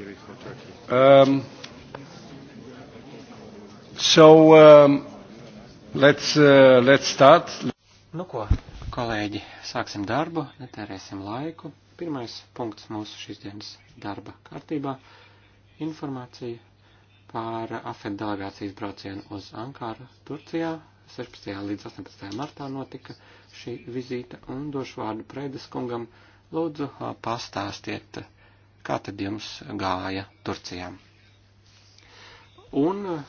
theory for Turkey? Um, so, um, let's, uh, let's start. Nu ko, kolēģi, sāksim darbu, netērēsim laiku. Pirmais punkts mūsu šīs dienas darba kārtībā - informācija par AFED delegācijas braucienu uz Ankāru, Turcijā. 16. līdz 18. martā notika šī vizīte un došu vārdu Preides kungam. Lūdzu, pastāstiet Kā tad jums gāja Turcijā? Un eh,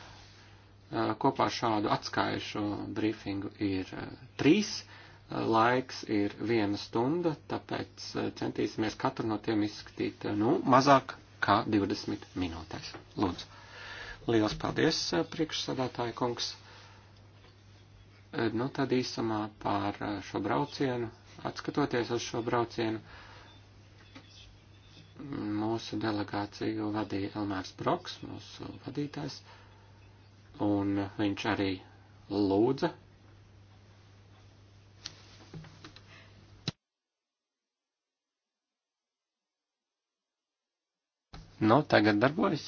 kopā ar šādu atskaišu brīfingu ir eh, trīs. Eh, laiks ir viena stunda, tāpēc centīsimies katru no tiem izskatīt, nu, mazāk kā 20 minūtēs. Lūdzu. Lielas paldies, priekšsādātāja kungs. Nu, tad īsumā par šo braucienu, atskatoties uz šo braucienu, uh, Mūsu delegāciju vadīja Elmārs Broks, mūsu vadītājs, un viņš arī lūdza. Nu, tagad darbojas.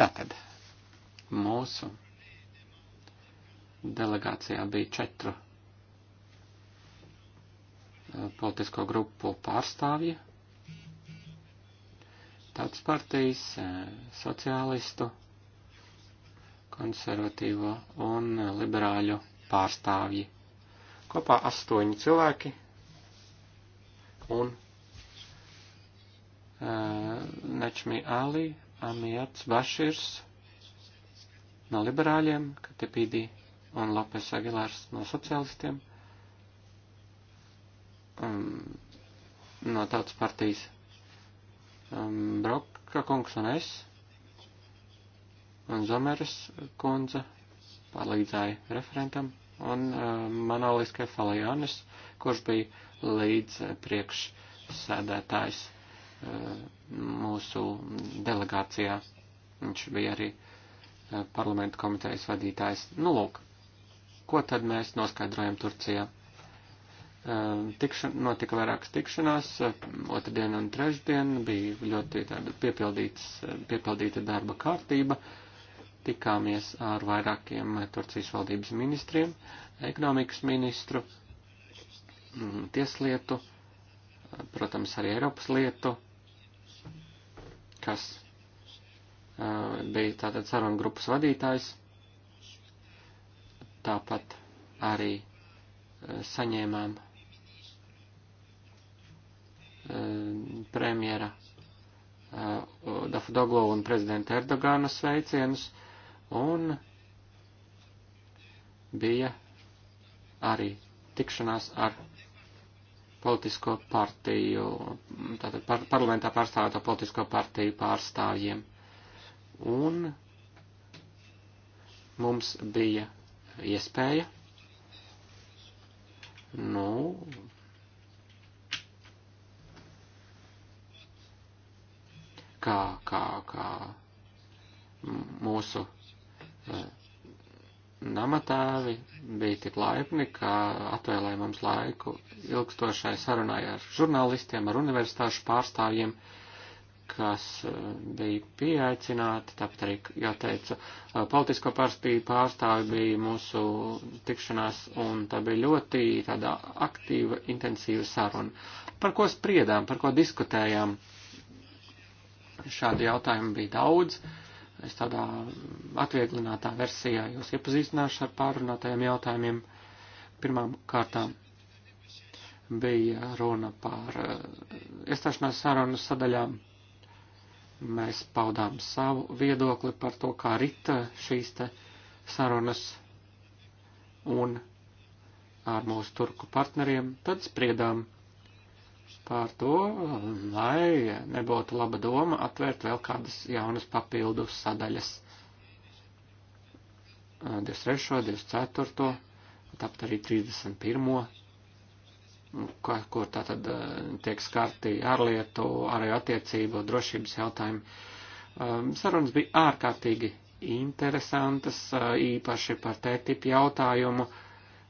Tātad mūsu Delegācijā bija četru e, politisko grupu pārstāvji, tāds partijas, e, sociālistu, konservatīvo un liberāļu pārstāvji. Kopā astoņi cilvēki un uh, Nečmi Ali, Amiats Baširs no liberāļiem, Katepīdī un Lopes Agilārs no socialistiem, um, no tautas partijas um, Broka kungs un es, un Zomeras kundze palīdzēja referentam, un um, Manolis Kefalionis, kurš bija līdz uh, priekš sēdētājs um, uh, mūsu delegācijā. Viņš bija arī uh, parlamentu komitejas vadītājs. Nu, lūk, Ko tad mēs noskaidrojam Turcijā? Ehm, Tikšan, notika vairākas tikšanās, ehm, otrdien un trešdien bija ļoti ehm, piepildīta darba kārtība. Tikāmies ar vairākiem Turcijas valdības ministriem, ekonomikas ministru, mm, tieslietu, protams, arī Eiropas lietu, kas bija tātad sarunu grupas vadītājs. Tāpat arī eh, saņēmām eh, premjera eh, Dafudoglu un prezidenta Erdogāna sveicienus, un bija arī tikšanās ar politisko partiju, tātad par, parlamentā pārstāvēto politisko partiju pārstāvjiem. Un mums bija iespēja. Nu, kā, kā, kā mūsu eh, namatāvi bija tik laipni, ka atvēlēja mums laiku ilgstošai sarunai ar žurnālistiem, ar universitāšu pārstāvjiem. Uh, kas eh, bija pieaicināti, tāpat arī, jau teicu, eh, politisko pārspīju pārstāvi bija mūsu tikšanās, un tā bija ļoti tāda aktīva, intensīva saruna. Par ko spriedām, par ko diskutējām? Šādi jautājumi bija daudz. Es tādā atvieglinātā versijā jūs iepazīstināšu ar pārunātajiem jautājumiem. Pirmām kārtām bija runa par eh, iestāšanās sarunas sadaļām Mēs paudām savu viedokli par to, kā rita šīs te sarunas un ar mūsu turku partneriem, tad spriedām pār to, lai nebūtu laba doma atvērt vēl kādas jaunas papildu sadaļas. 23., 24., tāpat arī 31 kā, kur tā tad eh, tiek skarti ārlietu, arī attiecību, drošības jautājumi. Um, sarunas bija ārkārtīgi interesantas, eh, īpaši par tētipu jautājumu.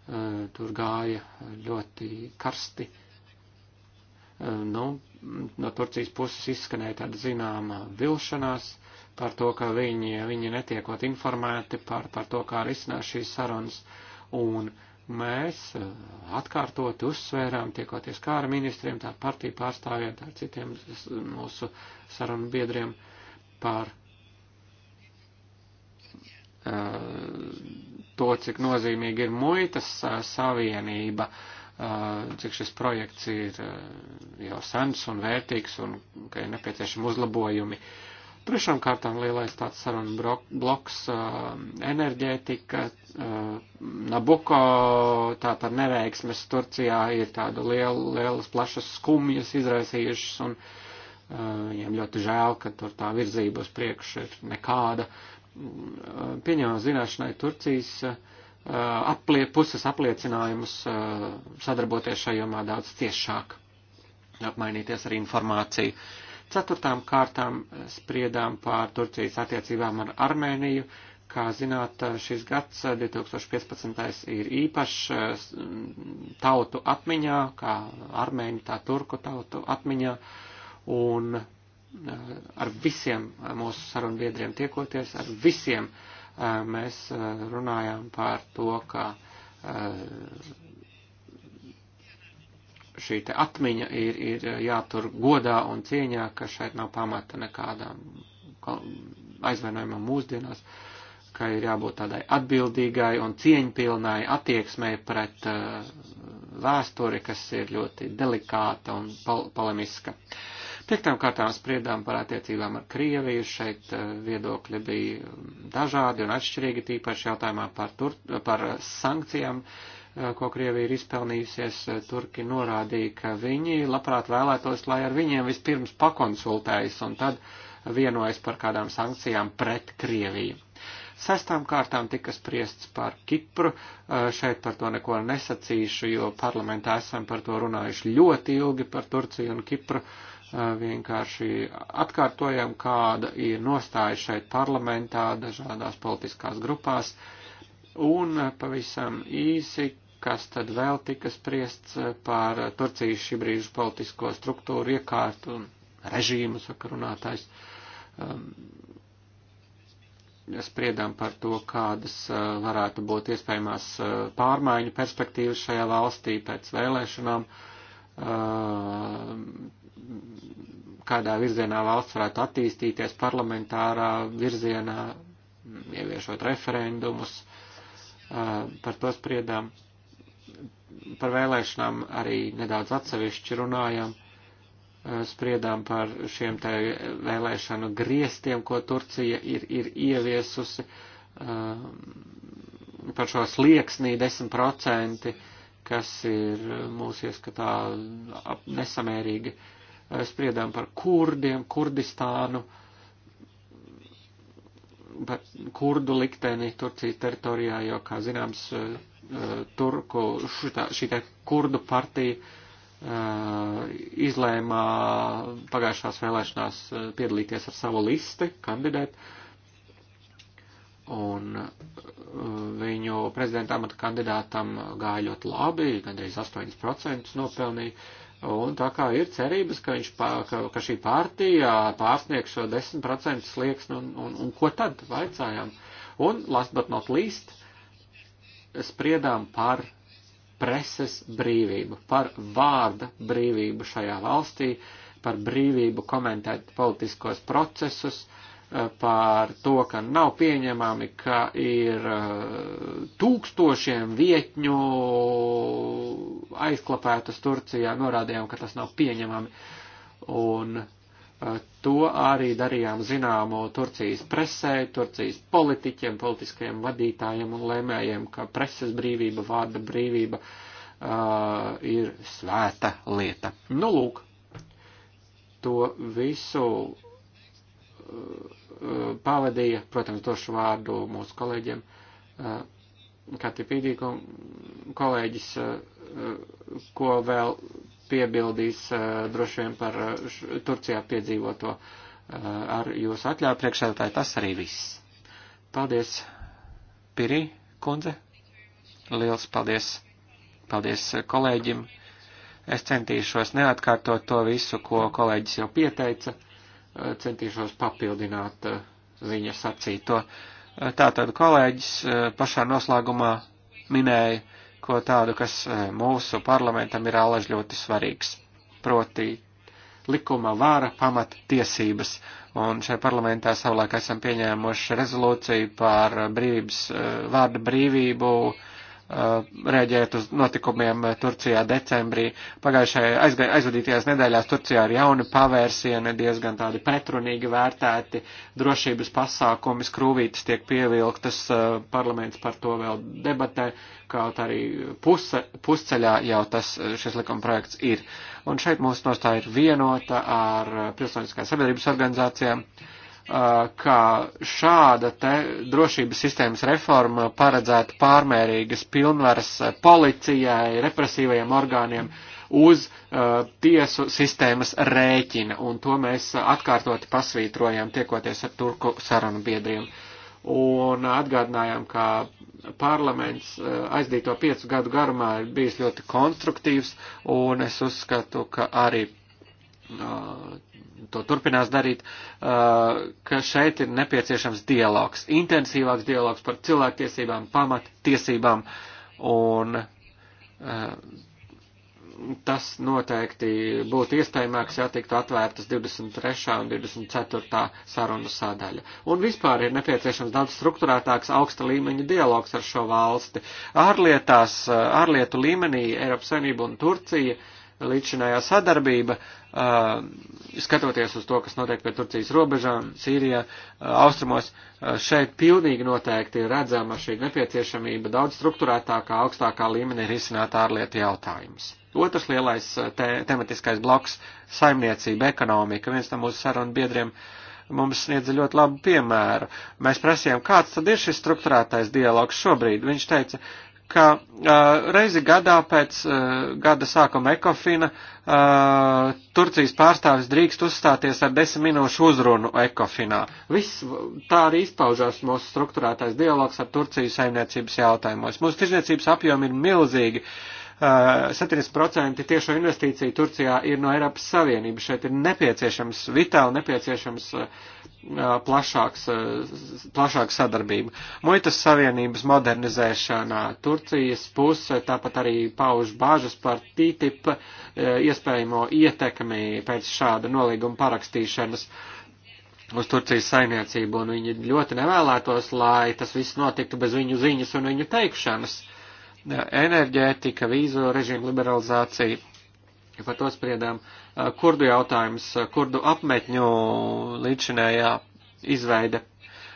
Eh, tur gāja ļoti karsti. Nu, no Turcijas puses izskanēja tāda zināma vilšanās par to, ka viņi, viņi netiekot informēti par, par to, kā risinās šīs sarunas. Un uh, mēs eh, atkārtot uzsvērām, tiekoties kā ar ministriem, tā partiju pārstāvjiem, tā ar citiem mūsu sarunu biedriem par eh, to, cik nozīmīgi ir muitas eh, savienība, cik šis projekts ir jau sens un vērtīgs un ka ir nepieciešami uzlabojumi. Uh, Trešām kārtām lielais tāds saruna bloks um, - enerģētika, um, Nabuko, tātad neveiksmes Turcijā ir tāda liela, lielas plašas skumjas izraisījušas un uh, viņiem ļoti žēl, ka tur tā virzība uz priekšu ir nekāda. Mm, uh, pieņemam zināšanai Turcijas uh, aplie, puses apliecinājumus sadarboties šajā jomā daudz ciešāk, apmainīties ar informāciju Ceturtām kārtām eh, spriedām pār Turcijas attiecībām ar Armēniju. Kā zināt, eh, šis gads 2015. Eh, ir īpašs tautu atmiņā, kā armēņu, tā turku tautu atmiņā, un ar visiem mūsu sarunbiedriem tiekoties, ar visiem mēs runājām par to, ka šī te atmiņa ir, ir jātur godā un cieņā, ka šeit nav pamata nekādām aizvainojumam mūsdienās, ka ir jābūt tādai atbildīgai un cieņpilnai attieksmei pret uh, vēsturi, kas ir ļoti delikāta un pol polemiska. Piektām kārtām spriedām par attiecībām ar Krieviju, šeit uh, viedokļi bija dažādi un atšķirīgi, tīpaši jautājumā par, tur, par sankcijām. Uh, Eh, ko Krievija ir izpelnījusies, eh, turki norādīja, ka viņi labprāt vēlētos, lai ar viņiem vispirms pakonsultējas un tad vienojas par kādām sankcijām pret Krieviju. Sestām kārtām tika spriests par Kipru, eh, šeit par to neko nesacīšu, jo parlamentā esam par to runājuši ļoti ilgi par Turciju un Kipru, vienkārši atkārtojam, kāda ir nostāja šeit parlamentā dažādās politiskās grupās. Un pavisam īsi kas tad vēl tika spriests eh, par eh, Turcijas šī brīža politisko struktūru iekārtu un režīmu, saka runātājs. Um, spriedām par to, kādas eh, varētu būt iespējamās pārmaiņu perspektīvas šajā valstī pēc vēlēšanām, um, kādā virzienā valsts varētu attīstīties parlamentārā virzienā, ieviešot referendumus, uh, par to spriedām par vēlēšanām arī nedaudz atsevišķi runājam, eh, spriedām par šiem te vēlēšanu griestiem, ko Turcija ir, ir ieviesusi, eh, par šo slieksnī 10%, kas ir mūsu ieskatā nesamērīgi. Eh, spriedām par kurdiem, Kurdistānu, par kurdu likteni Turcijas teritorijā, jo, kā zināms, turku, šitā, šitā kurdu partija eh, izlēma pagājušās vēlēšanās eh, piedalīties ar savu listi, kandidēt, un eh, viņu prezidenta amata kandidātam gāja ļoti labi, gandrīz 8% nopelnīja, un tā kā ir cerības, ka, viņš, ka, ka šī partija pārsniegs šo 10% slieksni, nu, un, un, un ko tad vaicājām? Un, last but not least, uh, spriedām par preses brīvību, par vārda brīvību šajā valstī, par brīvību komentēt politiskos procesus, eh, par to, ka nav pieņemami, ka ir eh, tūkstošiem vietņu aizklapētas Turcijā, norādījām, ka tas nav pieņemami. Un Eh, to arī darījām zināmu Turcijas presē, Turcijas politiķiem, politiskajiem vadītājiem un lēmējiem, ka preses brīvība, vārda brīvība uh, ir svēta lieta. Nu, lūk, to visu uh, pavadīja, protams, došu vārdu mūsu kolēģiem, uh, kā te pīdīko kolēģis, uh, ko vēl piebildīs eh, droši vien par eh, Turcijā piedzīvoto eh, ar jūsu atļauju priekšsēdētāju. Tas arī viss. Paldies, Pirī kundze. Liels paldies. Paldies kolēģim. Es centīšos neatkārtot to visu, ko kolēģis jau pieteica. Centīšos papildināt viņa sacīto. Tātad kolēģis pašā noslēgumā minēja, ko tādu, kas e, mūsu parlamentam ir alaž ļoti svarīgs. Proti likuma vāra pamat tiesības. Un šajā parlamentā savulaik esam pieņēmuši rezolūciju par brīvības, e, vārda brīvību, uh, Uh, rēģēt uz notikumiem uh, Turcijā decembrī. Pagājušajā aizvadītajās nedēļās Turcijā ir jauni pavērsieni, diezgan tādi pretrunīgi vērtēti drošības pasākumi, skrūvītas tiek pievilktas, uh, parlaments par to vēl debatē, kaut arī puse, pusceļā jau tas šis likuma projekts ir. Un šeit mūsu nostāja ir vienota ar pilsoniskās sabiedrības organizācijām. Uh, Uh, ka šāda te drošības sistēmas reforma paredzētu pārmērīgas pilnvaras uh, policijai, represīvajiem orgāniem uz uh, tiesu sistēmas rēķina, un to mēs uh, atkārtoti pasvītrojām, tiekoties ar turku sarunu biedriem. Un atgādinājām, ka parlaments uh, aizdīto piecu gadu garumā ir bijis ļoti konstruktīvs, un es uzskatu, ka arī uh, to turpinās darīt, uh, ka šeit ir nepieciešams dialogs, intensīvāks dialogs par cilvēktiesībām, pamattiesībām, un uh, tas noteikti būtu iespējamāks, ja tiktu atvērtas 23. un 24. sarunu sadaļa. Un vispār ir nepieciešams daudz struktūrētāks augsta līmeņa dialogs ar šo valsti. Ārlietās, ārlietu līmenī Eiropas Savienība un Turcija uh, līdzšinājā sadarbība, skatoties uz to, kas notiek pie Turcijas robežām, Sīrijā, austrumos, šeit pilnīgi noteikti ir redzama šī nepieciešamība daudz struktūrētākā, augstākā līmenī risināt ārlietu jautājumus. Otrs lielais te tematiskais bloks - saimniecība, ekonomika. Viens no mūsu sarunu biedriem mums sniedza ļoti labu piemēru. Mēs prasījām, kāds tad ir šis struktūrētais dialogs šobrīd. Viņš teica, ka uh, reizi gadā pēc uh, gada sākuma ekofina uh, Turcijas pārstāvis drīkst uzstāties ar desmit minūšu uzrunu ekofinā. Viss tā arī izpaužās mūsu struktūrētais dialogs ar Turciju saimniecības jautājumos. Mūsu tirzniecības apjomi ir milzīgi. Uh, 70% tiešo investīciju Turcijā ir no Eiropas Savienības. Šeit ir nepieciešams, vitāli nepieciešams uh, plašāks, plašāka sadarbība. Muitas savienības modernizēšanā Turcijas puse tāpat arī pauž bāžas par TTIP iespējamo ietekmi pēc šāda nolīguma parakstīšanas uz Turcijas saimniecību, un viņi ļoti nevēlētos, lai tas viss notiktu bez viņu ziņas un viņu teikšanas. Enerģētika, vīzu režīmu liberalizācija par to spriedām eh, kurdu jautājums, eh, kurdu apmetņu līdzinējā izveide.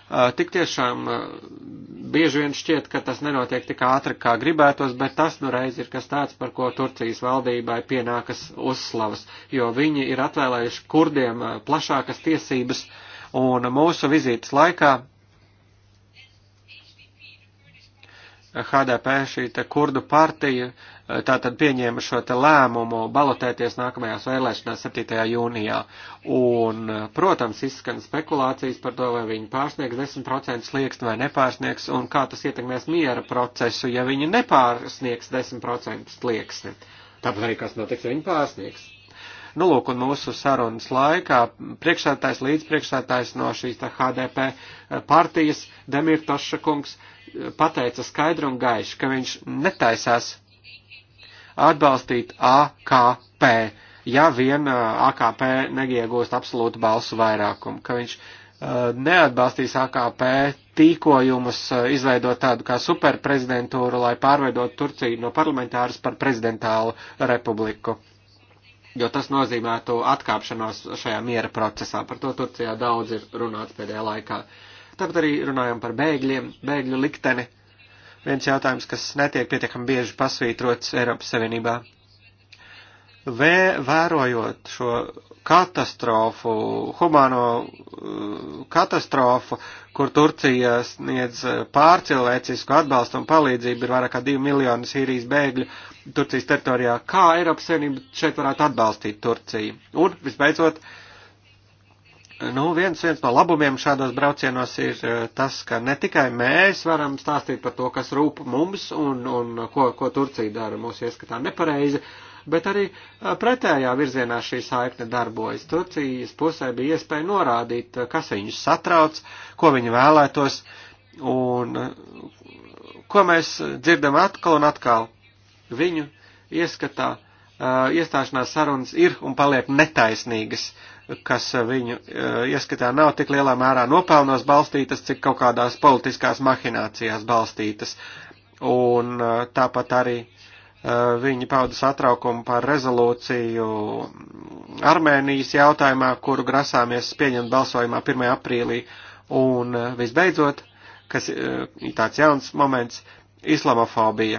Eh, tik tiešām bieži vien šķiet, ka tas nenotiek tik ātri, kā gribētos, bet tas nu reiz ir kas tāds, par ko Turcijas valdībai pienākas uzslavas, jo viņi ir atvēlējuši kurdiem plašākas tiesības, un mūsu vizītes laikā HDP šī kurdu partija uh, tātad pieņēma šo te lēmumu balotēties nākamajās vēlēšanās 7. jūnijā. Un, protams, izskan spekulācijas par to, vai viņi pārsniegs 10% slieksni vai nepārsniegs, un kā tas ietekmēs miera procesu, ja viņi nepārsniegs 10% slieksni. Tāpat arī kas notiks, ja viņi pārsniegs. Nu, lūk, un mūsu sarunas laikā priekšsētājs līdz priekšsētājs no šīs HDP partijas Demirtoša kungs pateica skaidru un gaišu, ka viņš netaisās atbalstīt AKP, ja vien uh, AKP neiegūst absolūtu balsu vairākumu, ka viņš uh, neatbalstīs AKP tīkojumus uh, izveidot tādu kā superprezidentūru, lai pārveidot Turciju no parlamentāras par prezidentālu republiku jo tas nozīmētu atkāpšanos šajā miera procesā. Par to Turcijā daudz ir runāts pēdējā laikā. Tāpat arī runājam par bēgļiem, bēgļu likteni viens jautājums, kas netiek pietiekami bieži pasvītrots Eiropas Savienībā. Vē, vērojot šo katastrofu, humāno uh, katastrofu, kur Turcija sniedz uh, pārcilvēcisku atbalstu un palīdzību, ir vairāk kā 2 miljoni Sīrijas bēgļu Turcijas teritorijā. Kā Eiropas Savienība šeit varētu atbalstīt Turciju? Un, visbeidzot, uh, Nu, viens, viens no labumiem šādos braucienos ir eh, tas, ka ne tikai mēs varam stāstīt par to, kas rūp mums un, un ko, ko Turcija dara mūsu ieskatā nepareizi, bet arī eh, pretējā virzienā šī saikne darbojas. Turcijas pusē bija iespēja norādīt, eh, kas viņus satrauc, ko viņi vēlētos un ko mēs dzirdam atkal un atkal. Viņu ieskatā iestāšanās sarunas ir un paliek netaisnīgas kas eh, viņu eh, ieskatā nav tik lielā mērā nopelnos balstītas, cik kaut kādās politiskās mahinācijās balstītas. Un eh, tāpat arī viņi pauda satraukumu par rezolūciju Armēnijas jautājumā, kuru grasāmies pieņemt balsojumā 1. aprīlī. Un visbeidzot, kas ir tāds jauns moments, islamofobija.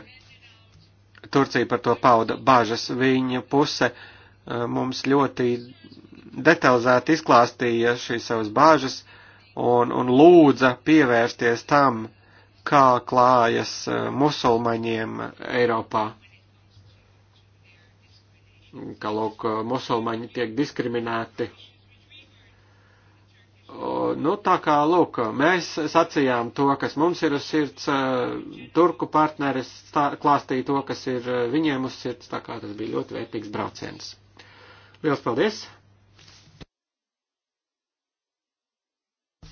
Turcija par to pauda bažas. Viņa puse mums ļoti detalizēti izklāstīja šīs savas bāžas un, un lūdza pievērsties tam, kā klājas e, musulmaņiem Eiropā. Kā lūk, e, musulmaņi tiek diskriminēti. Nu, tā kā, lūk, mēs sacījām to, kas mums ir uz sirds, e, turku partneris klāstīja to, kas ir viņiem uz sirds, tā kā tas bija ļoti vērtīgs brauciens. Liels paldies!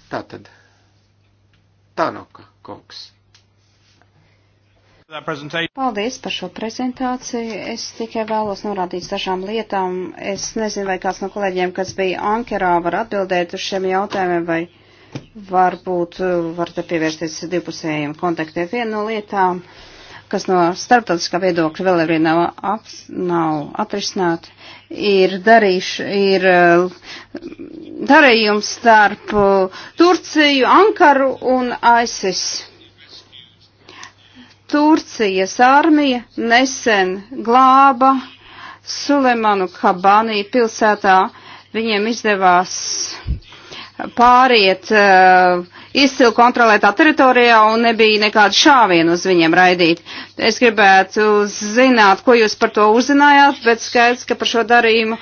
Tātad. Tanoka kungs. Paldies par šo prezentāciju. Es tikai vēlos norādīt dažām lietām. Es nezinu, vai kāds no kolēģiem, kas bija Ankerā, var atbildēt uz šiem jautājumiem, vai varbūt uh, var te pievērsties divpusējiem kontaktiem. Viena no lietām. Uh, kas no starptautiskā viedokļa vēl arī nav, ap, nav atrisināti, ir, darīš, ir eh, darījums starp eh, Turciju, Ankaru un ISIS. Turcijas armija nesen glāba Sulemanu Kabanī pilsētā. Viņiem izdevās pāriet uh, izcili kontrolētā teritorijā un nebija nekāda šāviena uz viņiem raidīt. Es gribētu zināt, ko jūs par to uzzinājāt, bet skaidrs, ka par šo darījumu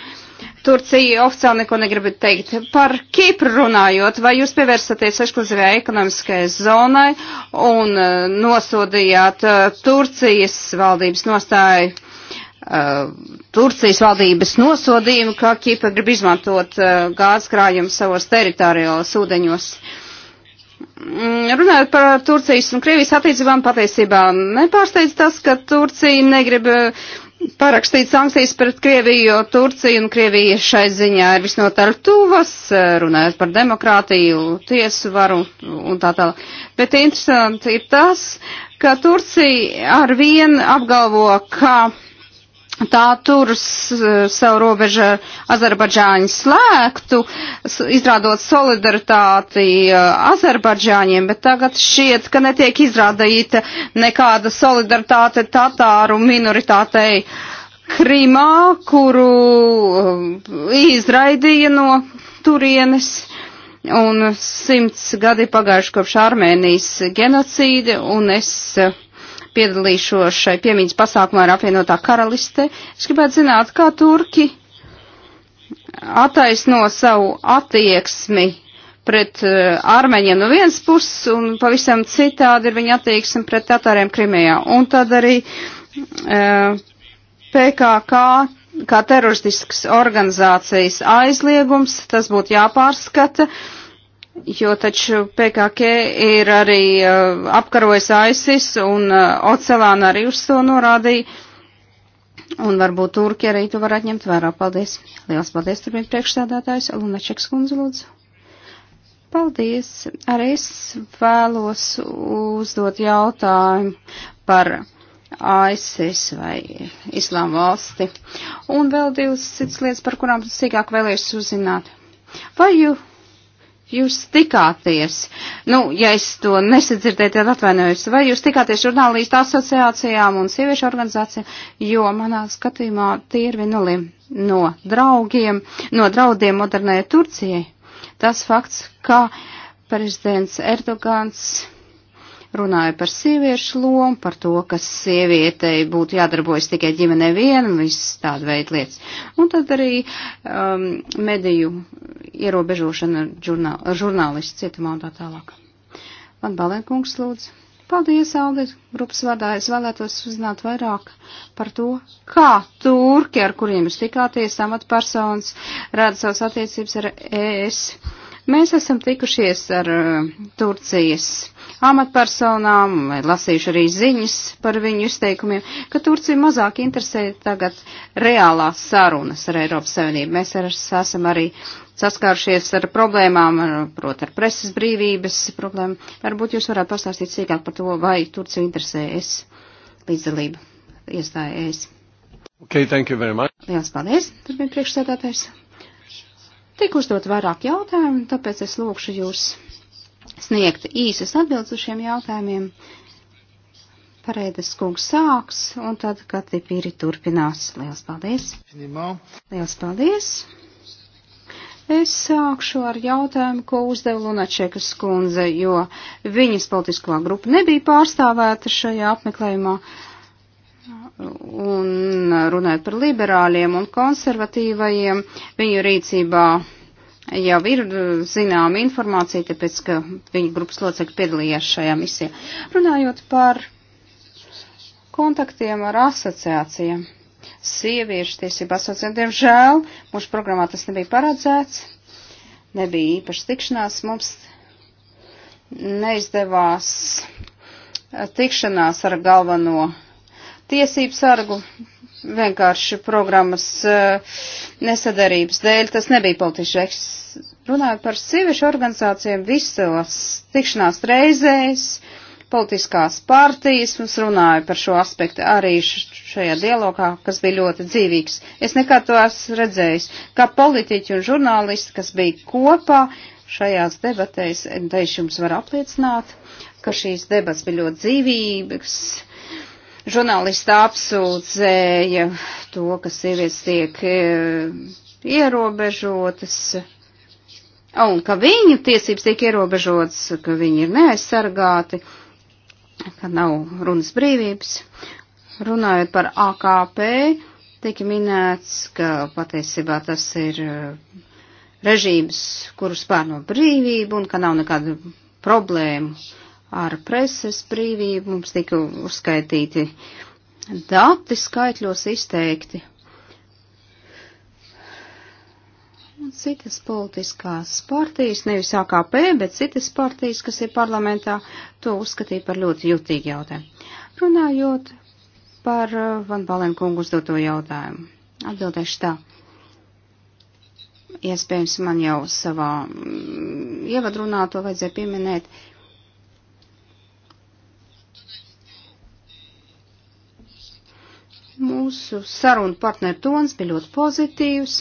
Turcija oficiāli neko negribat teikt. Par Kipru runājot, vai jūs pievērsaties ekskluzīvajai ekonomiskajai zonai un e, nosodījāt e, Turcijas valdības nostāju? Uh, Turcijas valdības nosodījumu, ka Kipra grib izmantot uh, gāzes krājumu savos teritoriālos ūdeņos. Uh, Mm, runājot par Turcijas un Krievijas attiecībām, patiesībā nepārsteidz tas, ka Turcija negrib eh, parakstīt sankcijas pret Krieviju, jo Turcija un Krievija šai ziņā ir visnotaļ tuvas, eh, runājot par demokrātiju, tiesu varu un tā tālāk. Bet interesanti ir tas, ka Turcija ar vienu apgalvo, ka tā tur sev robeža Azerbaidžāņu slēgtu, izrādot solidaritāti e, Azerbaidžāņiem, bet tagad šiet, ka netiek izrādīta nekāda solidaritāte tatāru minoritātei Krimā, kuru e, izraidīja no turienes. Un simts gadi pagājuši kopš Armēnijas genocīda, un es uh, piedalīšos šai piemiņas pasākumā ar apvienotā karaliste. Es gribētu zināt, kā turki attaisno savu attieksmi pret uh, eh, armeņiem no vienas puses un pavisam citādi ir viņa attieksme pret tatāriem Krimējā. Un tad arī uh, eh, PKK kā teroristiskas organizācijas aizliegums, tas būtu jāpārskata. Uh, jo taču PKK ir arī uh, apkarojis ISIS un uh, Ocelāna arī uz to norādīja. Un varbūt Turki arī tu varētu ņemt vērā. Paldies. Liels paldies, turpin priekšstādātājs. Lunačeks kundze, lūdzu. Paldies. Arī es vēlos uzdot jautājumu par ASIS vai Islāma valsti. Un vēl divas citas lietas, par kurām sīkāk vēlēšu uzzināt. Vai jūs jūs tikāties? Nu, ja es to nesadzirdēju, tad atvainojos. Vai jūs tikāties žurnālistu asociācijām un sieviešu organizācijām? Jo manā skatījumā tie ir vienuli no draugiem, no draudiem modernai Turcijai. Tas fakts, ka prezidents Erdogans runāja par sieviešu lomu, par to, ka sievietei būtu jādarbojas tikai ģimene viena un viss tāda veida lietas. Un tad arī um, mediju ierobežošana žurnāl, žurnālistu cietumā un tā tālāk. Man Balenkungs lūdzu. Paldies, Aldis, grupas vadā. Es vēlētos uzzināt vairāk par to, kā turki, ar kuriem jūs tikāties, amatpersonas, rāda savas attiecības ar ES Mēs esam tikušies ar eh, Turcijas amatpersonām, lasījuši arī ziņas par viņu izteikumiem, ka Turcija mazāk interesē tagad reālās sarunas ar Eiropas Savienību. Mēs ar, esam arī saskāršies ar problēmām, prot ar preses brīvības problēmu. Varbūt jūs varētu pastāstīt sīkāk par to, vai Turciju interesē es līdzdalība iestājēs. Okay, thank you very much. Lielas paldies, turpina priekšsēdētājs. Tik uzdot vairāk jautājumu, tāpēc es lūkšu jūs sniegt īsas atbildes uz šiem jautājumiem. Pareidas kungs sāks, un tad Katipīri turpinās. Liels paldies! Liels paldies! Es sākšu ar jautājumu, ko uzdeva Lunačekas kundze, jo viņas politiskā grupa nebija pārstāvēta šajā apmeklējumā. Uh, Un runājot par liberāļiem un konservatīvajiem, viņu rīcībā jau ir eh, zināma informācija, tāpēc, ka viņa grupas locekļi piedalījās šajā misijā. Runājot par kontaktiem ar asociācijām, sieviešu tiesību asociācijām, diemžēl, mūsu programmā tas nebija paredzēts, nebija īpaši tikšanās, mums neizdevās tikšanās ar galveno tiesību sargu vienkārši programmas eh, nesadarības dēļ. Tas nebija politiski veiks. Runājot par sieviešu organizācijām visās tikšanās reizēs, politiskās partijas mums runāja par šo aspektu arī šajā dialogā, kas bija ļoti dzīvīgs. Es nekad to esmu redzējis, kā politiķi un žurnālisti, kas bija kopā šajās debatēs, te es jums varu apliecināt, ka šīs debats bija ļoti dzīvīgas, Žurnālisti apsūdzēja to, ka sievietes tiek e, ierobežotas, un ka viņu tiesības tiek ierobežotas, ka viņi ir neaizsargāti, ka nav runas brīvības. Runājot par AKP, tika minēts, ka patiesībā tas ir e, režīms, kurus pārno brīvību un ka nav nekādu problēmu ar preses brīvību, mums tika uzskaitīti dati skaitļos izteikti. Un citas politiskās partijas, nevis AKP, bet citas partijas, kas ir parlamentā, to uzskatīja par ļoti jutīgu jautājumu. Runājot par uh, Van Balen kungu uzdoto jautājumu, atbildēšu tā iespējams man jau savā mm, ievadrunā to vajadzēja pieminēt, Mūsu sarunu partneru tons bija ļoti pozitīvs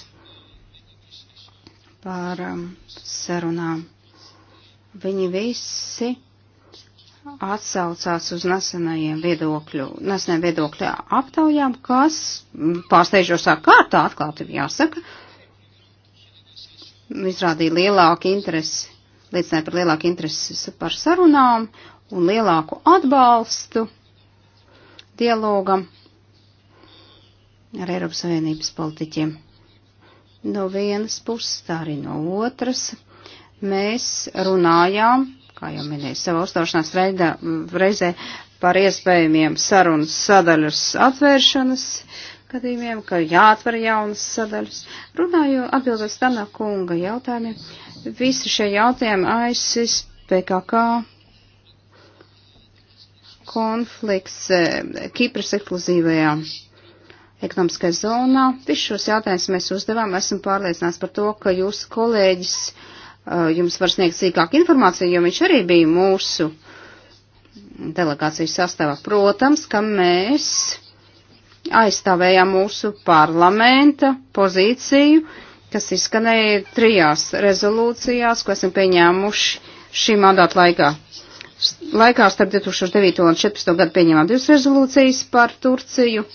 par um, sarunām. Viņi visi atsaucās uz nesenajiem viedokļu, nesenajiem viedokļu aptaujām, kas mm, pārsteidžosā kārtā atklāti jāsaka, izrādīja lielāku interesi, liecināja par lielāku interesi par sarunām un lielāku atbalstu dialogam ar Eiropas Savienības politiķiem. No vienas puses, tā arī no otras, mēs runājām, kā jau minēju savā uzstāšanās reidā, reizē, par iespējamiem sarunas sadaļas atvēršanas gadījumiem, ka jāatver jaunas sadaļas. Runāju atbildot Stana kunga jautājumiem, visi šie jautājumi aizsis PKK konflikts eh, Kipras ekskluzīvajā ekonomiskajā zonā. Visus šos jautājumus mēs uzdevām. Esmu pārliecināts par to, ka jūsu kolēģis uh, jums var sniegt sīkāku informāciju, jo viņš arī bija mūsu delegācijas sastāvā. Protams, ka mēs aizstāvējām mūsu parlamenta pozīciju, kas izskanēja trijās rezolūcijās, ko esam pieņēmuši šī mandāta laikā. Laikā starp 2009 un 2014 gadu pieņēmām divas rezolūcijas par Turciju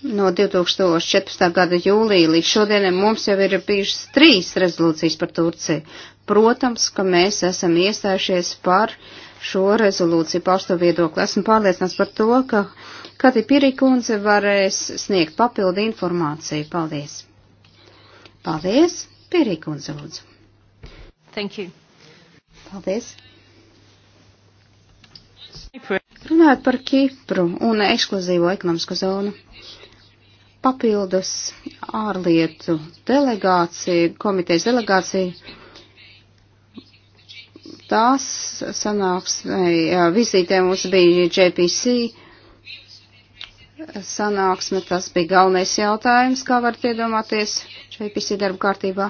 No 2014. gada jūlija līdz šodienai mums jau ir bijušas trīs rezolūcijas par Turciju. Protams, ka mēs esam iestājušies par šo rezolūciju pausto viedokli. Esmu pārliecināts par to, ka Kati Pirikundze varēs sniegt papildu informāciju. Paldies! Paldies! Pirikundze, lūdzu! Thank you! Paldies! Runājot par Kipru un ekskluzīvo ekonomisko zonu papildus ārlietu delegācija, komitejas delegācija. Tās sanāksmē, vizītē mums bija JPC sanāksme, tas bija galvenais jautājums, kā varat iedomāties JPC darba kārtībā.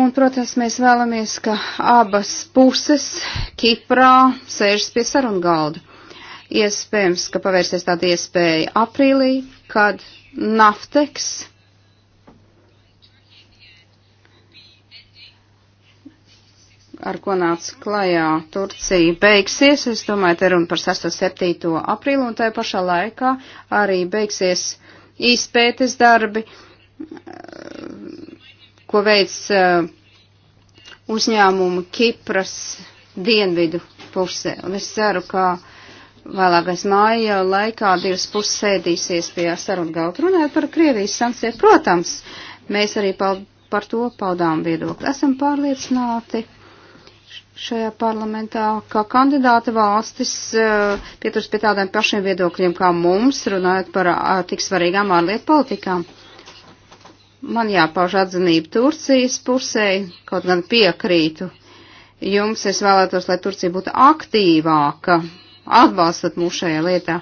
Un, protams, mēs vēlamies, ka abas puses Kiprā sēžas pie sarunu galda. Iespējams, ka pavērsies tāda iespēja aprīlī, kad nafteks ar ko nāca klajā Turcija beigsies. Es domāju, te runa par 6. un 7. aprīlu, un tajā pašā laikā arī beigsies izpētes darbi, ko veids uh, uzņēmumu Kipras dienvidu pusē. Un es ceru, ka Vēlākais māja laikā divas puses sēdīsies pie sarunu galda runājot par Krievijas sankcijām. Protams, mēs arī par to paudām viedokli. Esam pārliecināti šajā parlamentā, ka kandidāta valstis eh, pieturas pie tādiem pašiem viedokļiem kā mums, runājot par eh, tik svarīgām ārlietu politikām. Man jāpauž atzinība Turcijas pusē, kaut gan piekrītu jums, es vēlētos, lai Turcija būtu aktīvāka atbalstat mūs šajā lietā.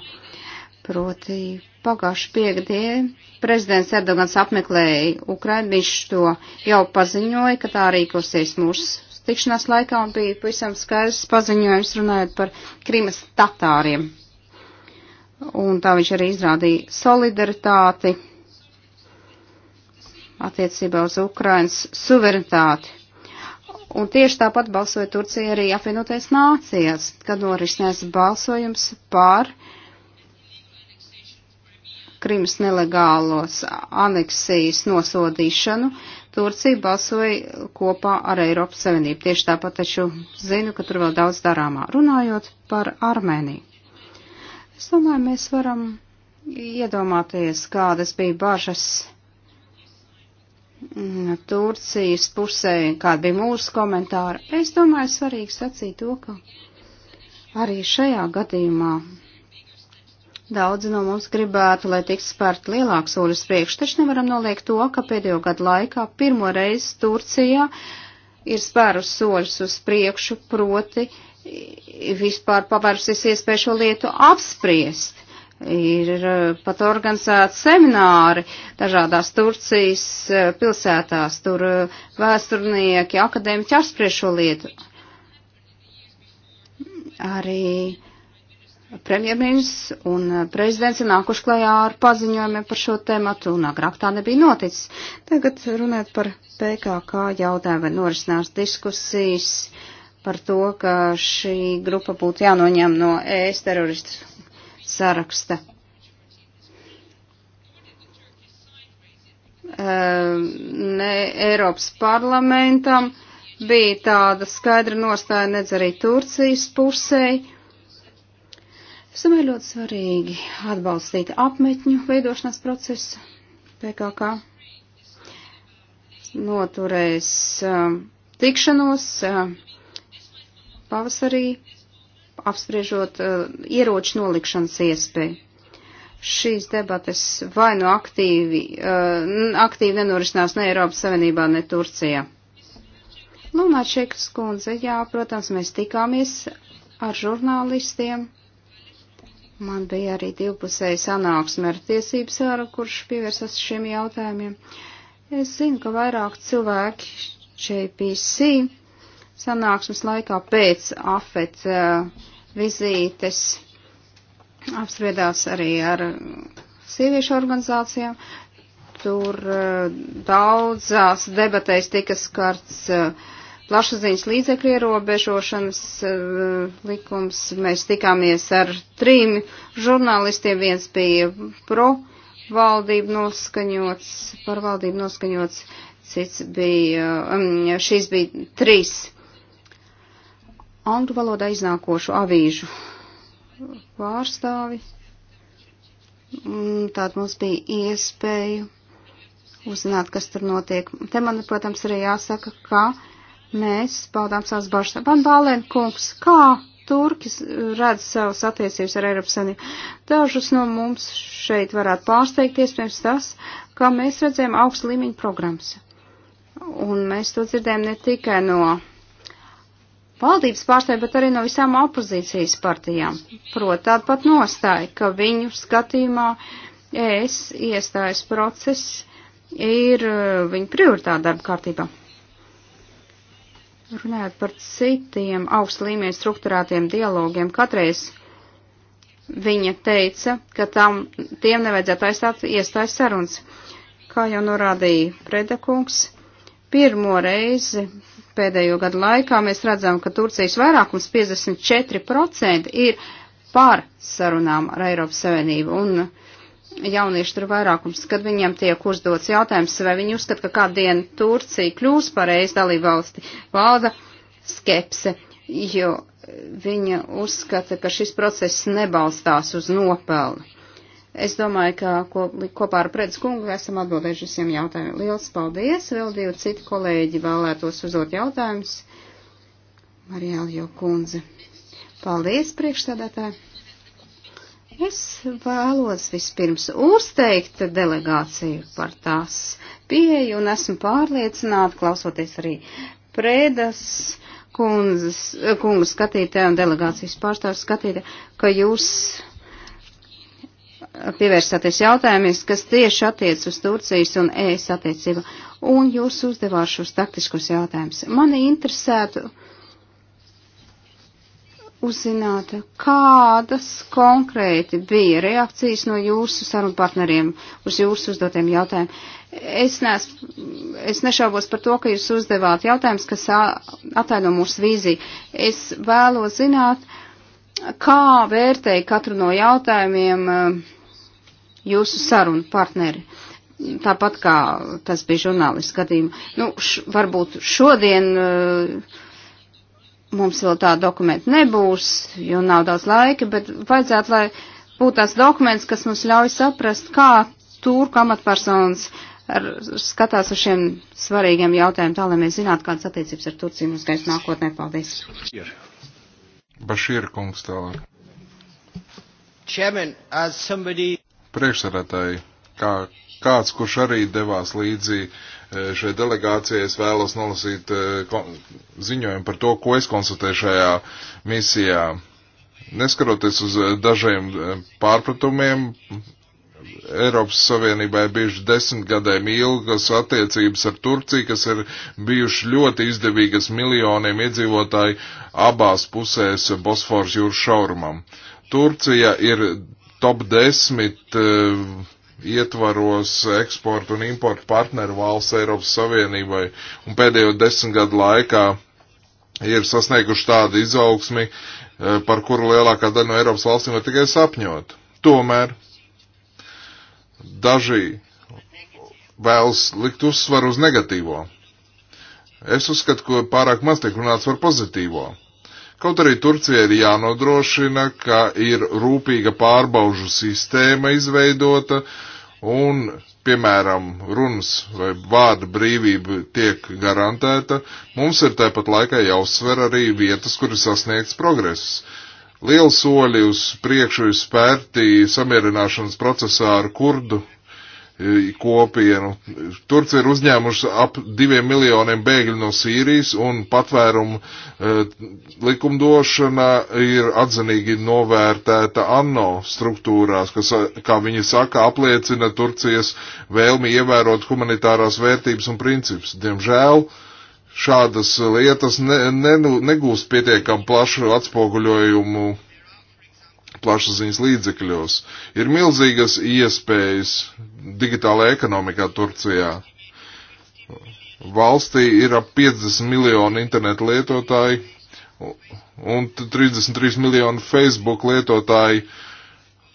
Proti pagājuši piekdien prezidents Erdogans apmeklēja Ukrainu, viņš to jau paziņoja, ka tā rīkosies mūsu tikšanās laikā un bija pavisam skaidrs paziņojums runājot par Krimas tatāriem. Un tā viņš arī izrādīja solidaritāti attiecībā uz Ukrainas suverenitāti. Un tieši tāpat balsoja Turcija arī apvienotais nācijas, kad norisinās balsojums par Krimas nelegālos aneksijas nosodīšanu. Turcija balsoja kopā ar Eiropas Savienību. Tieši tāpat taču zinu, ka tur vēl daudz darāmā. Runājot par Armēniju. Es domāju, mēs varam iedomāties, kādas bija bažas Mm, Turcijas pusē, kāda bija mūsu komentāra. Es domāju, svarīgi sacīt to, ka arī šajā gadījumā daudzi no mums gribētu, lai tiks spērt lielāks solis priekš, taču nevaram noliekt to, ka pēdējo gadu laikā pirmo reizi Turcijā ir spērus soļus uz priekšu, proti vispār pavērsies iespēju šo lietu apspriest ir eh, pat organizēti semināri dažādās Turcijas eh, pilsētās. Tur eh, vēsturnieki, akadēmiķi apspriež šo lietu. Arī premjerministrs un prezidents ir nākuši klajā ar paziņojumiem par šo tēmatu, un agrāk tā nebija noticis. Tagad runāt par PKK jautājumu, vai norisinās diskusijas par to, ka šī grupa būtu jānoņem no ēst teroristu saraksta. Ehm, ne Eiropas parlamentam bija tāda skaidra nostāja, nedz arī Turcijas pusēji. Es domāju, ļoti svarīgi atbalstīt apmetņu veidošanas procesu PKK. Noturēs uh, tikšanos uh, pavasarī apspriežot uh, ieroču nolikšanas iespēju. Šīs debates vai nu no aktīvi, uh, aktīvi nenorisinās ne Eiropas Savienībā, ne Turcijā. Lunāčekas nu, kundze, jā, protams, mēs tikāmies ar žurnālistiem. Man bija arī divpusēja sanāksme ar tiesību sāru, kurš pievērsās šiem jautājumiem. Es zinu, ka vairāk cilvēki JPC sanāksmes laikā pēc AFET uh, vizītes, apspriedās arī ar sieviešu organizācijām. Tur eh, daudzās debatēs tika skarts eh, plašsaziņas līdzekļu ierobežošanas eh, likums. Mēs tikāmies ar trim žurnālistiem. Viens bija pro valdību noskaņots, par valdību noskaņots, cits bija, šīs bija trīs angļu valodā iznākošu avīžu pārstāvi. Mm, Tāda mums bija iespēja uzzināt, kas tur notiek. Te man, protams, arī jāsaka, ka mēs baudām savas bažas. Van Bālēn kungs, kā Turki redz savas attiecības ar Eiropas Savienību. Dažus no mums šeit varētu pārsteigties pirms tas, kā mēs redzējām augstu līmeņu programmas. Un mēs to dzirdējām ne tikai no valdības pārstāvji, bet arī no visām opozīcijas partijām. Prot tāpat nostāja, ka viņu skatījumā es iestājas process ir eh, viņa prioritāte darba kārtībā. Runājot par citiem augstu līmeņu struktūrētiem dialogiem, katreiz viņa teica, ka tam, tiem nevajadzētu aizstāt iestājas sarunas. Kā jau norādīja Predekungs, pirmo reizi pēdējo gadu laikā mēs redzam, ka Turcijas vairākums 54% ir pār sarunām ar Eiropas Savienību. Un, Jaunieši tur vairākums, kad viņiem tiek uzdots jautājums, vai viņi uzskata, ka kādu dienu Turcija kļūs par reiz dalībvalsti, valda skepse, jo viņa uzskata, ka šis process nebalstās uz nopelnu. Es domāju, ka ko, kopā ar Predz kungu esam atbildējuši visiem jautājumiem. Liels paldies! Vēl divi citi kolēģi vēlētos uzdot jautājumus. Marijāla Jokundze. Paldies, priekšstādātāji! Es vēlos vispirms uzteikt delegāciju par tās pieeju un esmu pārliecināta, klausoties arī Prēdas kungas skatītē un delegācijas pārstāvs skatītē, ka jūs pievērsāties jautājumies, kas tieši attiec uz Turcijas un ES attiecību. Un jūs uzdevāt šos taktiskos jautājumus. Mani interesētu uzzināt, kādas konkrēti bija reakcijas no jūsu sarunu partneriem uz jūsu uzdotiem jautājumiem. Es, nes, es nešaubos par to, ka jūs uzdevāt jautājumus, kas ataino mūsu vīziju. Es vēlos zināt, kā vērtēja katru no jautājumiem uh, jūsu sarunu partneri. Tāpat kā tas bija žurnālists gadījumā. Nu, š, varbūt šodien uh, mums vēl tāda dokumenta nebūs, jo nav daudz laika, bet vajadzētu, lai būtu tās dokuments, kas mums ļauj saprast, kā turku amatpersonas ar, skatās uz šiem svarīgiem jautājumiem, tā lai mēs zinātu, kādas attiecības ar Turciju mums gaisa nākotnē. Paldies! Bašīra kungs tālāk. Chairman, as somebody priekšsarētāji, kā kāds, kurš arī devās līdzi e, šai delegācijai, es vēlos nolasīt e, ziņojumu par to, ko es konstatēju šajā misijā. Neskaroties uz e, dažiem pārpratumiem, Eiropas Savienībai bijuši desmit gadiem ilgas attiecības ar Turciju, kas ir bijuši ļoti izdevīgas miljoniem iedzīvotāju abās pusēs Bosforas jūras šaurumam. Turcija ir top 10 e, ietvaros eksporta un importa partneru valsts Eiropas Savienībai un pēdējo desmit gadu laikā ir sasnieguši tādu izaugsmi, e, par kuru lielākā daļa no Eiropas valstīm var tikai sapņot. Tomēr daži vēlas likt uzsvaru uz negatīvo. Es uzskatu, ka pārāk maz tiek runāts par pozitīvo Kaut arī Turcijai ir jānodrošina, ka ir rūpīga pārbaužu sistēma izveidota un, piemēram, runas vai vārda brīvība tiek garantēta, mums ir tāpat laikā jāuzsver arī vietas, kur ir sasniegts progress. Lieli soļi uz priekšu ir spērti samierināšanas procesā ar kurdu E, kopienu. Turcija ir uzņēmuši ap diviem miljoniem bēgļu no Sīrijas un patvērumu e, likumdošana ir atzinīgi novērtēta ANO struktūrās, kas, kā viņi saka, apliecina Turcijas vēlmi ievērot humanitārās vērtības un principus. Diemžēl šādas lietas ne, ne, negūst pietiekam plašu atspoguļojumu plašsaziņas līdzekļos. Ir milzīgas iespējas digitālajā ekonomikā Turcijā. Valstī ir ap 50 miljoni internetu lietotāji un 33 miljoni Facebook lietotāji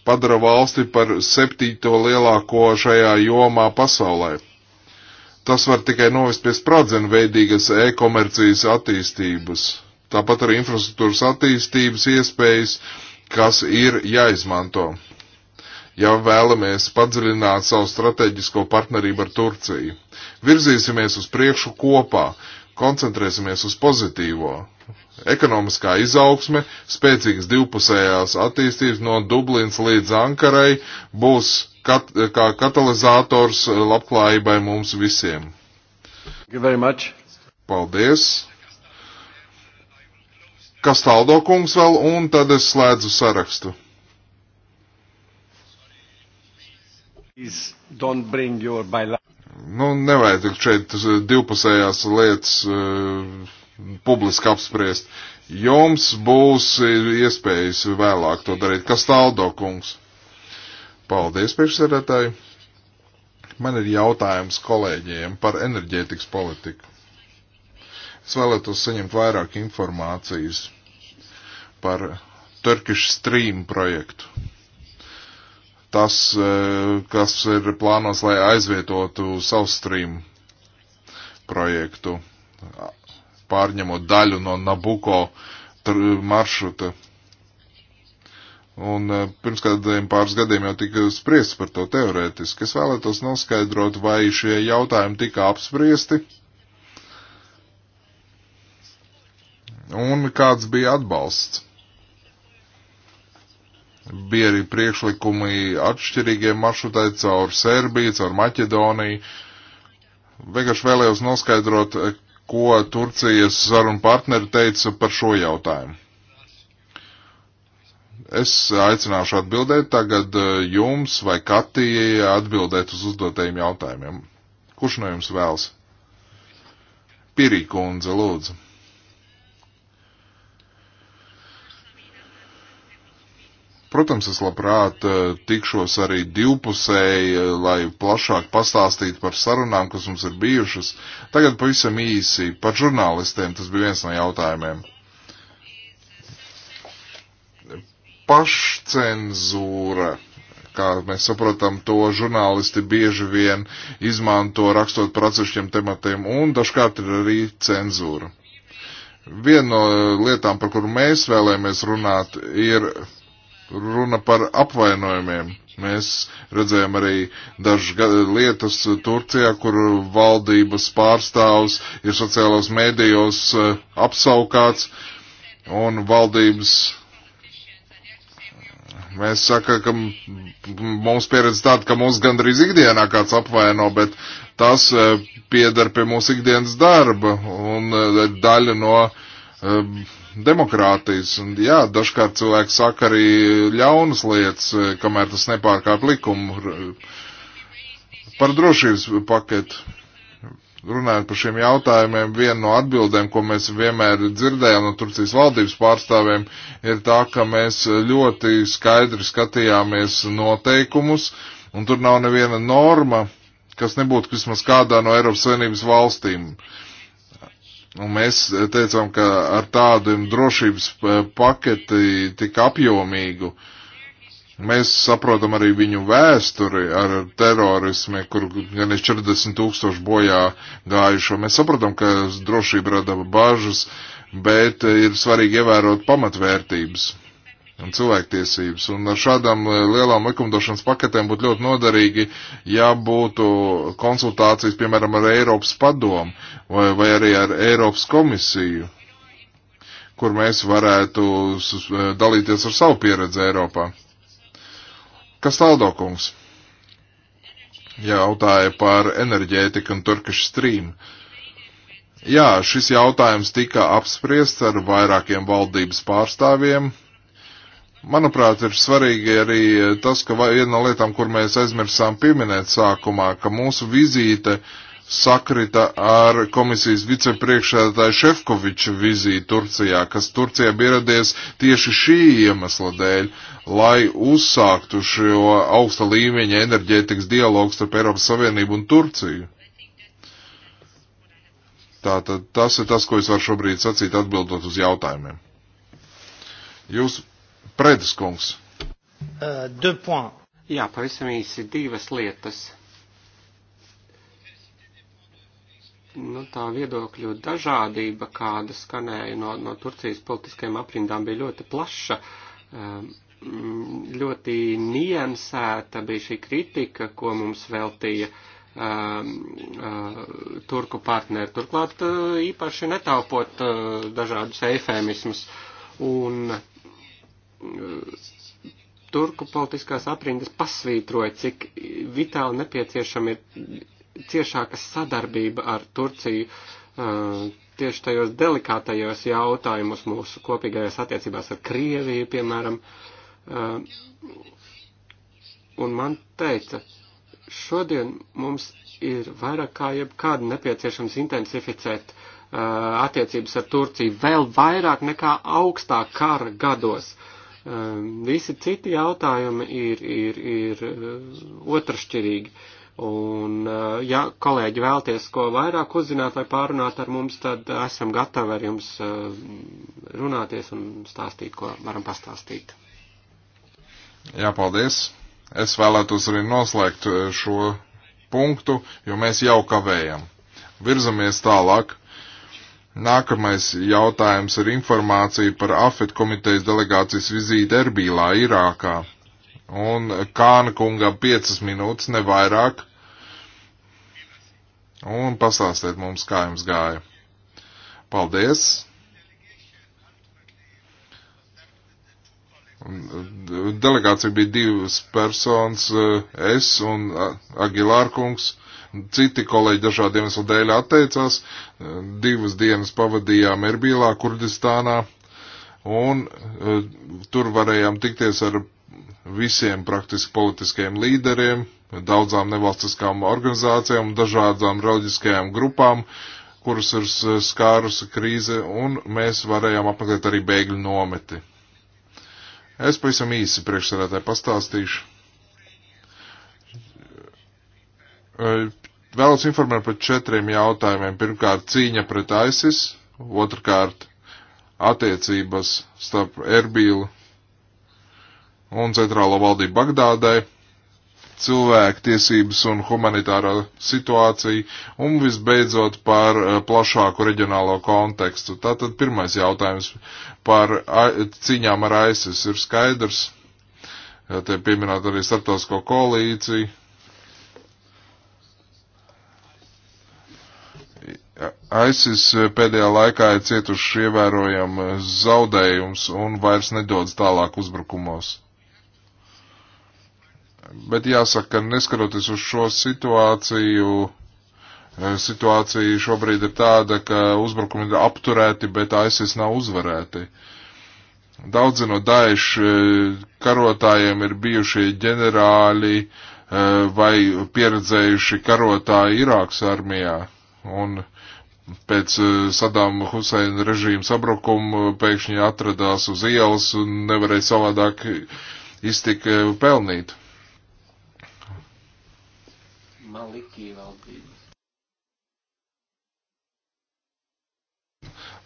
padara valsti par septīto lielāko šajā jomā pasaulē. Tas var tikai novest pie spradzenveidīgas e-komercijas attīstības tāpat arī infrastruktūras attīstības iespējas kas ir jāizmanto, ja vēlamies padziļināt savu strateģisko partnerību ar Turciju. Virzīsimies uz priekšu kopā, koncentrēsimies uz pozitīvo. Ekonomiskā izaugsme, spēcīgas divpusējās attīstības no Dublins līdz Ankarai būs kat kā katalizators labklājībai mums visiem. Paldies! kas taldo kungs vēl, un tad es slēdzu sarakstu. Nu, nevajag šeit eh, divpusējās lietas uh, publiski apspriest. Jums būs eh, iespējas vēlāk to darīt. Kas taldo kungs? Paldies, priekšsēdētāji. Man ir jautājums kolēģiem par enerģētikas politiku. Es vēlētos saņemt vairāk informācijas par Turkish Stream projektu. Tas, e, kas ir plānos, lai aizvietotu South Stream projektu, pārņemot daļu no Nabuko maršruta. Un e, pirms kādiem pāris gadiem jau tika spriests par to teorētiski. Es vēlētos noskaidrot, vai šie jautājumi tika apspriesti un kāds bija atbalsts. Bija arī priekšlikumi atšķirīgiem maršrutai caur Serbiju, caur Maķedoniju. Vienkārši vēlējos noskaidrot, ko Turcijas sarunu partneri teica par šo jautājumu. Es aicināšu atbildēt tagad eh, jums vai Katija atbildēt uz uzdotajiem jautājumiem. Kurš no jums vēlas? Pirī kundze, lūdzu. Protams, es labprāt eh, tikšos arī divpusēji, eh, lai plašāk pastāstītu par sarunām, kas mums ir bijušas. Tagad pavisam īsi par žurnālistiem, tas bija viens no jautājumiem. Pašcenzūra, kā mēs saprotam, to žurnālisti bieži vien izmanto rakstot par atsevišķiem tematiem, un dažkārt ir arī cenzūra. Viena no lietām, par kuru mēs vēlamies runāt, ir runa par apvainojumiem. Mēs redzējām arī dažas lietas Turcijā, kur valdības pārstāvs ir sociālos mēdījos eh, apsaukāts un valdības. Mēs saka, ka mums pieredze tāda, ka mūs gandrīz ikdienā kāds apvaino, bet tas eh, piedar pie mūsu ikdienas darba un eh, daļa no uh, demokrātijas. Un, jā, dažkārt cilvēki saka arī ļaunas lietas, e, kamēr tas nepārkāp likumu. Par drošības paketu. Runājot par šiem jautājumiem, viena no atbildēm, ko mēs vienmēr dzirdējām no Turcijas valdības pārstāvēm, ir tā, ka mēs ļoti skaidri skatījāmies noteikumus, un tur nav neviena norma, kas nebūtu vismaz kādā no Eiropas Savienības valstīm. Uh, Un mēs e, teicām, ka ar tādu drošības e, paketi tik apjomīgu, mēs saprotam arī viņu vēsturi ar terorismu, kur gan ir 40 tūkstoši bojā gājušo. Mēs saprotam, ka drošība rada bažas, bet ir svarīgi ievērot pamatvērtības un cilvēktiesības. Un ar šādām eh, lielām likumdošanas paketēm būtu ļoti noderīgi, ja būtu konsultācijas, piemēram, ar Eiropas padomu vai, vai arī ar Eiropas komisiju, kur mēs varētu eh, dalīties ar savu pieredzi Eiropā. Kas taldokungs? Jautāja par enerģētiku un Turkish Stream. Jā, šis jautājums tika apspriests ar vairākiem valdības pārstāvjiem, Manuprāt, ir svarīgi arī eh, tas, ka viena no lietām, kur mēs aizmirsām pieminēt sākumā, ka mūsu vizīte sakrita ar komisijas vicepriekšētāju Šefkoviču vizīti Turcijā, kas Turcijā bija ieradies tieši šī iemesla dēļ, lai uzsāktu šo augsta līmeņa enerģētikas dialogu starp Eiropas Savienību un Turciju. Tātad tas ir tas, ko es varu šobrīd sacīt atbildot uz jautājumiem. Jūs Predes kungs. Uh, Jā, pavisam īsi divas lietas. nu, tā viedokļu dažādība, kāda skanēja no, no Turcijas politiskajām aprindām, bija ļoti plaša, um, ļoti niansēta bija šī kritika, ko mums veltīja um, uh, turku partneri. Turklāt uh, īpaši netaupot uh, dažādus eifēmismus. Un turku politiskās aprindas pasvītroja, cik vitāli nepieciešama ir ciešāka sadarbība ar Turciju tieši tajos delikātajos jautājumus mūsu kopīgajās attiecībās ar Krieviju, piemēram. Un man teica, šodien mums ir vairāk kā jebkāda nepieciešams intensificēt attiecības ar Turciju vēl vairāk nekā augstā kara gados Ehm, visi citi jautājumi ir, ir, ir eh, otršķirīgi. Un, eh, ja kolēģi vēlties ko vairāk uzzināt vai pārunāt ar mums, tad esam gatavi ar jums eh, runāties un stāstīt, ko varam pastāstīt. Jā, paldies. Es vēlētos arī noslēgt šo punktu, jo mēs jau kavējam. Virzamies tālāk. Nākamais jautājums ir informācija par AFET komitejas delegācijas vizīti Erbīlā, Irākā. Un Kāna kungam piecas minūtes, ne vairāk. Un pastāstiet mums, kā jums gāja. Paldies! Delegācija bija divas personas, es un Agilārkungs. kungs Citi kolēģi dažādiem iemeslu dēļ atteicās. Eh, divas dienas pavadījām Erbīlā, Kurdistānā, un eh, tur varējām tikties ar visiem praktiski politiskiem līderiem, daudzām nevalstiskām organizācijām, dažādām reliģiskajām grupām, kuras ir skārusi krīze, un mēs varējām apmeklēt arī bēgļu nometi. Es pavisam īsi priekšsarētāji pastāstīšu. Eh, Vēlos informēt par četriem jautājumiem. Pirmkārt, cīņa pret ISIS, otrkārt, attiecības starp Erbīlu un centrālo valdību Bagdādai, cilvēku tiesības un humanitāro situāciju, un visbeidzot par eh, plašāku reģionālo kontekstu. Tātad pirmais jautājums par cīņām ar ISIS ir skaidrs. Te pieminēt arī starptautisko koalīciju, ISIS eh, pēdējā laikā ir cietuši ievērojami eh, zaudējums un vairs nedodas tālāk uzbrukumos. Bet jāsaka, ka neskaroties uz šo situāciju, eh, situācija šobrīd ir tāda, ka uzbrukumi ir apturēti, bet ISIS nav uzvarēti. Daudzi no Daesh karotājiem ir bijušie ģenerāļi vai pieredzējuši karotāji Irāks armijā. Un pēc eh, Sadāma Huseina režīma sabrukuma eh, pēkšņi atradās uz ielas un nevarēja savādāk iztika eh, pelnīt. Malikī valdības.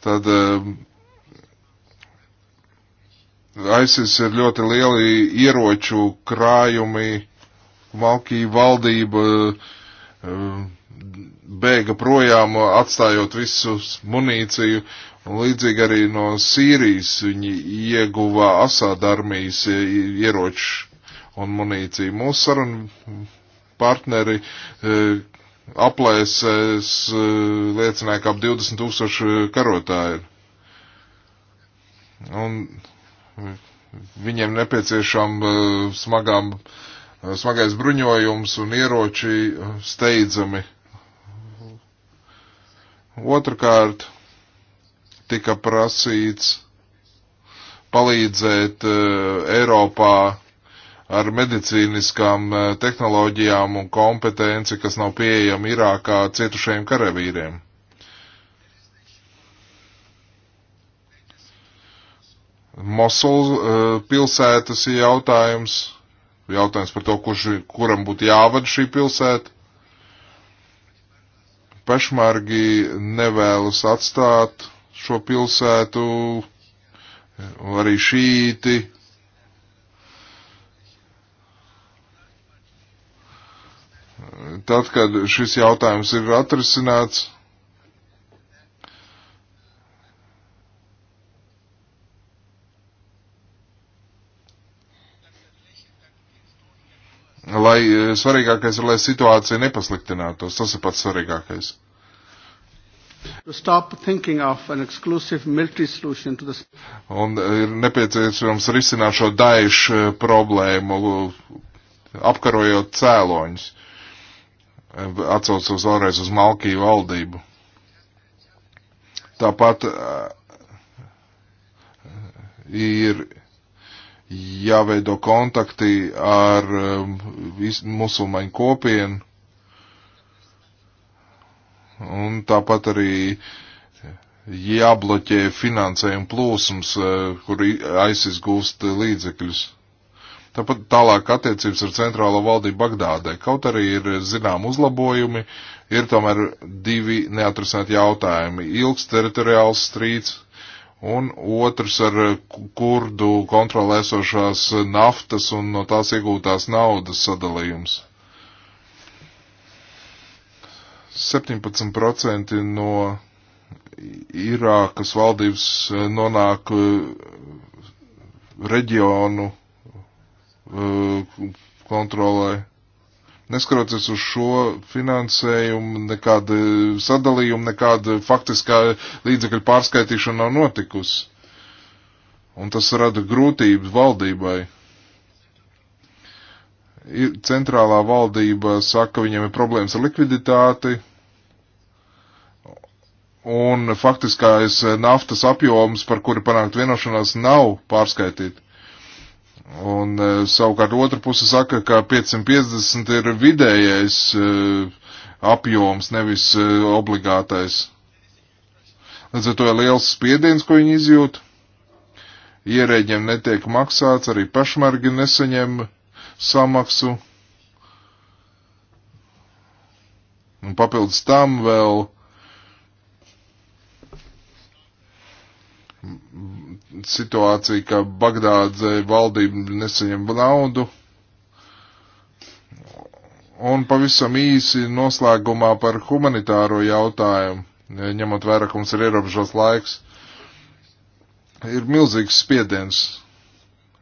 Tad ISIS ir ļoti lieli ieroču krājumi, Malkī valdība bēga projām, atstājot visus munīciju, un līdzīgi arī no Sīrijas viņi ieguva Asad armijas ieroču un munīciju. Mūsu sarunu partneri e, aplēsēs e, liecināja, ka ap 20 tūkstoši karotāji ir. Un viņiem nepieciešām e, smagām, smagais bruņojums un ieroči steidzami Otrakārt, tika prasīts palīdzēt e, Eiropā ar medicīniskām e, tehnoloģijām un kompetenci, kas nav pieejama Irākā cietušajiem karavīriem. Mosul e, pilsētas jautājums, jautājums par to, kurš, kuram būtu jāvada šī pilsēta pašmargi nevēlas atstāt šo pilsētu, arī šīti. Tad, kad šis jautājums ir atrisināts, lai e, svarīgākais ir, lai situācija nepasliktinātos. Tas ir pats svarīgākais. The... Un e, ir nepieciešams risināt šo daišu e, problēmu, apkarojot cēloņus, atcaucos vēlreiz uz Malkiju valdību. Tāpat ir jāveido kontakti ar um, musulmaņu kopienu. Un tāpat arī jābloķē finansējuma plūsums, uh, kur aizsis gūst līdzekļus. Tāpat tālāk attiecības ar centrālo valdību Bagdādē. Kaut arī ir zinām uzlabojumi, ir tomēr divi neatrisināti jautājumi. Ilgs teritoriāls strīds un otrs ar eh, kurdu kontrolē esošās eh, naftas un no tās iegūtās naudas sadalījums. 17% no Irākas valdības eh, nonāk reģionu kontrolē. Neskatoties uz šo finansējumu, nekāda sadalījuma, nekāda faktiskā līdzekļu pārskaitīšana nav notikusi. Un tas rada grūtības valdībai centrālā valdība saka, viņiem ir problēmas ar likviditāti. Un faktiskais naftas apjoms, par kuri panākt vienošanās, nav pārskaitīt. Un e, savukārt otra puse saka, ka 550 ir vidējais e, apjoms, nevis e, obligātais. Līdz ar to ir liels spiediens, ko viņi izjūt. Ierēģiem netiek maksāts, arī pašmargi nesaņem samaksu. Un papildus tam vēl situācija, ka Bagdādze valdība nesaņem naudu. Un pavisam īsi noslēgumā par humanitāro jautājumu, ņemot vērā, ka mums ir ierobežots laiks, ir milzīgs spiediens.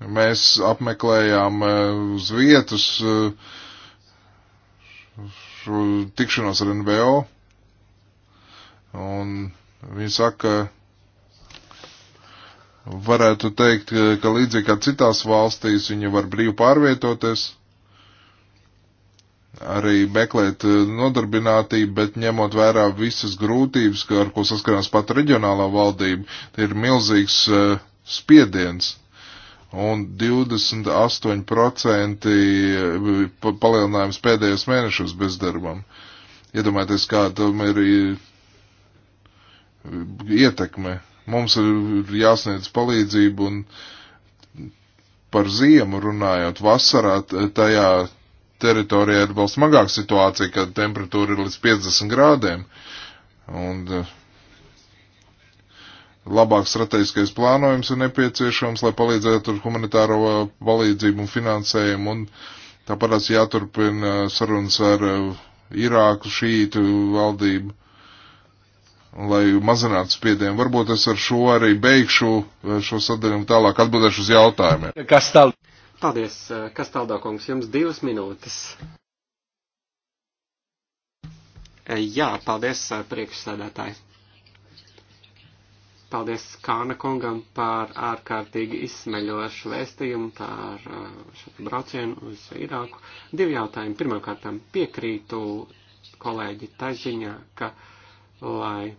Mēs apmeklējām eh, uz vietas eh, tikšanos ar NVO, un viņi saka, ka varētu teikt, ka līdzīgi kā citās valstīs viņi var brīvi pārvietoties, arī meklēt eh, nodarbinātību, bet ņemot vērā visas grūtības, ar ko saskarās pat reģionālā valdība, ir milzīgs eh, spiediens. Un 28% eh, palielinājums pēdējos mēnešos bezdarbam. Iedomājieties, kā tam ir ietekme Mums ir jāsniedz palīdzību un par ziemu runājot, vasarā tajā teritorijā ir vēl smagāka situācija, kad temperatūra ir līdz 50 grādiem. Un eh, labāks strateģiskais plānojums ir nepieciešams, lai palīdzētu ar humanitāro eh, palīdzību un finansējumu. Un tāpēc jāturpina sarunas ar eh, Irāku šītu valdību lai mazinātu spiedienu. Varbūt es ar šo arī beigšu eh, šo sadaļu un tālāk atbildēšu uz jautājumiem. Kas tālāk? Paldies, eh, kas tālāk, kungs, jums divas minūtes. Eh, jā, paldies, priekšsēdētāji. Paldies Kāna kungam par ārkārtīgi izsmeļošu vēstījumu par šo braucienu uz Irāku. Divi jautājumi. Pirmkārt, piekrītu kolēģi tažiņā, ka uh, lai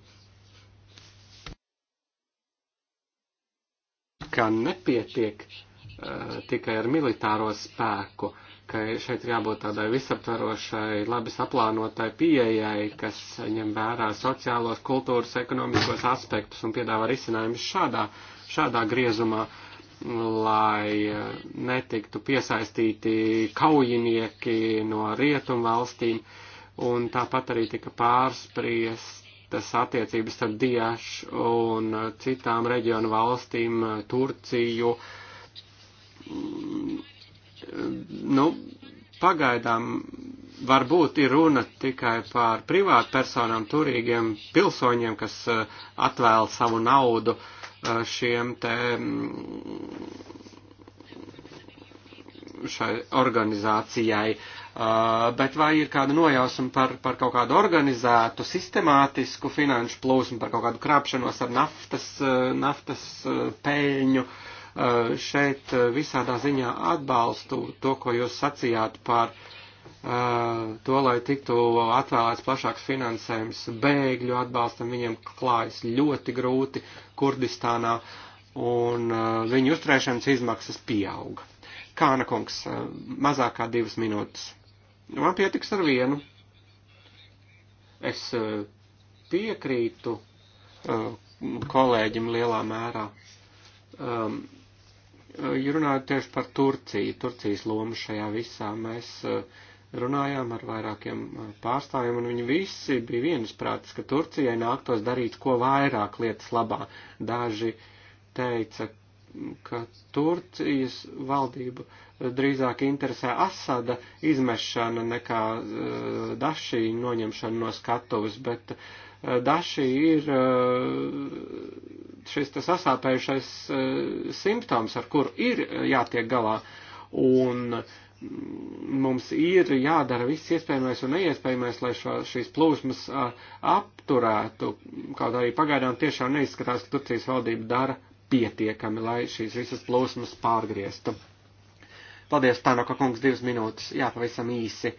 ka nepietiek uh, tikai ar militāro spēku, ka šeit ir jābūt tādai visaptvarošai, labi saplānotai pieejai, kas ņem vērā sociālos, kultūras, ekonomiskos aspektus un piedāvā risinājumus šādā, šādā griezumā, lai uh, netiktu piesaistīti kaujinieki no rietumvalstīm. Un tāpat arī tika pārspriest tas attiecības starp Diašu un uh, citām reģionu valstīm, uh, Turciju. Mm, nu, pagaidām varbūt ir runa tikai par privātu personām, turīgiem pilsoņiem, kas uh, atvēl savu naudu šiem te mm, šai organizācijai. Uh, Uh, bet vai ir kāda nojausma par, par kaut kādu organizētu, sistemātisku finanšu plūsmu, par kaut kādu krāpšanos ar naftas, uh, naftas uh, peļņu? Šeit visādā ziņā atbalstu to, ko jūs sacījāt par to, lai tiktu atvēlēts plašāks finansējums bēgļu atbalstam, viņiem klājas ļoti grūti Kurdistānā un viņu uzturēšanas izmaksas pieauga. Kāna kungs, mazāk kā divas minūtes. Man pietiks ar vienu. Es eh, piekrītu eh, kolēģim lielā mērā. Um, eh, runājot tieši par Turciju, Turcijas lomu šajā visā, mēs runājām ar vairākiem pārstāvjiem, un viņi visi bija viensprātis, ka Turcijai nāktos darīt ko vairāk lietas labā. Daži teica, ka Turcijas valdība drīzāk interesē Asada izmešana nekā eh, Dašī noņemšana no skatuves, bet eh, Dašī ir eh, šis tas sasāpējušais simptoms, ar kur ir jātiek galā. Un mm, mums ir jādara viss iespējamais un neiespējamais, lai šo, šīs plūsmas apturētu. Kaut arī pagaidām tiešām neizskatās, ka Turcijas valdība dara pietiekami, lai šīs visas plūsmas pārgrieztu. Paldies, Tanaka kungs, divas minūtes. Jā, pavisam īsi.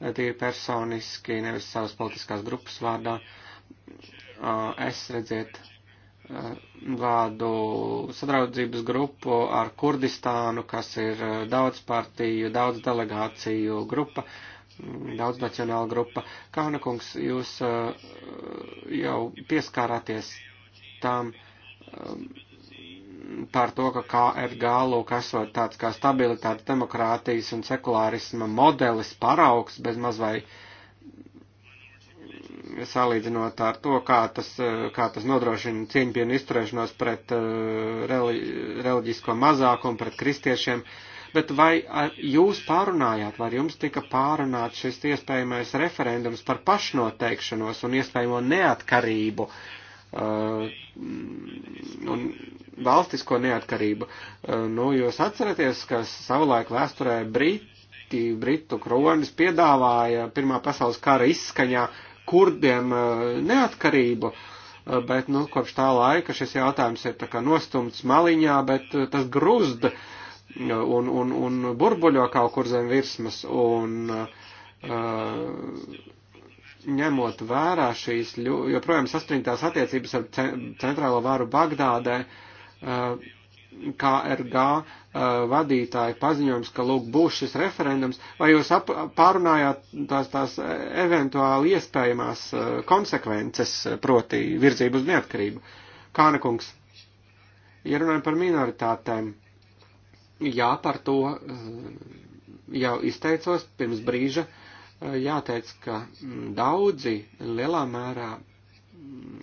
Tīri personiski, nevis savas politiskās grupas vārdā. Es redziet vādu sadraudzības grupu ar Kurdistānu, kas ir daudz partiju, daudz delegāciju grupa, daudz nacionāla grupa. Kāna kungs, jūs jau pieskārāties tām par to, ka KRG lūk esot tāds kā stabilitātes, demokrātijas un sekulārisma modelis paraugs bez mazvai salīdzinot ar to, kā tas, kā tas nodrošina cieņpienu izturēšanos pret eh, reli, reliģisko mazākumu, pret kristiešiem. Bet vai jūs pārunājāt, vai jums tika pārunāts šis iespējamais referendums par pašnoteikšanos un iespējamo neatkarību uh, Uh, un valstisko neatkarību. Uh, nu, jūs atceraties, ka savulaik vēsturē Briti, Britu kronis piedāvāja Pirmā pasaules kara izskaņā kurdiem uh, neatkarību, bet, nu, kopš tā laika šis jautājums ir tā kā nostumts maliņā, bet tas grūzd un, un, un burbuļo kaut kur zem virsmas. Un, uh, ņemot vērā šīs joprojām saspringtās attiecības ar centrālo vāru Bagdādē, uh, KRG uh, vadītāja paziņojums, ka lūk būs šis referendums, vai jūs ap, pārunājāt tās, tās eventuāli iespējamās uh, konsekvences, proti virzību uz neatkarību? Kānekungs, ja runājam par minoritātēm, jā, par to jau izteicos pirms brīža. Uh, jāteic, ka mm, daudzi lielā mērā mm,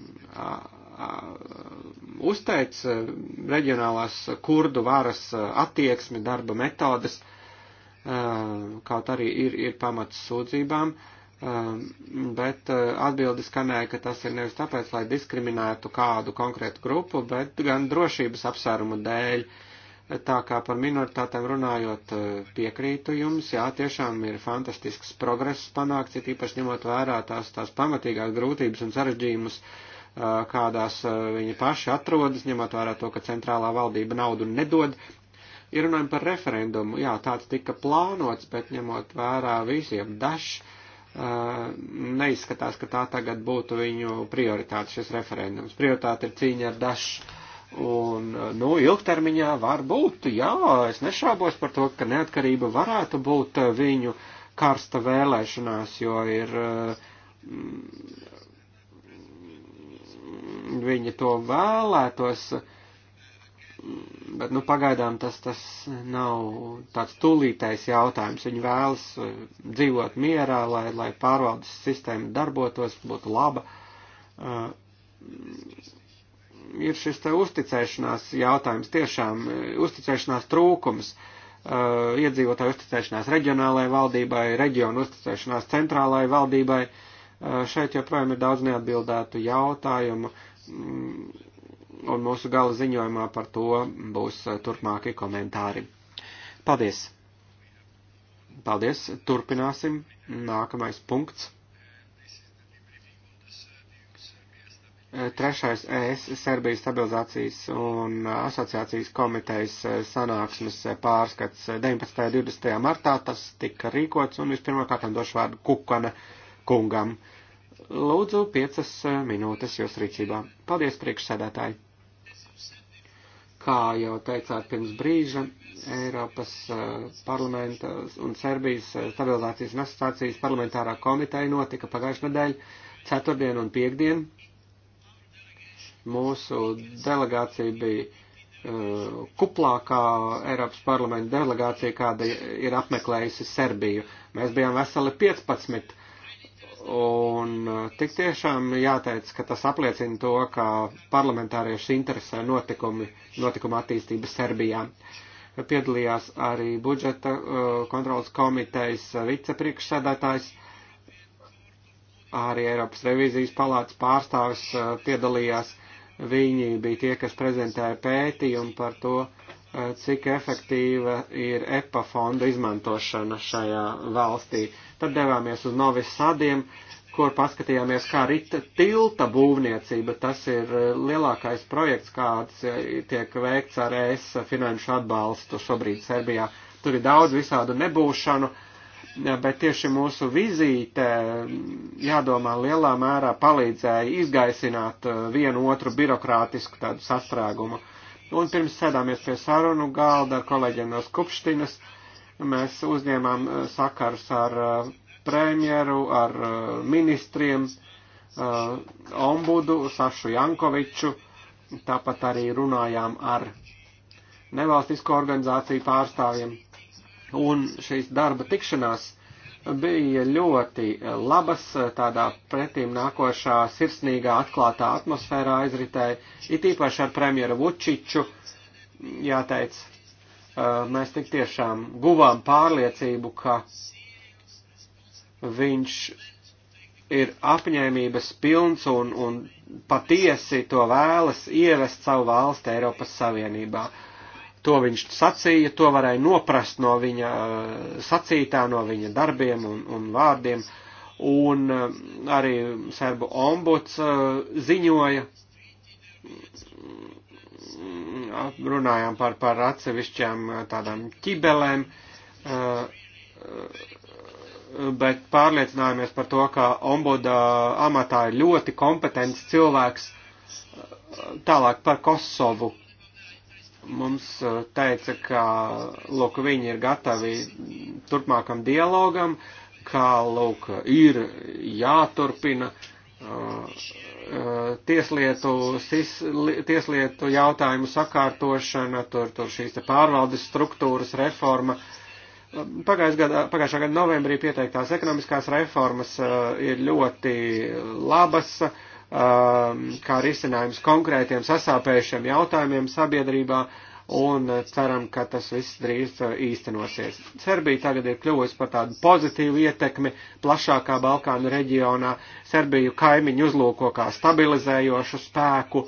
uzteic e, reģionālās kurdu varas e, attieksmi, darba metodas, e, kaut arī ir, ir pamats sūdzībām, bet atbildes skanēja, ka tas ir nevis tāpēc, lai diskriminētu kādu konkrētu grupu, bet gan drošības apsvērumu dēļ, uh, Tā kā par minoritātēm runājot, eh, piekrītu jums, jā, tiešām ir fantastisks progress panākts, ir īpaši ņemot vērā tās, tās pamatīgās grūtības un sarežģījumus, eh, kādās eh, viņi paši atrodas, ņemot vērā to, ka centrālā valdība naudu nedod. Ja runājam par referendumu, jā, tāds tika plānots, bet ņemot vērā visiem dažs, neizskatās, ka tā tagad būtu viņu prioritāte šis referendums. Prioritāte ir cīņa ar dažs Un, nu, ilgtermiņā var būt, jā, es nešaubos par to, ka neatkarība varētu būt eh, viņu karsta vēlēšanās, jo ir, eh, viņi to vēlētos, bet, nu, pagaidām tas, tas nav tāds tūlītais jautājums. Viņi vēlas eh, dzīvot mierā, lai, lai pārvaldes sistēma darbotos, būtu laba. Uh, ir šis te uzticēšanās jautājums, tiešām e, uzticēšanās trūkums, e, iedzīvotāju uzticēšanās reģionālajai valdībai, reģionu uzticēšanās centrālajai valdībai. E, šeit joprojām ir daudz neatbildētu jautājumu, mm, un mūsu gala ziņojumā par to būs turpmākie komentāri. Paldies! Paldies! Turpināsim. Nākamais punkts. E, trešais ES Serbijas stabilizācijas un e, asociācijas komitejas e, sanāksmes pārskats 19. un 20. martā tas tika rīkots un vispirmkārt došu vārdu Kukana kungam. Lūdzu, piecas minūtes jūs rīcībā. Paldies, priekšsēdētāji! Kā jau teicāt pirms brīža, Eiropas parlamenta un Serbijas stabilizācijas un asociācijas parlamentārā komiteja notika pagājušajā nedēļā, ceturtdien un piekdien Mūsu delegācija bija uh, kuplākā Eiropas parlamenta delegācija, kāda ir apmeklējusi Serbiju. Mēs bijām veseli 15. Un uh, tik tiešām jāteic, ka tas apliecina to, ka parlamentārieši interesē notikumi, notikuma attīstība Serbijā. Uh, piedalījās arī budžeta uh, kontrolas komitejas vicepriekšsēdētājs, arī Eiropas revīzijas palātas pārstāvis uh, piedalījās. Viņi bija tie, kas prezentēja pētījumu par to, eh, cik efektīva ir EPA fonda izmantošana šajā valstī. Tad devāmies uz Novis Sadiem, kur paskatījāmies, kā rita tilta būvniecība. Tas ir eh, lielākais projekts, kāds eh, tiek veikts ar ES finanšu atbalstu šobrīd Serbijā. Tur ir daudz visādu nebūšanu. Uh, bet tieši mūsu vizīte, jādomā, lielā mērā palīdzēja izgaisināt e, vienu otru birokrātisku tādu sastrēgumu. Un pirms sēdāmies pie sarunu galda ar kolēģiem no Skupštinas, mēs uzņēmām e, sakars ar e, premjeru, ar ministriem, ombudu Sašu Jankoviču, tāpat arī runājām ar nevalstisko organizāciju pārstāvjiem un šīs darba tikšanās bija ļoti labas, tādā pretīm nākošā sirsnīgā atklātā atmosfērā aizritēja, it īpaši ar premjeru Vučiču, jāteic, mēs tik tiešām guvām pārliecību, ka viņš ir apņēmības pilns un, un patiesi to vēlas ievest savu valsti Eiropas Savienībā. Uh, To viņš sacīja, to varēja noprast no viņa eh, sacītā, no viņa darbiem un, un vārdiem. Un eh, arī serbu ombuds eh, ziņoja, runājām par, par atsevišķām tādām ķibelēm, bet pārliecinājāmies par to, ka ombuda amatā ir ļoti kompetents cilvēks. Tālāk par Kosovu mums teica, ka lūk, viņi ir gatavi turpmākam dialogam, ka lūk, ir jāturpina uh, tieslietu, sis, li, tieslietu jautājumu sakārtošana, tur, tur šīs te pārvaldes struktūras reforma. Gada, pagājušā gada novembrī pieteiktās ekonomiskās reformas uh, ir ļoti labas. Uh, Um, kā risinājums konkrētiem sasāpējušiem jautājumiem sabiedrībā un ceram, ka tas viss drīz uh, īstenosies. Serbija tagad ir kļuvusi par tādu pozitīvu ietekmi plašākā Balkānu reģionā. Serbiju kaimiņu uzlūko kā stabilizējošu spēku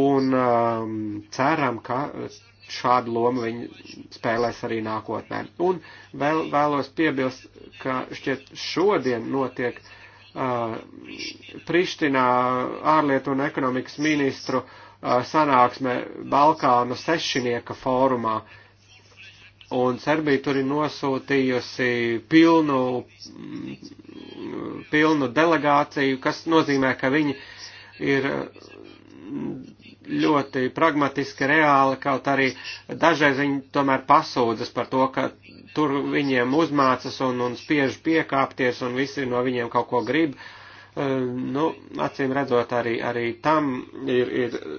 un um, ceram, ka šādu lomu viņi spēlēs arī nākotnē. Un vēl, vēlos piebilst, ka šķiet šodien notiek uh, Prištinā ārlietu un ekonomikas ministru sanāksme Balkānu sešinieka fórumā. Un Serbija tur ir nosūtījusi pilnu, pilnu delegāciju, kas nozīmē, ka viņi ir ļoti pragmatiski, reāli, kaut arī dažreiz viņi tomēr pasūdzas par to, ka tur viņiem uzmācas un, un spiež piekāpties un visi no viņiem kaut ko grib. Eh, nu, acīm redzot, arī, arī tam ir, ir eh,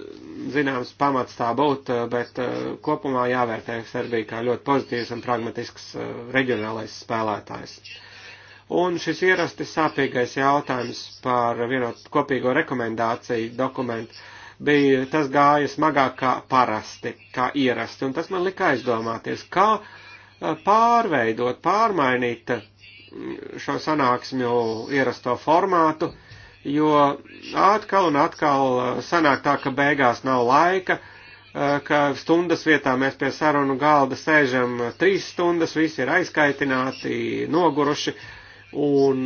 zināms pamats tā būt, eh, bet kopumā jāvērtē Serbija kā ļoti pozitīvs un pragmatisks reģionālais spēlētājs. Un šis ierasti sāpīgais jautājums par vienotu kopīgo rekomendāciju dokumentu bija, tas gāja smagāk kā parasti, kā ierasti, un tas man lika aizdomāties, kā uh, Uh, pārveidot, pārmainīt uh, šo sanāksmju ierasto formātu, jo atkal un atkal uh, sanāk tā, ka beigās nav laika, ka stundas vietā mēs pie sarunu galda sēžam trīs stundas, visi ir aizkaitināti, noguruši, un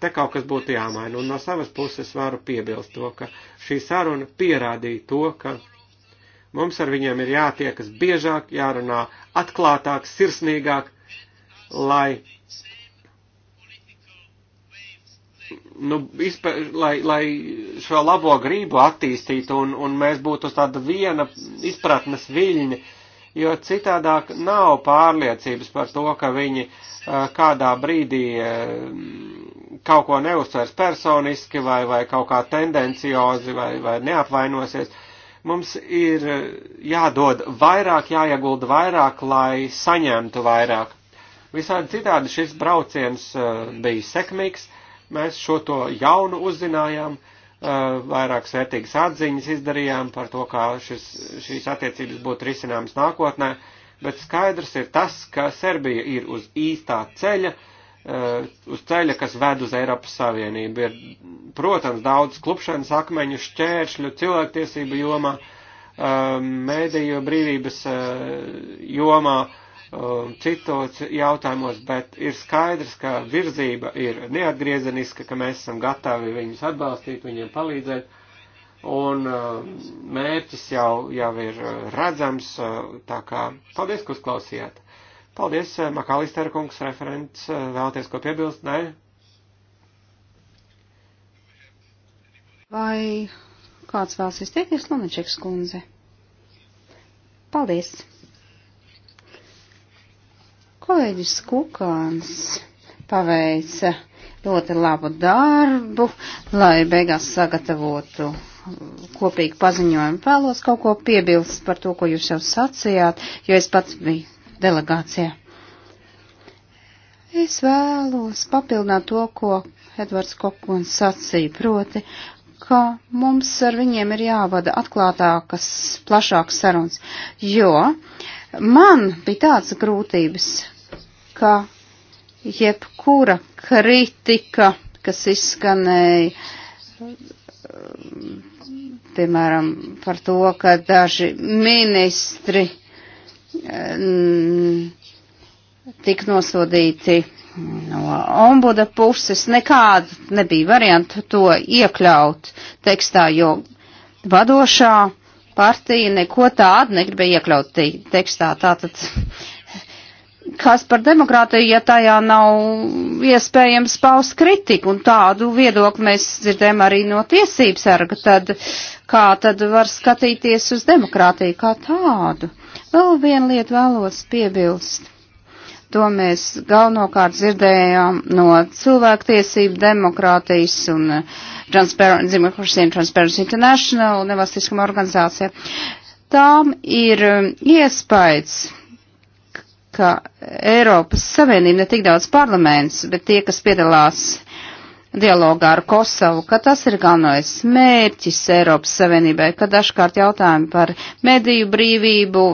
te kaut kas būtu jāmaina. Un no savas puses varu piebilst to, ka šī saruna pierādīja to, ka Mums ar viņiem ir jātiekas biežāk, jārunā atklātāk, sirsnīgāk, lai, nu, izpē, lai, lai šo labo grību attīstītu un, un mēs būtu uz tāda viena izpratnes viļņa, jo citādāk nav pārliecības par to, ka viņi kādā brīdī kaut ko neuzsvers personiski vai, vai kaut kā tendenciozi vai, vai neapvainosies Mums ir eh, jādod vairāk, jāiegulda vairāk, lai saņemtu vairāk. Visādi citādi šis brauciens eh, bija sekmīgs, mēs šo to jaunu uzzinājām, eh, vairākas vērtīgas atziņas izdarījām par to, kā šis, šīs attiecības būtu risināmas nākotnē, bet skaidrs ir tas, ka Serbija ir uz īstā ceļa, uh, Uh, uz ceļa, kas ved uz Eiropas Savienību. Ir, protams, daudz klupšanas akmeņu, šķēršļu, cilvēktiesību jomā, mēdīju um, brīvības uh, jomā, um, citos jautājumos, bet ir skaidrs, ka virzība ir neatgriezeniska, ka mēs esam gatavi viņus atbalstīt, viņiem palīdzēt. Un um, mērķis jau, jau ir redzams, uh, tā kā paldies, ka uzklausījāt. Paldies, eh, Makalister kungs, referents, eh, vēlaties ko piebilst? Nē? Vai kāds vēlas izteikties, Lunačeks kundze? Paldies! Kolēģis Kukāns paveica ļoti labu darbu, lai beigās sagatavotu kopīgu paziņojumu. Vēlos kaut ko piebilst par to, ko jūs jau sacījāt, jo es pats biju delegācijā. Es vēlos papildināt to, ko Edvards Kokuns sacīja, proti, ka mums ar viņiem ir jāvada atklātākas, plašākas sarunas, jo man bija tāds grūtības, ka jebkura kritika, kas izskanēja, piemēram, par to, ka daži ministri tik nosodīti no ombuda puses. Nekāda nebija varianta to iekļaut tekstā, jo vadošā partija neko tādu negribēja iekļaut te tekstā. Tātad, kas par demokrātiju, ja tajā nav iespējams paust kritiku, un tādu viedokli mēs dzirdējam arī no tiesības sarga, tad kā tad var skatīties uz demokrātiju kā tādu? Vēl vienu lietu vēlos piebilst. To mēs galvenokārt dzirdējām no cilvēktiesību, demokrātijas un Democracy eh, and Transparency International nevalstiskam organizācijām. Tām ir eh, iespējas, ka Eiropas Savienība ne tik daudz parlaments, bet tie, kas piedalās dialogā ar Kosovu, ka tas ir galvenais mērķis Eiropas Savienībai, ka dažkārt jautājumi par mediju brīvību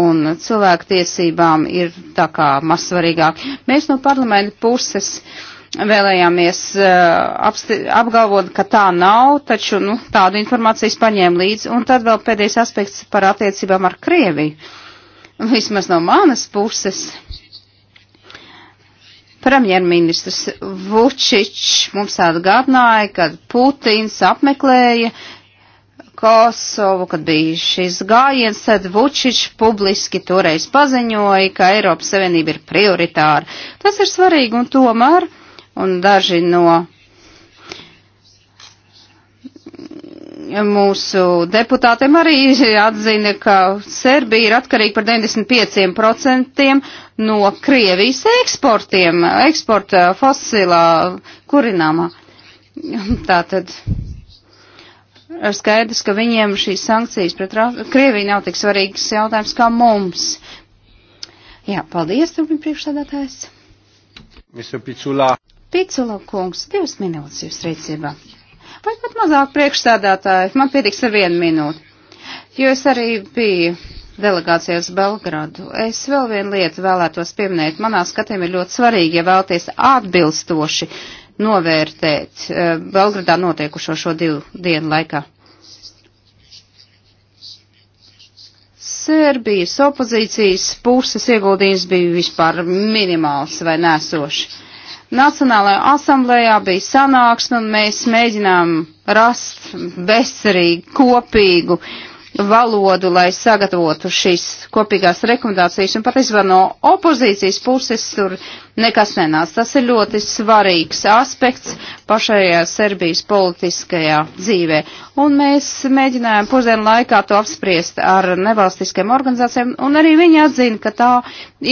un cilvēku tiesībām ir tā kā mazsvarīgāk. Mēs no parlamenta puses vēlējāmies uh, apgalvot, ka tā nav, taču nu, tādu informāciju es paņēmu līdzi. Un tad vēl pēdējais aspekts par attiecībām ar Krieviju. Vismaz no manas puses Premjerministrs Vučičs mums atgādināja, kad Putins apmeklēja Kosovu, kad bija šis gājiens, tad Vučičs publiski toreiz paziņoja, ka Eiropas Savienība ir prioritāra. Tas ir svarīgi un tomēr, un daži no mūsu deputātiem arī atzina, ka Serbija ir atkarīga par 95% no Krievijas eksportiem, eksporta fosilā kurināmā. Tātad skaidrs, ka viņiem šīs sankcijas pret Krieviju nav tik svarīgs jautājums kā mums. Jā, paldies, turpin priekšsādātājs. Piculā. Piculā kungs, divas minūtes jūs rīcībā. Vai pat mazāk priekšsādātāji, man pietiks ar vienu minūti. Jo es arī biju delegācijas Belgradu. Es vēl vienu lietu vēlētos pieminēt. Manā skatījumā ir ļoti svarīgi, ja vēlties atbilstoši novērtēt eh, Belgradā notiekušo šo divu dienu laikā. Serbijas opozīcijas puses ieguldījums bija vispār minimāls vai nesošs. Nacionālajā asamblējā bija sanāksme un mēs mēģinām rast bezcerīgi kopīgu uh, valodu, lai sagatavotu šīs kopīgās rekomendācijas, un patiesībā no opozīcijas puses tur nekas nenāca. Tas ir ļoti svarīgs aspekts pašajā Serbijas politiskajā dzīvē, un mēs mēģinājām pusdienu laikā to apspriest ar nevalstiskajām organizācijām, un arī viņi atzina, ka tā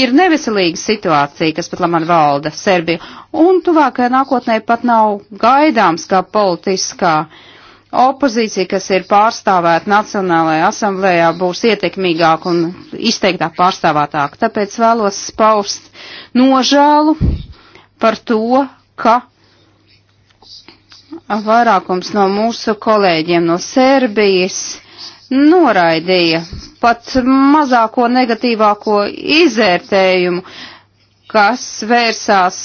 ir neveselīga situācija, kas pat labāk valda Serbiju, un tuvākajā nākotnē pat nav gaidāms kā politiskā opozīcija, kas ir pārstāvēta Nacionālajā asamblējā, būs ietekmīgāka un izteiktāk pārstāvētāka. Tāpēc vēlos paust nožēlu par to, ka vairākums no mūsu kolēģiem no Serbijas noraidīja pat mazāko negatīvāko izvērtējumu, kas vērsās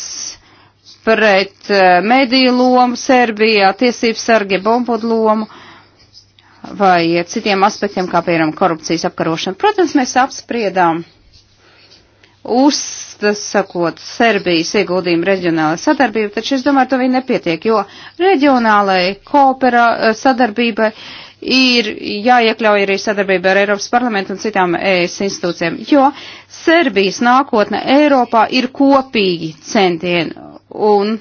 pret eh, mediju lomu Serbijā, tiesību sargi bombudu lomu vai citiem aspektiem, kā piemēram korupcijas apkarošana. Protams, mēs apspriedām uzsakot Serbijas ieguldījumu reģionālajā sadarbībā, taču es domāju, to viņi nepietiek, jo reģionālajai koopera eh, sadarbībai ir jāiekļauj arī sadarbība ar Eiropas parlamentu un citām ES institūcijām, jo Serbijas nākotne Eiropā ir kopīgi centieni, un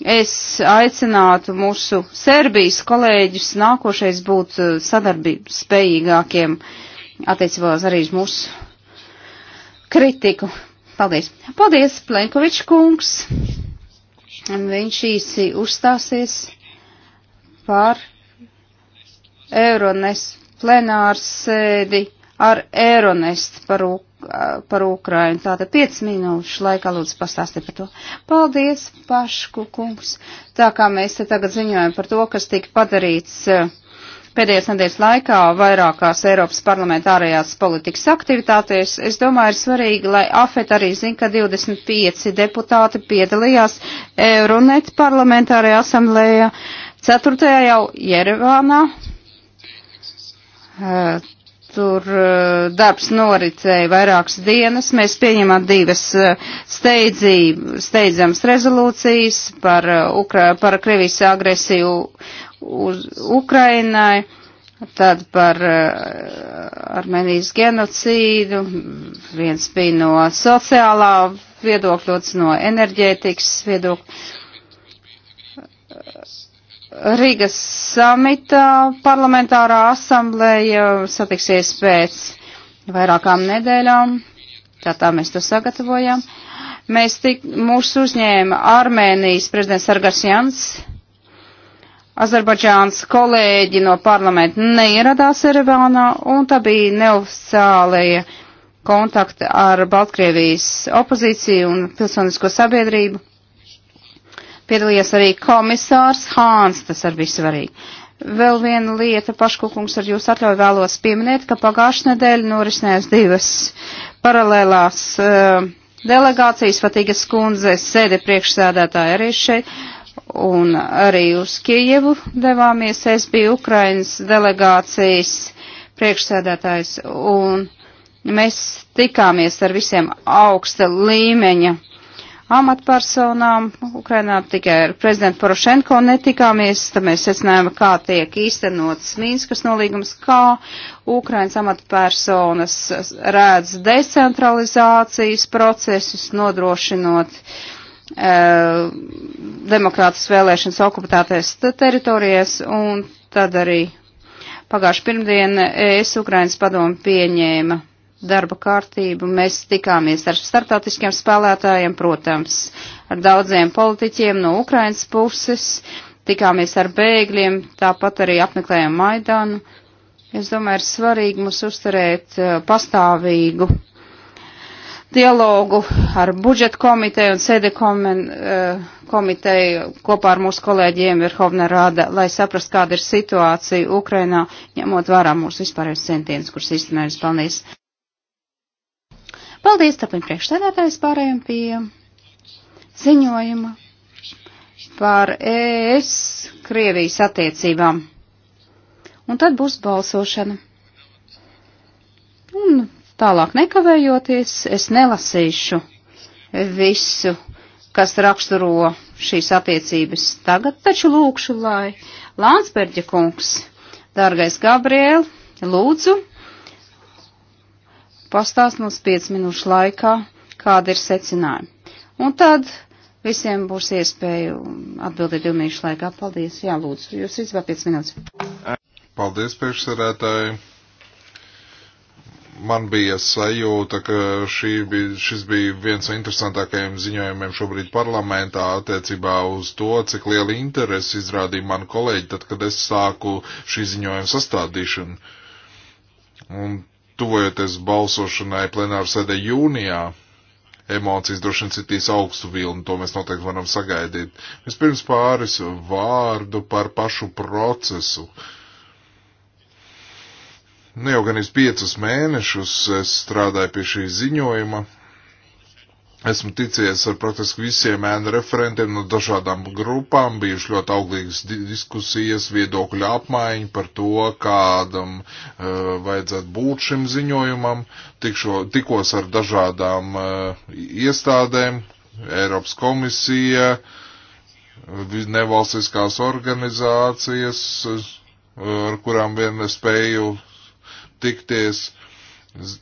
es aicinātu mūsu Serbijas kolēģus nākošais būt eh, sadarbības spējīgākiem attiecībās arī uz mūsu kritiku. Paldies. Paldies, Plenkovičs kungs. Viņš īsi uzstāsies par Euronest plenārsēdi ar Euronest par par Ukrainu. Tātad 5 minūšu laikā lūdzu pastāstiet par to. Paldies, Pašku kungs. Tā kā mēs te tagad ziņojam par to, kas tika padarīts pēdējās nedēļas laikā vairākās Eiropas parlamentārajās politikas aktivitātēs, es domāju, ir svarīgi, lai AFET arī zina, ka 25 deputāti piedalījās Euronet parlamentārajā asamblējā 4. jau Jerevānā tur eh, darbs noricēja vairākas dienas. Mēs pieņemam divas eh, steidzī, steidzamas rezolūcijas par, eh, Ukra par Krievijas agresiju uz Ukrainai, tad par Armenijas genocīdu, viens bija no sociālā viedokļa, otrs no enerģētikas viedokļa Rīgas samitā parlamentārā asamblēja satiksies pēc vairākām nedēļām. Tā tā mēs to sagatavojam. Mēs tik, mūs uzņēma Armēnijas prezidents Argasjans. Azerbaidžāns kolēģi no parlamenta neieradās Erevānā, un tā bija neoficiālajie kontakti ar Baltkrievijas opozīciju un pilsonisko sabiedrību. Piedalījies arī komisārs Hāns, tas arī bija svarīgi. Vēl viena lieta, paškukums, ar jūs atļauju vēlos pieminēt, ka pagājušā nedēļa norisinājās divas paralēlās uh, delegācijas, Fatīgas kundze sēde priekšsēdētāja arī šeit, un arī uz Kijevu devāmies. Es biju Ukrainas delegācijas priekšsēdētājs, un mēs tikāmies ar visiem augsta līmeņa amatpersonām. Ukrainā tikai ar prezidentu Porošenko netikāmies, tad mēs secinājām, kā tiek īstenots Mīnskas nolīgums, kā Ukrainas amatpersonas redz decentralizācijas procesus, nodrošinot e, demokrātas vēlēšanas okupētās teritorijas un tad arī pagājuši pirmdien es Ukrainas padomu pieņēma darba kārtību. Mēs tikāmies ar startautiskiem spēlētājiem, protams, ar daudziem politiķiem no Ukrainas puses, tikāmies ar bēgļiem, tāpat arī apmeklējām Maidanu. Es domāju, ir svarīgi mums uzturēt eh, pastāvīgu dialogu ar budžeta komiteju un sēde eh, komiteju kopā ar mūsu kolēģiem Verhovna Rāda, lai saprast, kāda ir situācija Ukrainā, ņemot vērā mūsu vispārējos centienus, kurus īstenojums. Paldies! Paldies, tāpēc priekšstādātājs pārējiem pie ziņojuma par ES Krievijas attiecībām. Un tad būs balsošana. Un tālāk nekavējoties, es nelasīšu visu, kas raksturo šīs attiecības tagad, taču lūkšu, lai Lānsberģa kungs, dārgais Gabriel, lūdzu, pastāst mums 5 minūšu laikā, kāda ir secinājuma. Un tad visiem būs iespēja atbildēt 2 minūšu laikā. Paldies, jā, lūdzu, jūs rīcībā 5 minūtes. Paldies, priekšsarētāji. Man bija sajūta, ka šī bija, šis bija viens no interesantākajiem ziņojumiem šobrīd parlamentā attiecībā uz to, cik liela interesi izrādīja mani kolēģi, tad, kad es sāku šī ziņojuma sastādīšanu. Un tuvojoties balsošanai plenāru sēdē jūnijā, emocijas droši vien citīs augstu vilni, to mēs noteikti varam sagaidīt. Vispirms pāris vārdu par pašu procesu. Ne nu, jau gan es piecus mēnešus strādāju pie šī ziņojuma, Esmu ticies ar praktiski visiem ēnu referentiem no dažādām grupām, bijuši ļoti auglīgas diskusijas, viedokļu apmaiņa par to, kādam uh, vajadzētu būt šim ziņojumam. Tikšo, tikos ar dažādām uh, iestādēm, Eiropas komisija, nevalstiskās organizācijas, uh, ar kurām vien spēju tikties. Z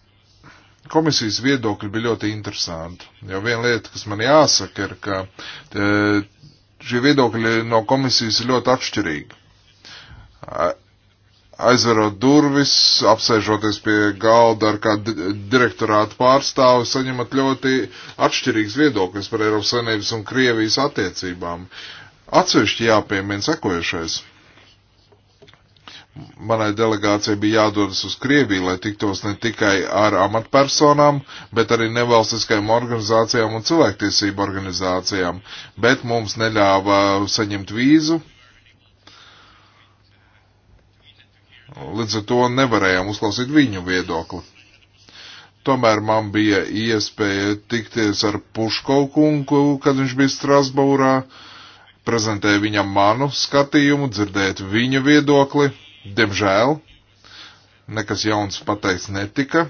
komisijas viedokļi bija ļoti interesanti. Jo viena lieta, kas man jāsaka, ir, ka te, šie viedokļi no komisijas ir ļoti atšķirīgi. Aizverot durvis, apsēžoties pie galda ar kādu direktorātu pārstāvu, saņemat ļoti atšķirīgs viedoklis par Eiropas Savienības un Krievijas attiecībām. Atsevišķi jāpiemina sekojušais manai delegācijai bija jādodas uz Krieviju, lai tiktos ne tikai ar amatpersonām, bet arī nevalstiskajām organizācijām un cilvēktiesību organizācijām, bet mums neļāva saņemt vīzu. Līdz ar to nevarējām uzklausīt viņu viedokli. Tomēr man bija iespēja tikties ar Puškovu kungu, kad viņš bija Strasbūrā, prezentēja viņam manu skatījumu, dzirdēt viņa viedokli Diemžēl nekas jauns pateicis netika.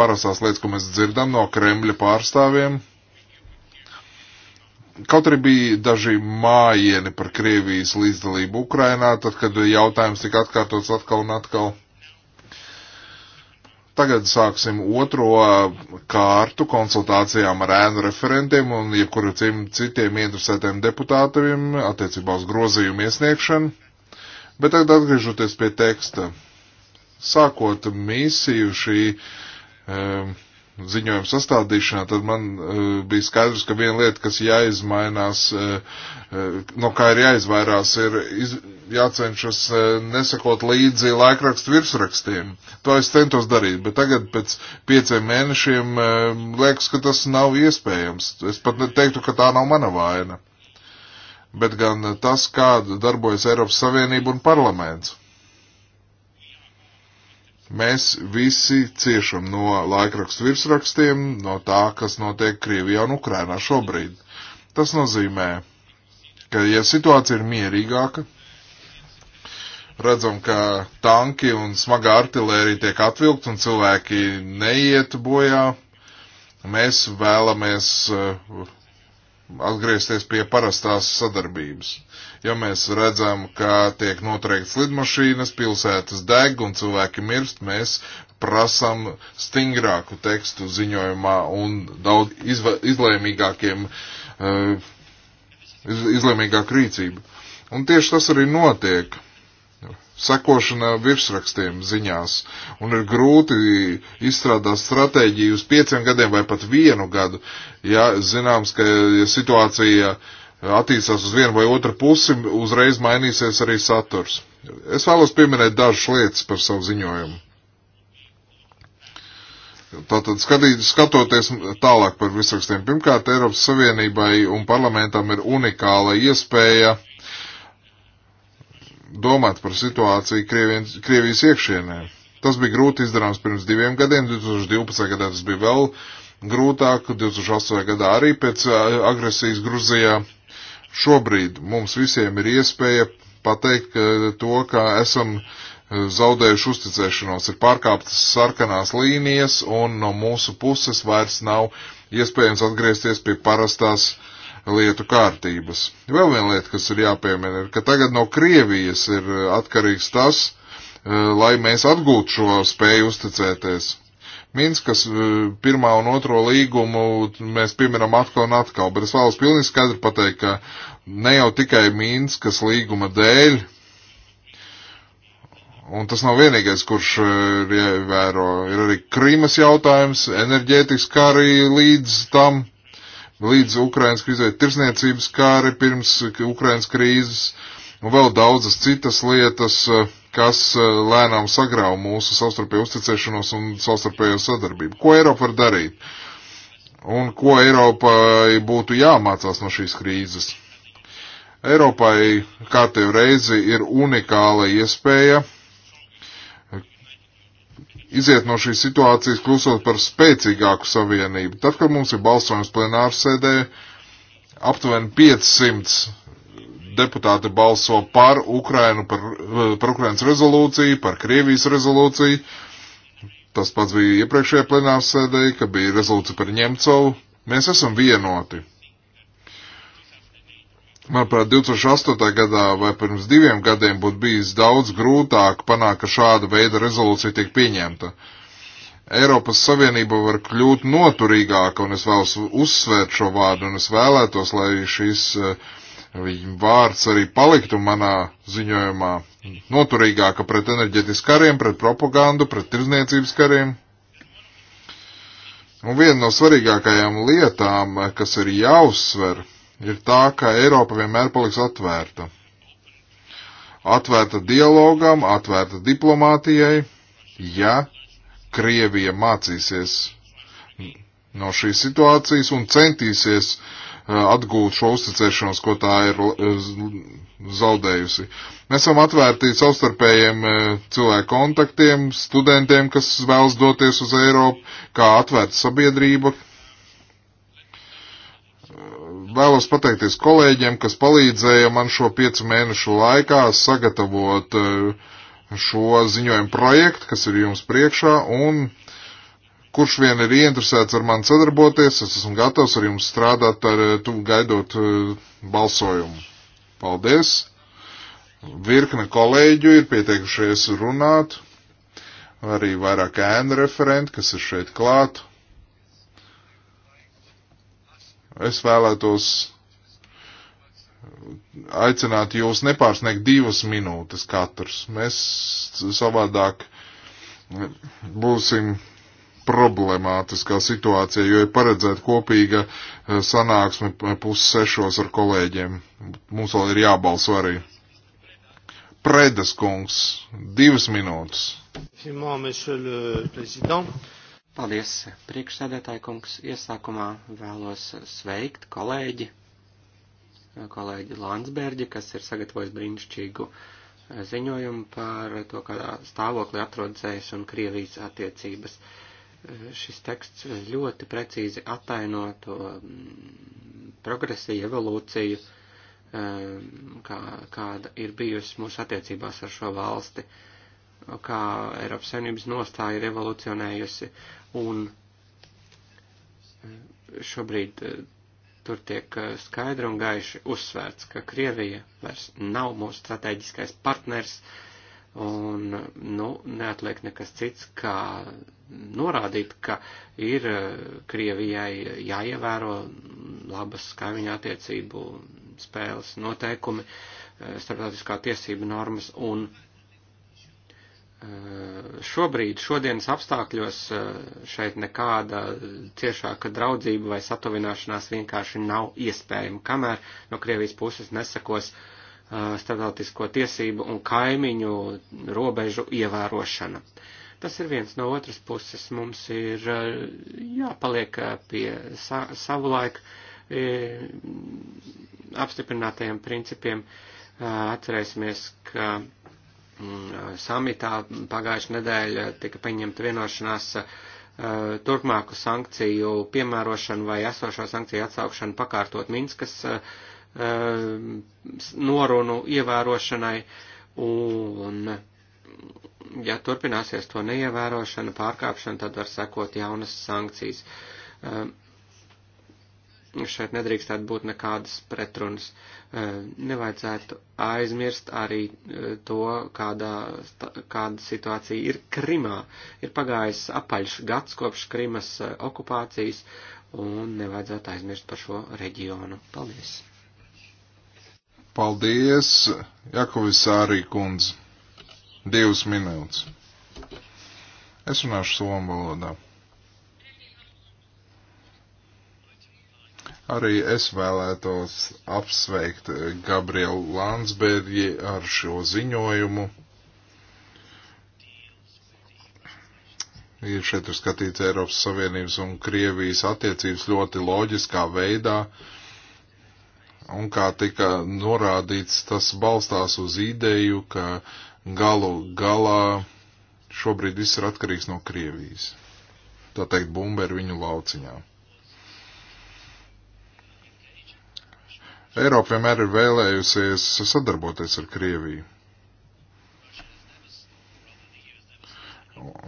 Parastās lietas, ko mēs dzirdam no Kremļa pārstāvjiem. Kaut arī bija daži mājieni par Krievijas līdzdalību Ukrainā, tad, kad jautājums tika atkārtots atkal un atkal. Tagad sāksim otro kārtu konsultācijām ar ēnu referentiem un jebkuru citiem interesētiem deputātiem attiecībā uz grozījumu iesniegšanu Bet tagad atgriežoties pie teksta. Sākot misiju šī um, ziņojuma sastādīšanā, tad man uh, bija skaidrs, ka viena lieta, kas jāizmainās, uh, uh, no kā ir jāizvairās, ir iz, jācenšas uh, nesakot līdzi laikrakstu virsrakstiem. To es centos darīt, bet tagad pēc pieciem mēnešiem uh, liekas, ka tas nav iespējams. Es pat teiktu, ka tā nav mana vaina bet gan tas, kā darbojas Eiropas Savienība un parlaments. Mēs visi ciešam no laikrakstu virsrakstiem, no tā, kas notiek Krievijā un Ukrainā šobrīd. Tas nozīmē, ka ja situācija ir mierīgāka, redzam, ka tanki un smagā artilērija tiek atvilkt un cilvēki neiet bojā. Mēs vēlamies eh, atgriezties pie parastās sadarbības. Ja mēs redzam, ka tiek notriekts lidmašīnas, pilsētas deg un cilvēki mirst, mēs prasam stingrāku tekstu ziņojumā un daudz izva, izlēmīgākiem, uh, iz, izlēmīgāku rīcību. Un tieši tas arī notiek sekošana virsrakstiem ziņās, un ir grūti izstrādāt stratēģiju uz pieciem gadiem vai pat vienu gadu, ja zināms, ka ja situācija attīstās uz vienu vai otru pusi, uzreiz mainīsies arī saturs. Es vēlos pieminēt dažas lietas par savu ziņojumu. Tātad skatīt, skatoties tālāk par visrakstiem, pirmkārt, Eiropas Savienībai un parlamentam ir unikāla iespēja uh, domāt par situāciju Krievijas, Krievijas iekšienē. Tas bija grūti izdarāms pirms diviem gadiem, 2012. gadā tas bija vēl grūtāk, 2008. gadā arī pēc agresijas Gruzijā. Šobrīd mums visiem ir iespēja pateikt to, ka esam e, zaudējuši uzticēšanos, ir pārkāptas sarkanās līnijas un no mūsu puses vairs nav iespējams atgriezties pie parastās uh, lietu kārtības. Vēl viena lieta, kas ir jāpiemina, ir, ka tagad no Krievijas ir eh, atkarīgs tas, eh, lai mēs atgūtu šo spēju uzticēties. Minskas eh, pirmā un otro līgumu mēs pieminam atkal un atkal, bet es vēlos pilnīgi skaidri pateikt, ka ne jau tikai Minskas līguma dēļ, un tas nav vienīgais, kurš ir jāievēro, ir arī Krīmas jautājums, enerģētikas kā arī līdz tam līdz Ukrainas krīzē, tirsniecības kāri pirms Ukrainas krīzes un vēl daudzas citas lietas, eh, kas eh, lēnām sagrauj mūsu savstarpēju uzticēšanos un savstarpējo sadarbību. Ko Eiropa var darīt? Un ko Eiropai būtu jāmācās no šīs krīzes? Eiropai kā tev reizi ir unikāla iespēja iziet no šīs situācijas klusot par spēcīgāku savienību. Tad, kad mums ir balsojums plenāru sēdē, aptuveni 500 deputāti balso par Ukrainu, par, par Ukrainas rezolūciju, par Krievijas rezolūciju. Tas pats bija iepriekšējā plenāru sēdē, kad bija rezolūcija par Ņemcovu. Mēs esam vienoti. Manuprāt, 2008. gadā vai pirms diviem gadiem būtu bijis daudz grūtāk panākt, ka šāda veida rezolūcija tiek pieņemta. Eiropas Savienība var kļūt noturīgāka, un es vēlos uzsvērt šo vārdu, un es vēlētos, lai šis eh, vārds arī paliktu manā ziņojumā noturīgāka pret enerģetis kariem, pret propagandu, pret tirzniecības kariem. Un viena no svarīgākajām lietām, eh, kas ir jāuzsver, ir tā, ka Eiropa vienmēr paliks atvērta. Atvērta dialogam, atvērta diplomātijai, ja Krievija mācīsies no šīs situācijas un centīsies uh, atgūt šo uzticēšanos, ko tā ir uh, zaudējusi. Mēs esam atvērti savstarpējiem uh, cilvēku kontaktiem, studentiem, kas vēlas doties uz Eiropu, kā atvērta sabiedrība, vēlos pateikties kolēģiem, kas palīdzēja man šo piecu mēnešu laikā sagatavot eh, šo ziņojumu projektu, kas ir jums priekšā, un kurš vien ir ieinteresēts ar mani sadarboties, es esmu gatavs ar jums strādāt, ar, eh, tu, gaidot eh, balsojumu. Paldies! Virkne kolēģu ir pieteikušies runāt, arī vairāk ēnu referenti, kas ir šeit klāt es vēlētos aicināt jūs nepārsniegt divas minūtes katrs. Mēs savādāk būsim problemātiskā situācija, jo ir paredzēta kopīga eh, sanāksme pussešos ar kolēģiem. Mums vēl ir jābalso arī. Predes kungs, divas minūtes. Finalement, monsieur le président, Paldies, priekšsēdētāji kungs. Iesākumā vēlos sveikt kolēģi, kolēģi Landsbergi, kas ir sagatavojis brīnišķīgu eh, ziņojumu par to, kādā stāvoklī atrodas ES un Krievijas attiecības. Eh, šis teksts ļoti precīzi ataino to mm, progresiju, evolūciju, eh, kā, kāda ir bijusi mūsu attiecībās ar šo valsti, kā Eiropas Savienības nostāja ir evolucionējusi, Un eh, šobrīd eh, tur tiek eh, skaidri un gaiši uzsvērts, ka Krievija vairs nav mūsu strateģiskais partners, un, nu, neatliek nekas cits, kā norādīt, ka ir Krievijai jāievēro labas kaimiņu attiecību spēles noteikumi, starptautiskā tiesība normas un Eh, šobrīd, šodienas apstākļos eh, šeit nekāda ciešāka draudzība vai satuvināšanās vienkārši nav iespējama, kamēr no Krievijas puses nesakos eh, starptautisko tiesību un kaimiņu robežu ievērošana. Tas ir viens no otras puses. Mums ir jāpaliek pie sa savu laiku apstiprinātajiem principiem. Atcerēsimies, ka Mm, samitā pagājušajā nedēļā tika pieņemta vienošanās eh, turpmāku sankciju piemērošanu vai esošo sankciju atsaukšanu pakārtot Minskas eh, eh, norunu ievērošanai. Un, ja turpināsies to neievērošana, pārkāpšana, tad var sekot jaunas sankcijas. Šeit nedrīkstētu būt nekādas pretrunas. E, nevajadzētu aizmirst arī e, to, kādā, kāda situācija ir Krimā. Ir pagājis apaļš gads kopš Krimas e, okupācijas, un nevajadzētu aizmirst par šo reģionu. Paldies! Paldies, Jakovis Ārī kundze. Divas minūtes. Es runāšu somu valodā. Arī es vēlētos apsveikt Gabrielu Landsbergi ar šo ziņojumu. Ir šeit ir skatīts Eiropas Savienības un Krievijas attiecības ļoti loģiskā veidā. Un kā tika norādīts, tas balstās uz ideju, ka galu galā šobrīd viss ir atkarīgs no Krievijas. Tā teikt, bumba ir viņu lauciņā. Eiropa vienmēr ir vēlējusies sadarboties ar Krieviju.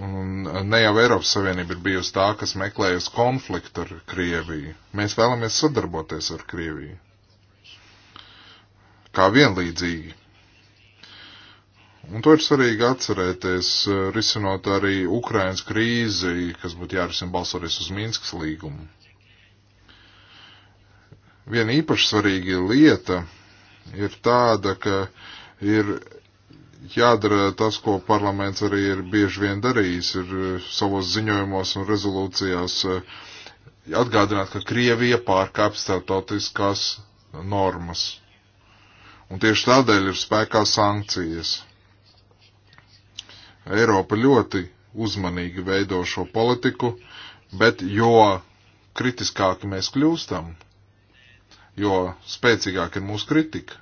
Un ne jau Eiropas Savienība ir bijusi tā, kas meklējusi konfliktu ar Krieviju. Mēs vēlamies sadarboties ar Krieviju. Kā vienlīdzīgi. Un to ir svarīgi atcerēties, risinot arī Ukrainas krīzi, kas būtu jārisina balsoties uz Minskas līgumu. Viena īpaši svarīga lieta ir tāda, ka ir jādara tas, ko parlaments arī ir bieži vien darījis, ir eh, savos ziņojumos un rezolūcijās eh, atgādināt, ka Krievija pārkāpj starptautiskās normas. Un tieši tādēļ ir spēkā sankcijas. Eiropa ļoti uzmanīgi veido šo politiku, bet jo kritiskāki mēs kļūstam, jo spēcīgāk ir mūsu kritika,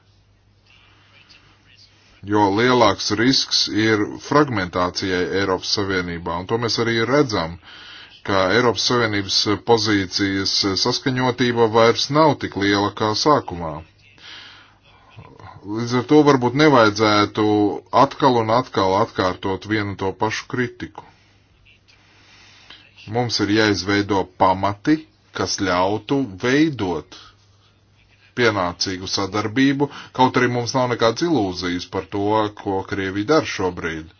jo lielāks risks ir fragmentācijai Eiropas Savienībā, un to mēs arī redzam, ka Eiropas Savienības pozīcijas saskaņotība vairs nav tik liela kā sākumā. Līdz ar to varbūt nevajadzētu atkal un atkal atkārtot vienu to pašu kritiku. Mums ir jāizveido pamati, kas ļautu veidot pienācīgu sadarbību, kaut arī mums nav nekādas ilūzijas par to, ko Krievija dara šobrīd.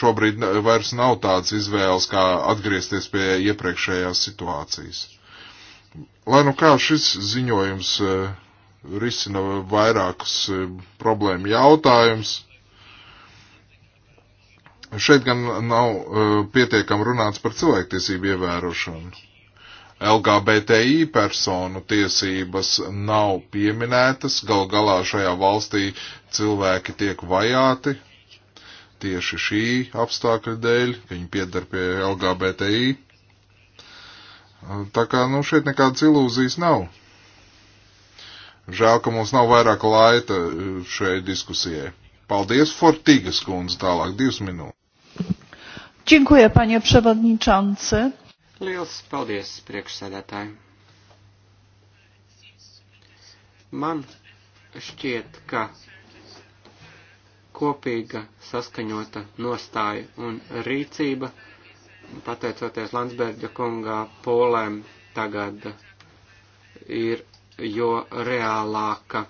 Šobrīd vairs nav tāds izvēles, kā atgriezties pie iepriekšējās situācijas. Lai nu kā šis ziņojums e, risina vairākus e, problēmu jautājumus, šeit gan nav e, pietiekam runāts par cilvēktiesību ievērošanu LGBTI personu tiesības nav pieminētas, gal galā šajā valstī cilvēki tiek vajāti tieši šī apstākļa dēļ, ka viņi piedar pie LGBTI. Tā kā, nu, šeit nekādas ilūzijas nav. Žēl, ka mums nav vairāk laika šai diskusijai. Paldies, Fortīgas kundze, tālāk divas minūtes. Dziękuję, panie przewodniczący. Liels paldies, priekšsēdētāji! Man šķiet, ka kopīga saskaņota nostāja un rīcība, pateicoties Landsberga kungā, polēm tagad ir jo reālāka e,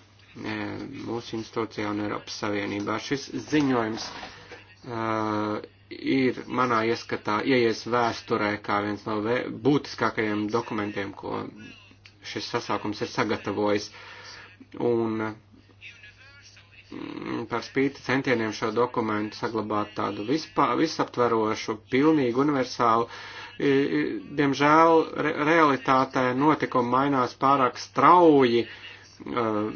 mūsu institūcijā un Eiropas Savienībā. Šis ziņojums uh, ir manā ieskatā ieies vēsturē kā viens no vē būtiskākajiem dokumentiem, ko šis sasākums ir sagatavojis. Un mm, par spīti centieniem šo dokumentu saglabāt tādu vispār, visaptverošu, pilnīgi universālu, diemžēl re realitātē notikumi mainās pārāk strauji, uh,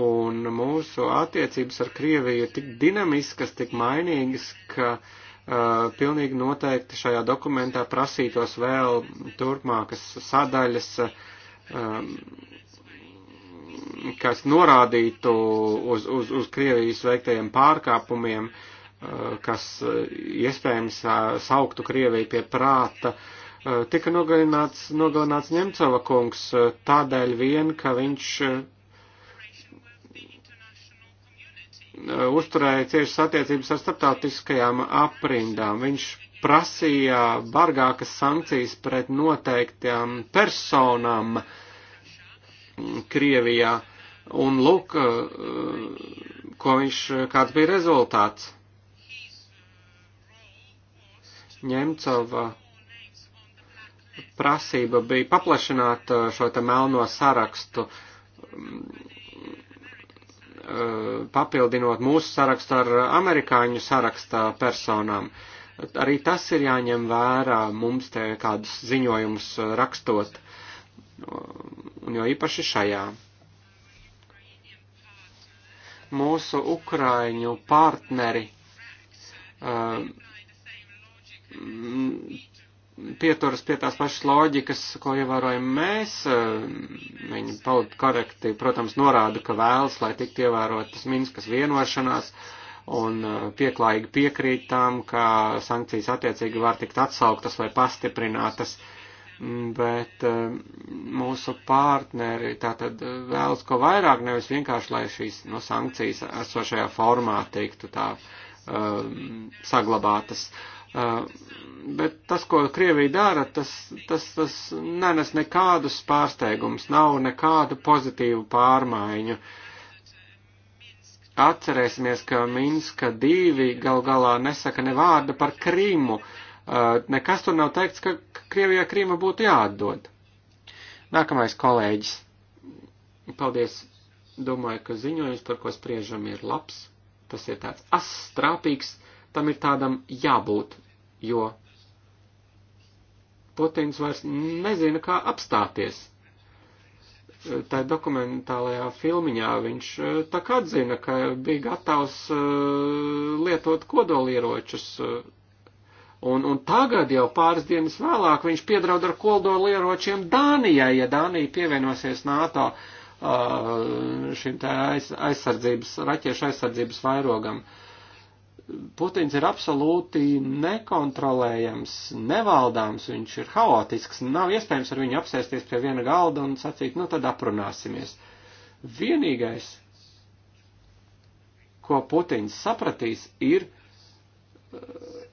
un mūsu attiecības ar Krieviju ir tik dinamiskas, tik mainīgas, ka uh, Eh, pilnīgi noteikti šajā dokumentā prasītos vēl turpmākas sadaļas, eh, kas norādītu uz, uz, uz Krievijas veiktajiem pārkāpumiem, eh, kas iespējams sauktu Krieviju pie prāta. Tika nogalināts, nogalināts Ņemcova kungs tādēļ vien, ka viņš Uh, uzturēja ciešas attiecības ar starptautiskajām aprindām. Viņš prasīja bargākas sankcijas pret noteiktām personām Krievijā. Un lūk, uh, ko viņš, kāds bija rezultāts. Ņemcova prasība bija paplašināt uh, šo te melno sarakstu um, Eh, papildinot mūsu sarakstu ar amerikāņu sarakstā personām. Arī tas ir jāņem vērā mums te kādus ziņojumus eh, rakstot, un jo īpaši šajā. Mūsu ukraiņu partneri eh, pieturas pie tās pašas loģikas, ko ievērojam mēs. Viņi paud korekti, protams, norāda, ka vēlas, lai tiktu ievērotas Minskas vienošanās un uh, pieklājīgi piekrīt tam, ka sankcijas attiecīgi var tikt atsauktas vai pastiprinātas. Mm, bet uh, mūsu partneri tātad uh, vēlas ko vairāk, nevis vienkārši, lai šīs no sankcijas esošajā formā tiktu tā um, saglabātas. Uh, Bet tas, ko Krievija dara, tas, tas, tas nenes nekādus pārsteigumus, nav nekādu pozitīvu pārmaiņu. Atcerēsimies, ka Minska divi gal galā nesaka ne vārdu par Krīmu. Nekas tur nav teikts, ka Krievijā Krīma būtu jāatdod. Nākamais kolēģis. Paldies. Domāju, ka ziņojums, par ko spriežam, ir labs. Tas ir tāds astrāpīgs, tam ir tādam jābūt jo Putins vairs nezina, kā apstāties. Tā dokumentālajā filmiņā viņš e, tā kā atzina, ka bija gatavs e, lietot kodolieročus. E, un, un tagad jau pāris dienas vēlāk viņš piedraud ar kodolieročiem Dānijai, ja Dānija pievienosies NATO šim tā aiz, aizsardzības, raķiešu aizsardzības vairogam. Uh, Putins ir absolūti nekontrolējams, nevaldāms, viņš ir haotisks, nav iespējams ar viņu apsēsties pie viena galda un sacīt, nu tad aprunāsimies. Vienīgais, ko Putins sapratīs, ir uh,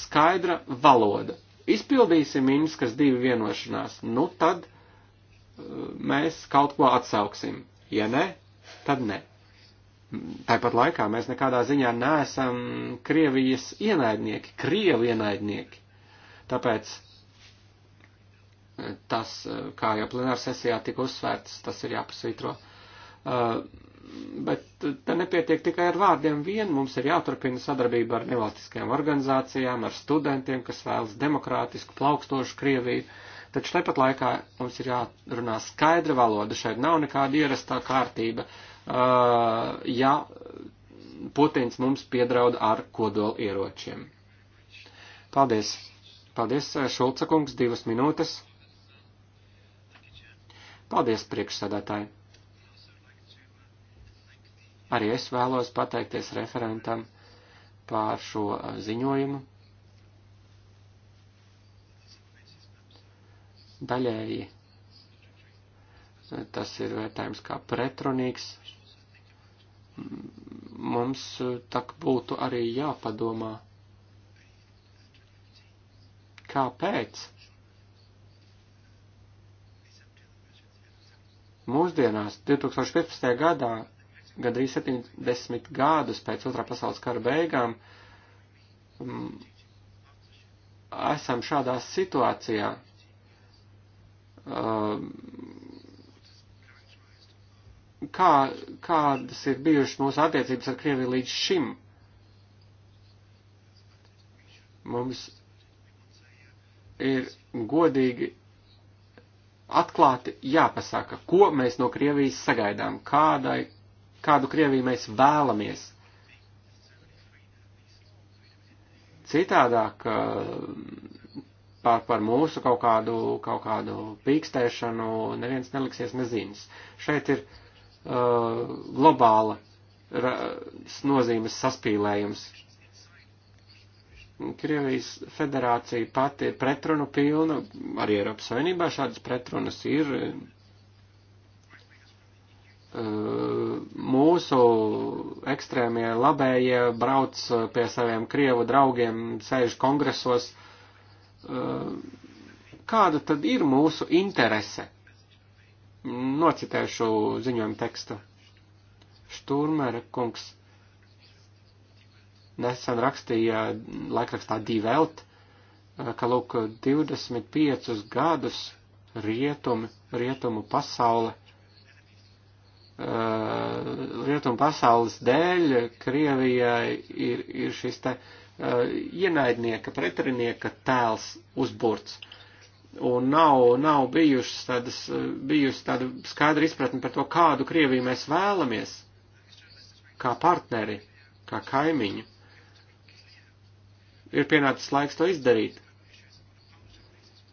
skaidra valoda. Izpildīsim Minskas divu vienošanās, nu tad uh, mēs kaut ko atsauksim. Ja ne, tad ne. Tāpat laikā mēs nekādā ziņā neesam Krievijas ienaidnieki, Krievu ienaidnieki. Tāpēc e, tas, e, kā jau plenāra sesijā tika uzsvērts, tas ir jāpasvītro. E, bet te nepietiek tikai ar vārdiem vien, mums ir jāturpina sadarbība ar nevalstiskajām organizācijām, ar studentiem, kas vēlas demokrātisku, plaukstošu Krieviju. Taču tepat laikā mums ir jārunā skaidra valoda, šeit nav nekāda ierastā kārtība. Uh, Uh, ja Putins mums piedraud ar kodola ieročiem. Paldies! Paldies, uh, Šulca kungs, divas minūtes. Paldies, priekšsēdētāji! Arī es vēlos pateikties referentam pār šo uh, ziņojumu. Daļēji tas ir vērtējums kā pretrunīgs. Mums e, tak būtu arī jāpadomā, kāpēc mūsdienās 2015. gadā, gandrīz 70 gadus pēc otrā pasaules kara beigām, esam šādā situācijā, e, kā, kādas ir bijušas mūsu attiecības ar Krieviju līdz šim. Mums ir godīgi atklāti jāpasaka, ko mēs no Krievijas sagaidām, kādai, kādu Krieviju mēs vēlamies. Citādāk par, par mūsu kaut kādu, kaut kādu pīkstēšanu neviens neliksies nezinis. Šeit ir uh, Uh, globāla nozīmes saspīlējums. Krievijas federācija pati ir pretrunu pilna, arī Eiropas Savienībā šādas pretrunas ir. Uh, mūsu ekstrēmie labējie brauc pie saviem Krievu draugiem, sēž kongresos. Uh, kāda tad ir mūsu interese Nocitēšu ziņojumu tekstu. Šturmera kungs nesen rakstīja laikrakstā Divelt, eh, ka lūk 25 gadus rietumi, rietumu pasaule, eh, rietumu pasaules dēļ Krievijai ir, ir šis te eh, ienaidnieka, pretrinieka tēls uzburts. Uh, un nav, nav bijušas tādas, bijusi tāda skaidra izpratne par to, kādu Krieviju mēs vēlamies, kā partneri, kā kaimiņu. Ir pienācis laiks to izdarīt.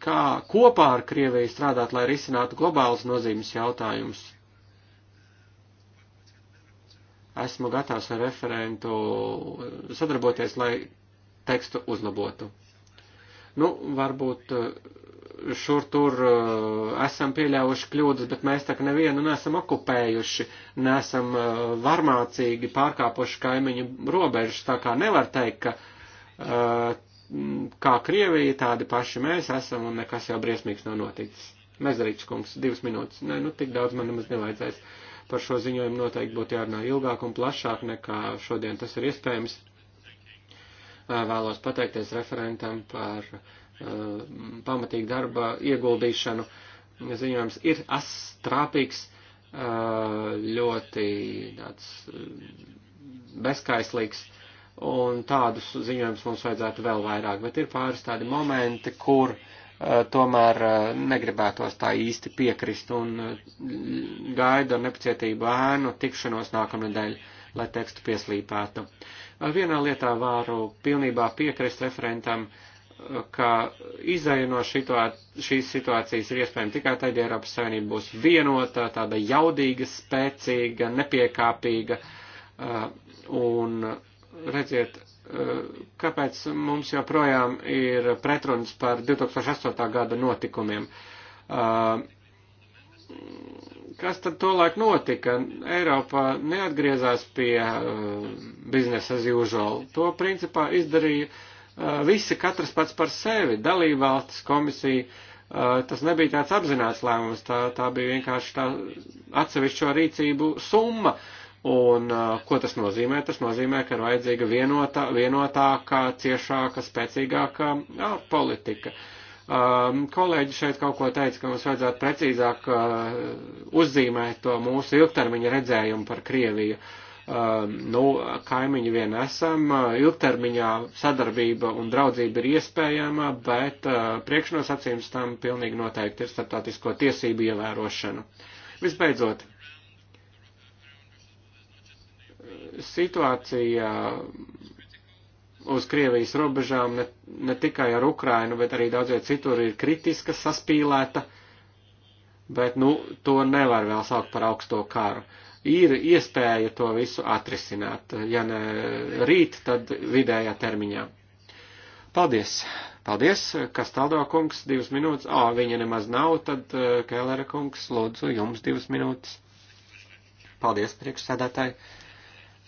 Kā kopā ar Krieviju strādāt, lai risinātu globālus nozīmes jautājumus? Esmu gatavs ar referentu sadarboties, lai tekstu uzlabotu. Nu, varbūt eh, šur tur eh, esam pieļāvuši kļūdas, bet mēs tā kā nevienu nesam okupējuši, nesam eh, varmācīgi pārkāpuši kaimiņu robežas, tā kā nevar teikt, ka kā Krievija, tādi paši mēs esam un nekas jau briesmīgs nav noticis. Mezarīčs kungs, divas minūtes. Nē, nu tik daudz man nemaz nevajadzēs. Par šo ziņojumu noteikti būtu jārunā ilgāk un plašāk nekā šodien tas ir iespējams. Vēlos pateikties referentam par eh, pamatīgu darba ieguldīšanu. Ziņojums ir astrāpīgs, eh, ļoti tāds eh, bezkaislīgs, un tādus ziņojumus mums vajadzētu vēl vairāk, bet ir pāris tādi momenti, kur tomēr negribētos tā īsti piekrist un gaidu ar nepacietību ēnu tikšanos nākamnedēļ, lai tekstu pieslīpētu. Uh, Eh, vienā lietā varu pilnībā piekrist referentam, eh, ka izēja no situā šīs situācijas ir iespējama tikai tad, ja Eiropas Savienība būs vienota, tāda jaudīga, spēcīga, nepiekāpīga. Eh, un redziet, kāpēc mums joprojām ir pretrunas par 2008. gada notikumiem. Uh, kas tad tolaik notika? Eiropā neatgriezās pie uh, biznesa as usual. To principā izdarīja uh, visi katrs pats par sevi, dalībvalstis, komisija. Uh, tas nebija tāds apzināts lēmums, tā, tā bija vienkārši tā atsevišķo rīcību summa. Un uh, ko tas nozīmē? Tas nozīmē, ka ir vajadzīga vienotā, vienotākā, ciešāka, spēcīgākā jā, politika. Uh, Um, kolēģi šeit kaut ko teica, ka mums vajadzētu precīzāk uh, uzzīmēt to mūsu ilgtermiņa redzējumu par Krieviju. Um, nu, kaimiņi vien esam, uh, ilgtermiņā sadarbība un draudzība ir iespējama, bet uh, priekšnosacījums tam pilnīgi noteikti ir starptautisko tiesību ievērošana. Visbeidzot, situācija uz Krievijas robežām ne, ne tikai ar Ukrainu, bet arī daudziet citur ir kritiska, saspīlēta, bet, nu, to nevar vēl saukt par augsto karu. Ir iespēja to visu atrisināt, ja ne rīt, tad vidējā termiņā. Paldies! Paldies, kas tādā kungs, divas minūtes. Ā, viņa nemaz nav, tad Kēlera kungs, lūdzu, jums divas minūtes. Paldies, priekšsēdētāji!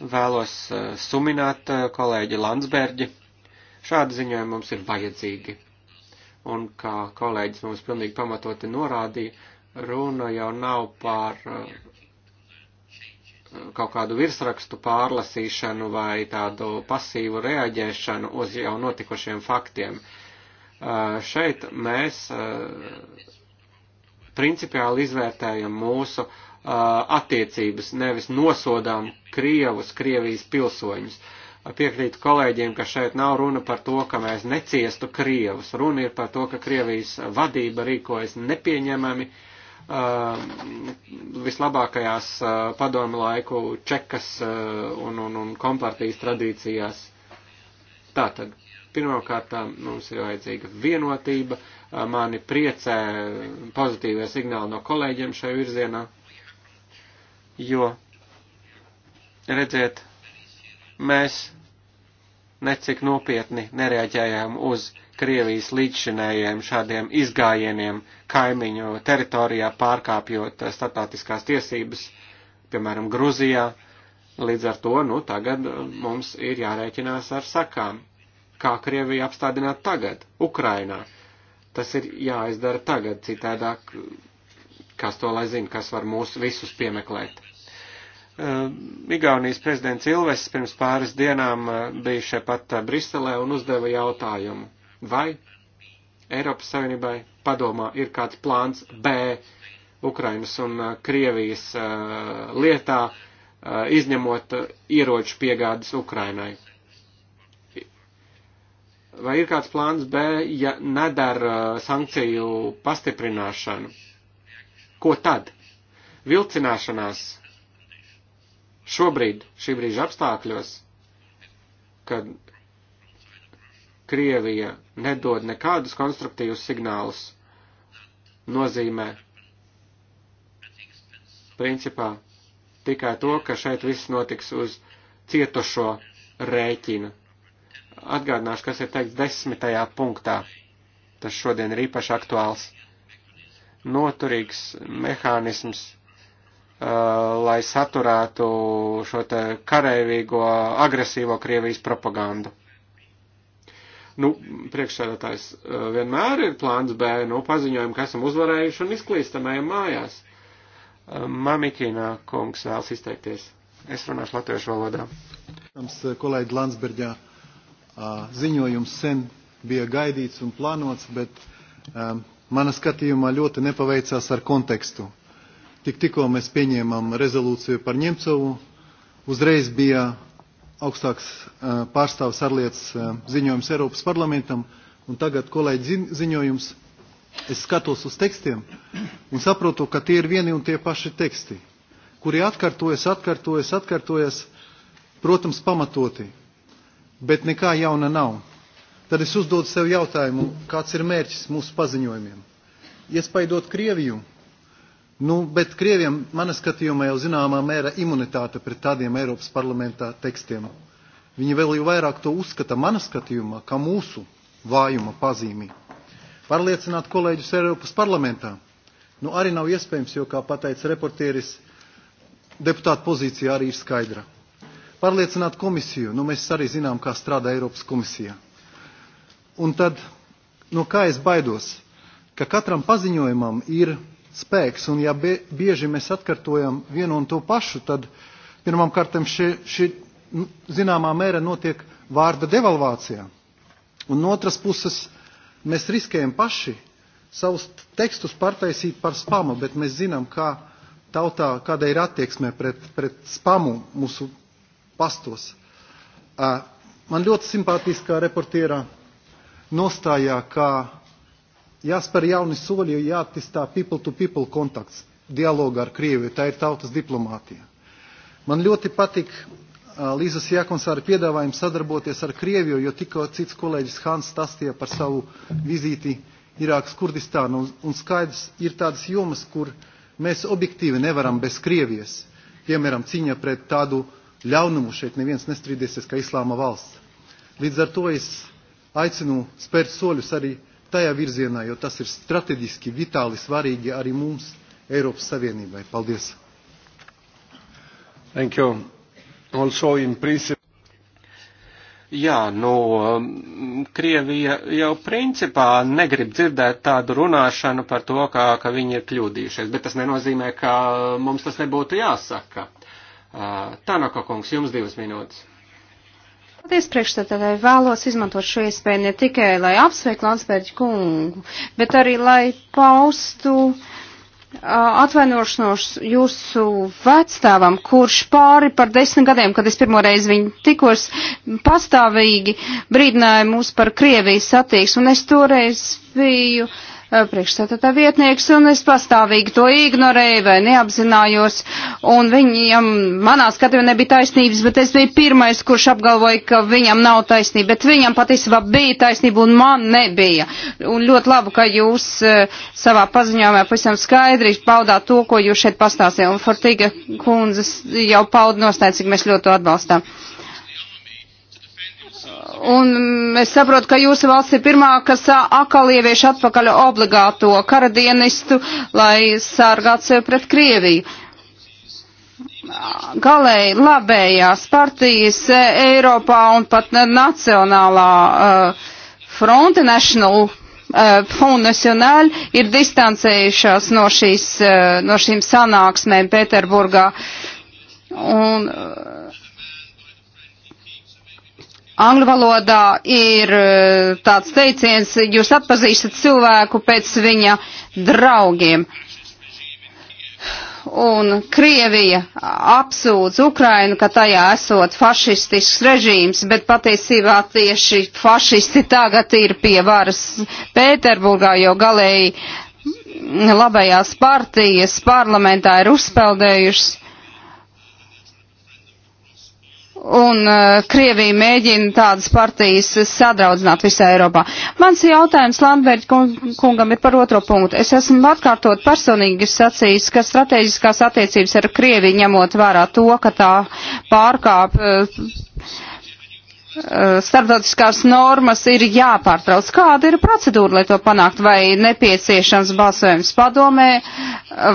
Vēlos eh, suminēt eh, kolēģi Landsbergi. Šādi ziņojumi mums ir vajadzīgi. Un kā kolēģis mums pilnīgi pamatoti norādīja, runa jau nav par eh, kaut kādu virsrakstu pārlasīšanu vai tādu pasīvu reaģēšanu uz jau notikušiem faktiem. Šeit mēs principiāli izvērtējam mūsu uh, attiecības, nevis nosodām Krievus, Krievijas pilsoņus. Piekrītu kolēģiem, ka šeit nav runa par to, ka mēs neciestu Krievus. Runa ir par to, ka Krievijas vadība rīkojas nepieņemami vislabākajās padomu laiku čekas un, un, un kompartijas tradīcijās. Tātad, pirmkārt, mums ir vajadzīga vienotība. Mani priecē pozitīvie signāli no kolēģiem šajā virzienā jo, redziet, mēs necik nopietni nereaģējām uz Krievijas līdzšinējiem šādiem izgājieniem kaimiņu teritorijā, pārkāpjot eh, statātiskās tiesības, piemēram, Gruzijā. Līdz ar to, nu, tagad eh, mums ir jārēķinās ar sakām. Kā Krievija apstādināt tagad, Ukrainā? Tas ir jāizdara tagad, citādāk, kas to lai zina, kas var mūs visus piemeklēt. Eh, Igaunijas prezidents Ilves pirms pāris dienām eh, bija šeit pat eh, Briselē un uzdeva jautājumu, vai Eiropas Savienībai padomā ir kāds plāns B Ukrainas un Krievijas lietā, izņemot ieroču piegādes Ukrainai. Vai ir kāds plāns B, ja nedara sankciju pastiprināšanu? Ko tad? Vilcināšanās Šobrīd, šī brīža apstākļos, kad Krievija nedod nekādus konstruktīvus signālus, nozīmē principā tikai to, ka šeit viss notiks uz cietušo rēķina. Atgādināšu, kas ir teikts desmitajā punktā. Tas šodien ir īpaši aktuāls. Noturīgs mehānisms Uh, lai saturētu šo te karēvīgo, agresīvo Krievijas propagandu. Nu, priekšsēdētājs uh, vienmēr ir plāns B, nu, paziņojumi, ka esam uzvarējuši un izklīstamējam mājās. Uh, Mamikīnā kungs vēlas izteikties. Es runāšu latviešu valodā. Mums kolēģi Landsberģā ziņojums sen bija gaidīts un plānots, bet um, mana skatījumā ļoti nepaveicās ar kontekstu. Tik tikko mēs pieņēmām rezolūciju par Ņemcovu, uzreiz bija augstāks pārstāvs ārlietas ziņojums Eiropas parlamentam, un tagad kolēģi ziņojums. Es skatos uz tekstiem un saprotu, ka tie ir vieni un tie paši teksti, kuri atkārtojas, atkārtojas, atkārtojas, protams, pamatoti, bet nekā jauna nav. Tad es uzdodu sev jautājumu, kāds ir mērķis mūsu paziņojumiem. Iespaidot Krieviju, Nu, bet Krieviem, mana skatījumā, jau zināmā mērā imunitāte pret tādiem Eiropas parlamentā tekstiem. Viņi vēl jau vairāk to uzskata, mana skatījumā, kā mūsu vājuma pazīmi. Pārliecināt kolēģus Eiropas parlamentā nu, arī nav iespējams, jo, kā pateica reportieris, deputāta pozīcija arī ir skaidra. Pārliecināt komisiju, nu mēs arī zinām, kā strādā Eiropas komisija. Un tad, no nu, kā es baidos, ka katram paziņojumam ir spēks, un ja bieži mēs atkārtojam vienu un to pašu, tad pirmām kārtām šī, šī nu, zināmā mērā notiek vārda devalvācijā. Un no otras puses mēs riskējam paši savus tekstus pārtaisīt par spamu, bet mēs zinām, kā tautā, kāda ir attieksme pret, pret spamu mūsu pastos. Man ļoti simpātiskā reportiera nostājā, ka jāspēr jauni soļi, jo jāattistā people-to-people -people kontakts dialogu ar Krieviju. Tā ir tautas diplomātija. Man ļoti patīk Līzas Jākonsāra piedāvājums sadarboties ar Krieviju, jo tikko cits kolēģis Hans stāstīja par savu vizīti Irākas Kurdistānu, un, un skaidrs ir tādas jomas, kur mēs objektīvi nevaram bez Krievijas. Piemēram, cīņa pret tādu ļaunumu šeit neviens nestrīdēsies, kā islāma valsts. Līdz ar to es aicinu spērt soļus arī tajā virzienā, jo tas ir strateģiski vitāli svarīgi arī mums, Eiropas Savienībai. Paldies! Thank you. Also in principle. Jā, nu, um, Krievija jau principā negrib dzirdēt tādu runāšanu par to, kā, ka viņi ir kļūdījušies, bet tas nenozīmē, ka mums tas nebūtu jāsaka. Uh, Tanaka kungs, jums divas minūtes. Paldies priekšstādātāji, vēlos izmantot šo iespēju ne tikai, lai apsveiktu Landsbērģi kungu, bet arī, lai paustu atvainošanos jūsu vecstāvam, kurš pāri par desmit gadiem, kad es pirmoreiz viņu tikos, pastāvīgi brīdināja mūs par Krievijas attieksmi, un es toreiz biju uh, Eh, priekšstata vietnieks, un es pastāvīgi to ignorēju vai neapzinājos, un viņam, manā skatījumā nebija taisnības, bet es biju pirmais, kurš apgalvoja, ka viņam nav taisnība, bet viņam patiesībā bija taisnība, un man nebija. Un ļoti labi, ka jūs eh, savā paziņojumā pavisam skaidri paudāt to, ko jūs šeit pastāstījāt, un Fortīga kundzes jau paud nostāja, cik mēs ļoti to atbalstām. Un es saprotu, ka jūsu valsts ir pirmā, kas akal ievieš atpakaļ obligāto karadienistu, lai sārgātu sevi pret Krieviju. Galēji labējās partijas e, Eiropā un pat nacionālā uh, fronte National Fond e, National ir distancējušās no, šīs, uh, no šīm sanāksmēm Pēterburgā. Un, uh, Angļu valodā ir e, tāds teiciens, jūs atpazīstat cilvēku pēc viņa draugiem. Un Krievija apsūdz Ukrainu, ka tajā esot fašistisks režīms, bet patiesībā tieši fašisti tagad ir pie varas Pēterburgā, jo galēji labējās partijas parlamentā ir uzpeldējušas un uh, Krievija mēģina tādas partijas sadraudzināt visā Eiropā. Mans jautājums Lamberģ kungam ir par otro punktu. Es esmu atkārtot personīgi sacījis, ka strateģiskās attiecības ar Krieviju ņemot vērā to, ka tā pārkāp uh, Eh, starptautiskās normas ir jāpārtrauc. Kāda ir procedūra, lai to panākt? Vai nepieciešams balsojums padomē,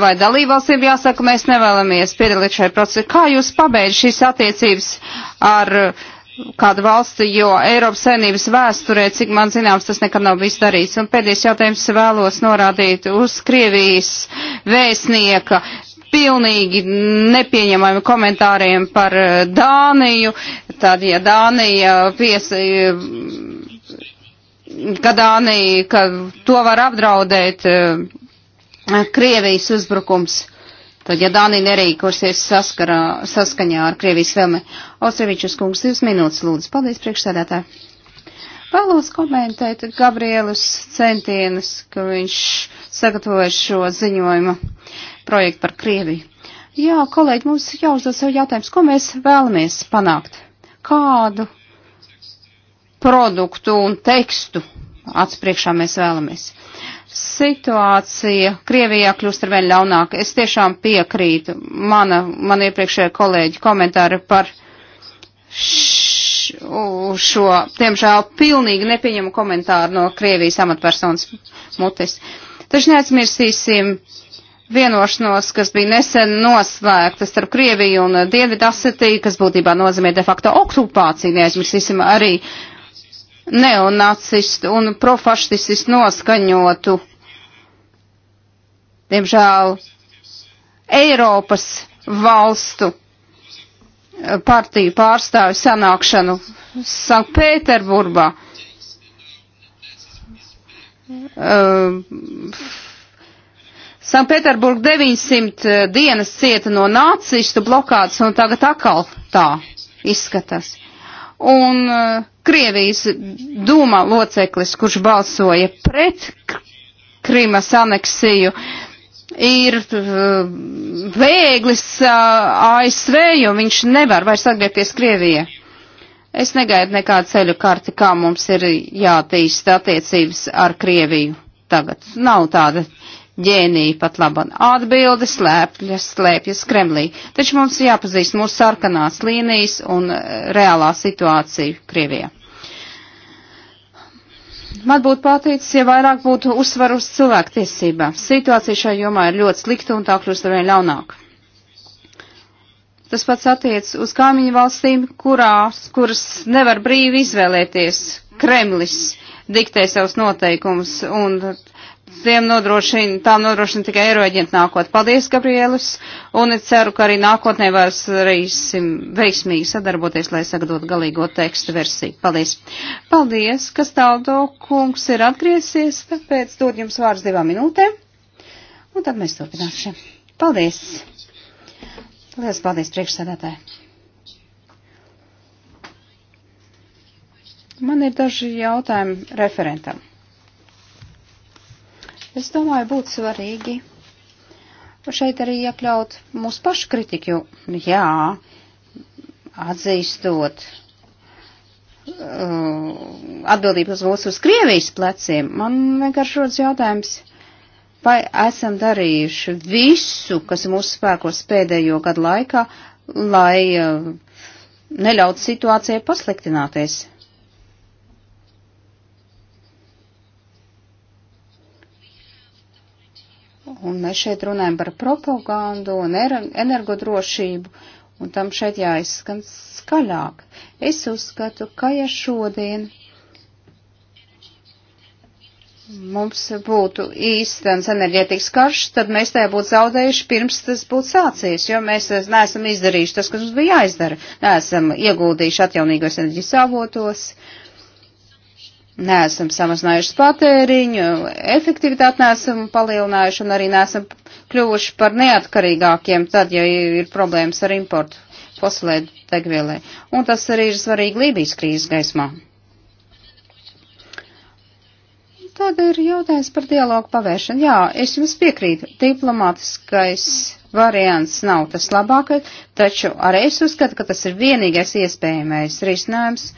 vai dalībvalstīm jāsaka, mēs nevēlamies piedalīt šai procedūrai? Kā jūs pabeidz šīs attiecības ar eh, kādu valsti, jo Eiropas saimnības vēsturē, cik man zināms, tas nekad nav bijis darīts. Un pēdējais jautājums vēlos norādīt uz Krievijas vēstnieka pilnīgi nepieņemami komentāriem par eh, Dāniju, tad, ja Dānija pies, ka Dānija, ka to var apdraudēt eh, Krievijas uzbrukums, tad, ja Dānija nerīkosies saskarā, saskaņā ar Krievijas vēlme. Osrevičus kungs, divas minūtes lūdzu. Paldies, priekšsēdētāji. Vēlos komentēt Gabrielus centienus, ka viņš sagatavojis šo ziņojumu projektu par Krieviju. Jā, kolēģi, mums jāuzdod sev jautājums, ko mēs vēlamies panākt? Kādu produktu un tekstu atspriekšā mēs vēlamies? Situācija Krievijā kļūst ar vien ļaunāk. Es tiešām piekrītu mana, man iepriekšējā kolēģi komentāri par šo, tiemžēl, pilnīgi nepieņemu komentāru no Krievijas amatpersonas mutes. Uh, Taču neaizmirsīsim vienošanos, kas bija nesen noslēgta starp Krieviju un Dienvidasetiju, kas būtībā nozīmē de facto okupāciju, neaizmirsīsim arī neonacistu un profašisistu noskaņotu, diemžēl, Eiropas valstu eh, partiju pārstāvju sanākšanu Sanktpēterburgā. Uh, Sanktpēterburg 900 uh, dienas cieta no nācistu blokādes un tagad atkal tā izskatās. Un uh, Krievijas dūma loceklis, kurš balsoja pret Krimas aneksiju, ir uh, vēglis uh, ASV, jo viņš nevar vairs atgriezties Krievijā. Es negaidu nekādu ceļu karti, kā mums ir jātīsta attiecības ar Krieviju. Tagad nav tāda ģēnija pat laban. Atbilde slēpjas, slēpjas Kremlī. Taču mums jāpazīst mūsu sarkanās līnijas un e, reālā situācija Krievijā. Man būtu paticis, ja vairāk būtu uzsvaru uz cilvēktiesībām. Situācija šajā jomā ir ļoti slikta un tā kļūst arvien ļaunāka. Tas pats attiec uz kaimiņu valstīm, kurās, kuras nevar brīvi izvēlēties. Kremlis diktē savus noteikumus un tiem nodrošina, tām nodrošina tikai eiroģenti nākot. Paldies, Gabrielus, un es ceru, ka arī nākotnē vairs varēsim veiksmīgi sadarboties, lai sagatavot galīgo tekstu versiju. Paldies. Paldies, kas tāldo kungs ir atgriezies, tāpēc dod jums vārds divām minūtēm, un tad mēs turpināsim. Paldies. Lielas paldies priekšsēdētāji. Man ir daži jautājumi referentam. Es domāju, būtu svarīgi šeit arī iekļaut mūsu pašu kritiku, jo, jā, atzīstot uh, atbildību uz mūsu uz Krievijas pleciem, man vienkārši rodas jautājums, Vai esam darījuši visu, kas mūsu spēkos pēdējo gadu laikā, lai eh, neļautu situācijai pasliktināties? Un mēs šeit runājam par propagandu un energodrošību, un tam šeit jāizskan skaļāk. Es uzskatu, ka ja šodien mums būtu īstenis enerģētikas karš, tad mēs tajā būtu zaudējuši pirms tas būtu sācies, jo mēs neesam izdarījuši tas, kas mums bija jāizdara. Neesam ieguldījuši atjaunīgos enerģijas avotos, neesam samazinājuši patēriņu, efektivitāti neesam palielinājuši un arī neesam kļuvuši par neatkarīgākiem tad, ja ir problēmas ar importu fosilē degvielē. Un tas arī ir svarīgi Lībijas krīzes gaismā. Tad ir jautājums par dialogu pavēršanu. Jā, es jums piekrītu, diplomātiskais variants nav tas labākais, taču arī es uzskatu, ka tas ir vienīgais iespējamais risinājums,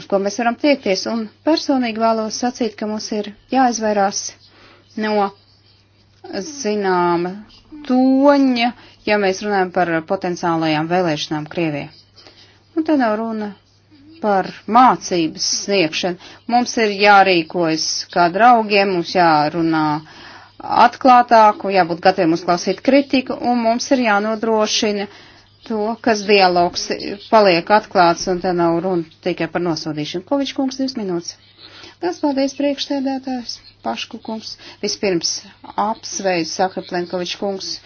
uz ko mēs varam tiekties. Un personīgi vēlos sacīt, ka mums ir jāizvairās no zināma toņa, ja mēs runājam par potenciālajām vēlēšanām Krievijā. Un te nav runa par mācības sniegšanu. Mums ir jārīkojas kā draugiem, mums jārunā atklātāk, jābūt gataviem uzklausīt kritiku, un mums ir jānodrošina to, kas dialogs paliek atklāts, un te nav runa tikai par nosodīšanu. Kovičs kungs, divas minūtes. Tas paldies priekšstādētājs Pašku kungs. Vispirms apsveicu Saka Plenkovičs kungs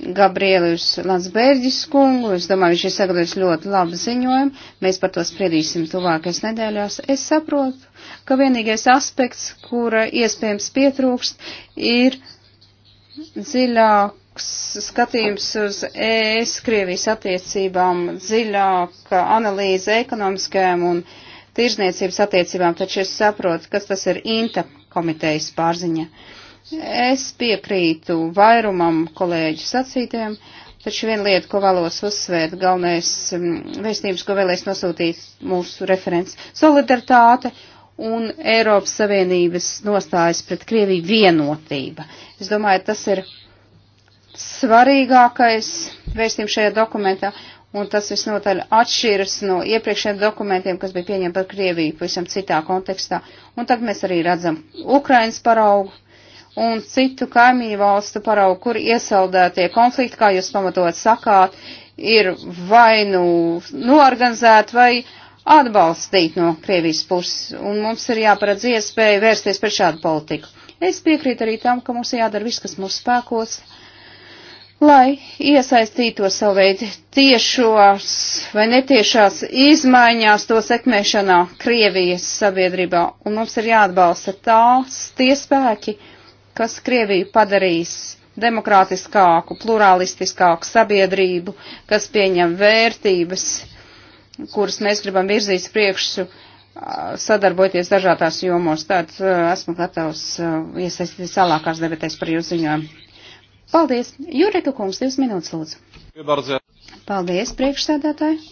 Gabrielius Lansbērģis kungu. Es domāju, viņš ir sagatavojis ļoti labu ziņojumu. Mēs par to spriedīsim tuvākajās nedēļās. Es saprotu, ka vienīgais aspekts, kura iespējams pietrūkst, ir dziļāks skatījums uz ES Krievijas attiecībām, dziļāka analīze ekonomiskajām un tirzniecības attiecībām, taču es saprotu, kas tas ir INTA komitejas pārziņa. Uh, Es piekrītu vairumam kolēģu sacītēm, taču viena lieta, ko vēlos uzsvērt, galvenais mm, vēstījums, ko vēlēs nosūtīt mūsu referents - solidaritāte un Eiropas Savienības nostājas pret Krieviju vienotība. Es domāju, tas ir svarīgākais vēstījums šajā dokumentā, un tas visnotaļ atšķiras no iepriekšējiem dokumentiem, kas bija pieņemti par Krieviju pavisam citā kontekstā. Un tad mēs arī redzam Ukrainas paraugu un citu kaimiņu valstu paraugu, kur iesaldētie konflikti, kā jūs pamatot sakāt, ir vai nu norganizēti vai atbalstīt no Krievijas puses, un mums ir jāparedz iespēja vērsties pret šādu politiku. Es piekrītu arī tam, ka mums jādara viss, kas mūsu spēkos, lai iesaistīto savu veidu tiešos vai netiešās izmaiņās to sekmēšanā Krievijas sabiedrībā, un mums ir jāatbalsta tās tie spēki, kas Krieviju padarīs demokrātiskāku, pluralistiskāku sabiedrību, kas pieņem vērtības, kuras mēs gribam virzīt priekšu, sadarbojoties dažādās jomos. Tātad esmu gatavs iesaistīties tālākās debatēs par jūsu ziņojumu. Paldies! Jureka kungs, divas minūtes lūdzu. Paldies, priekšsēdētāji!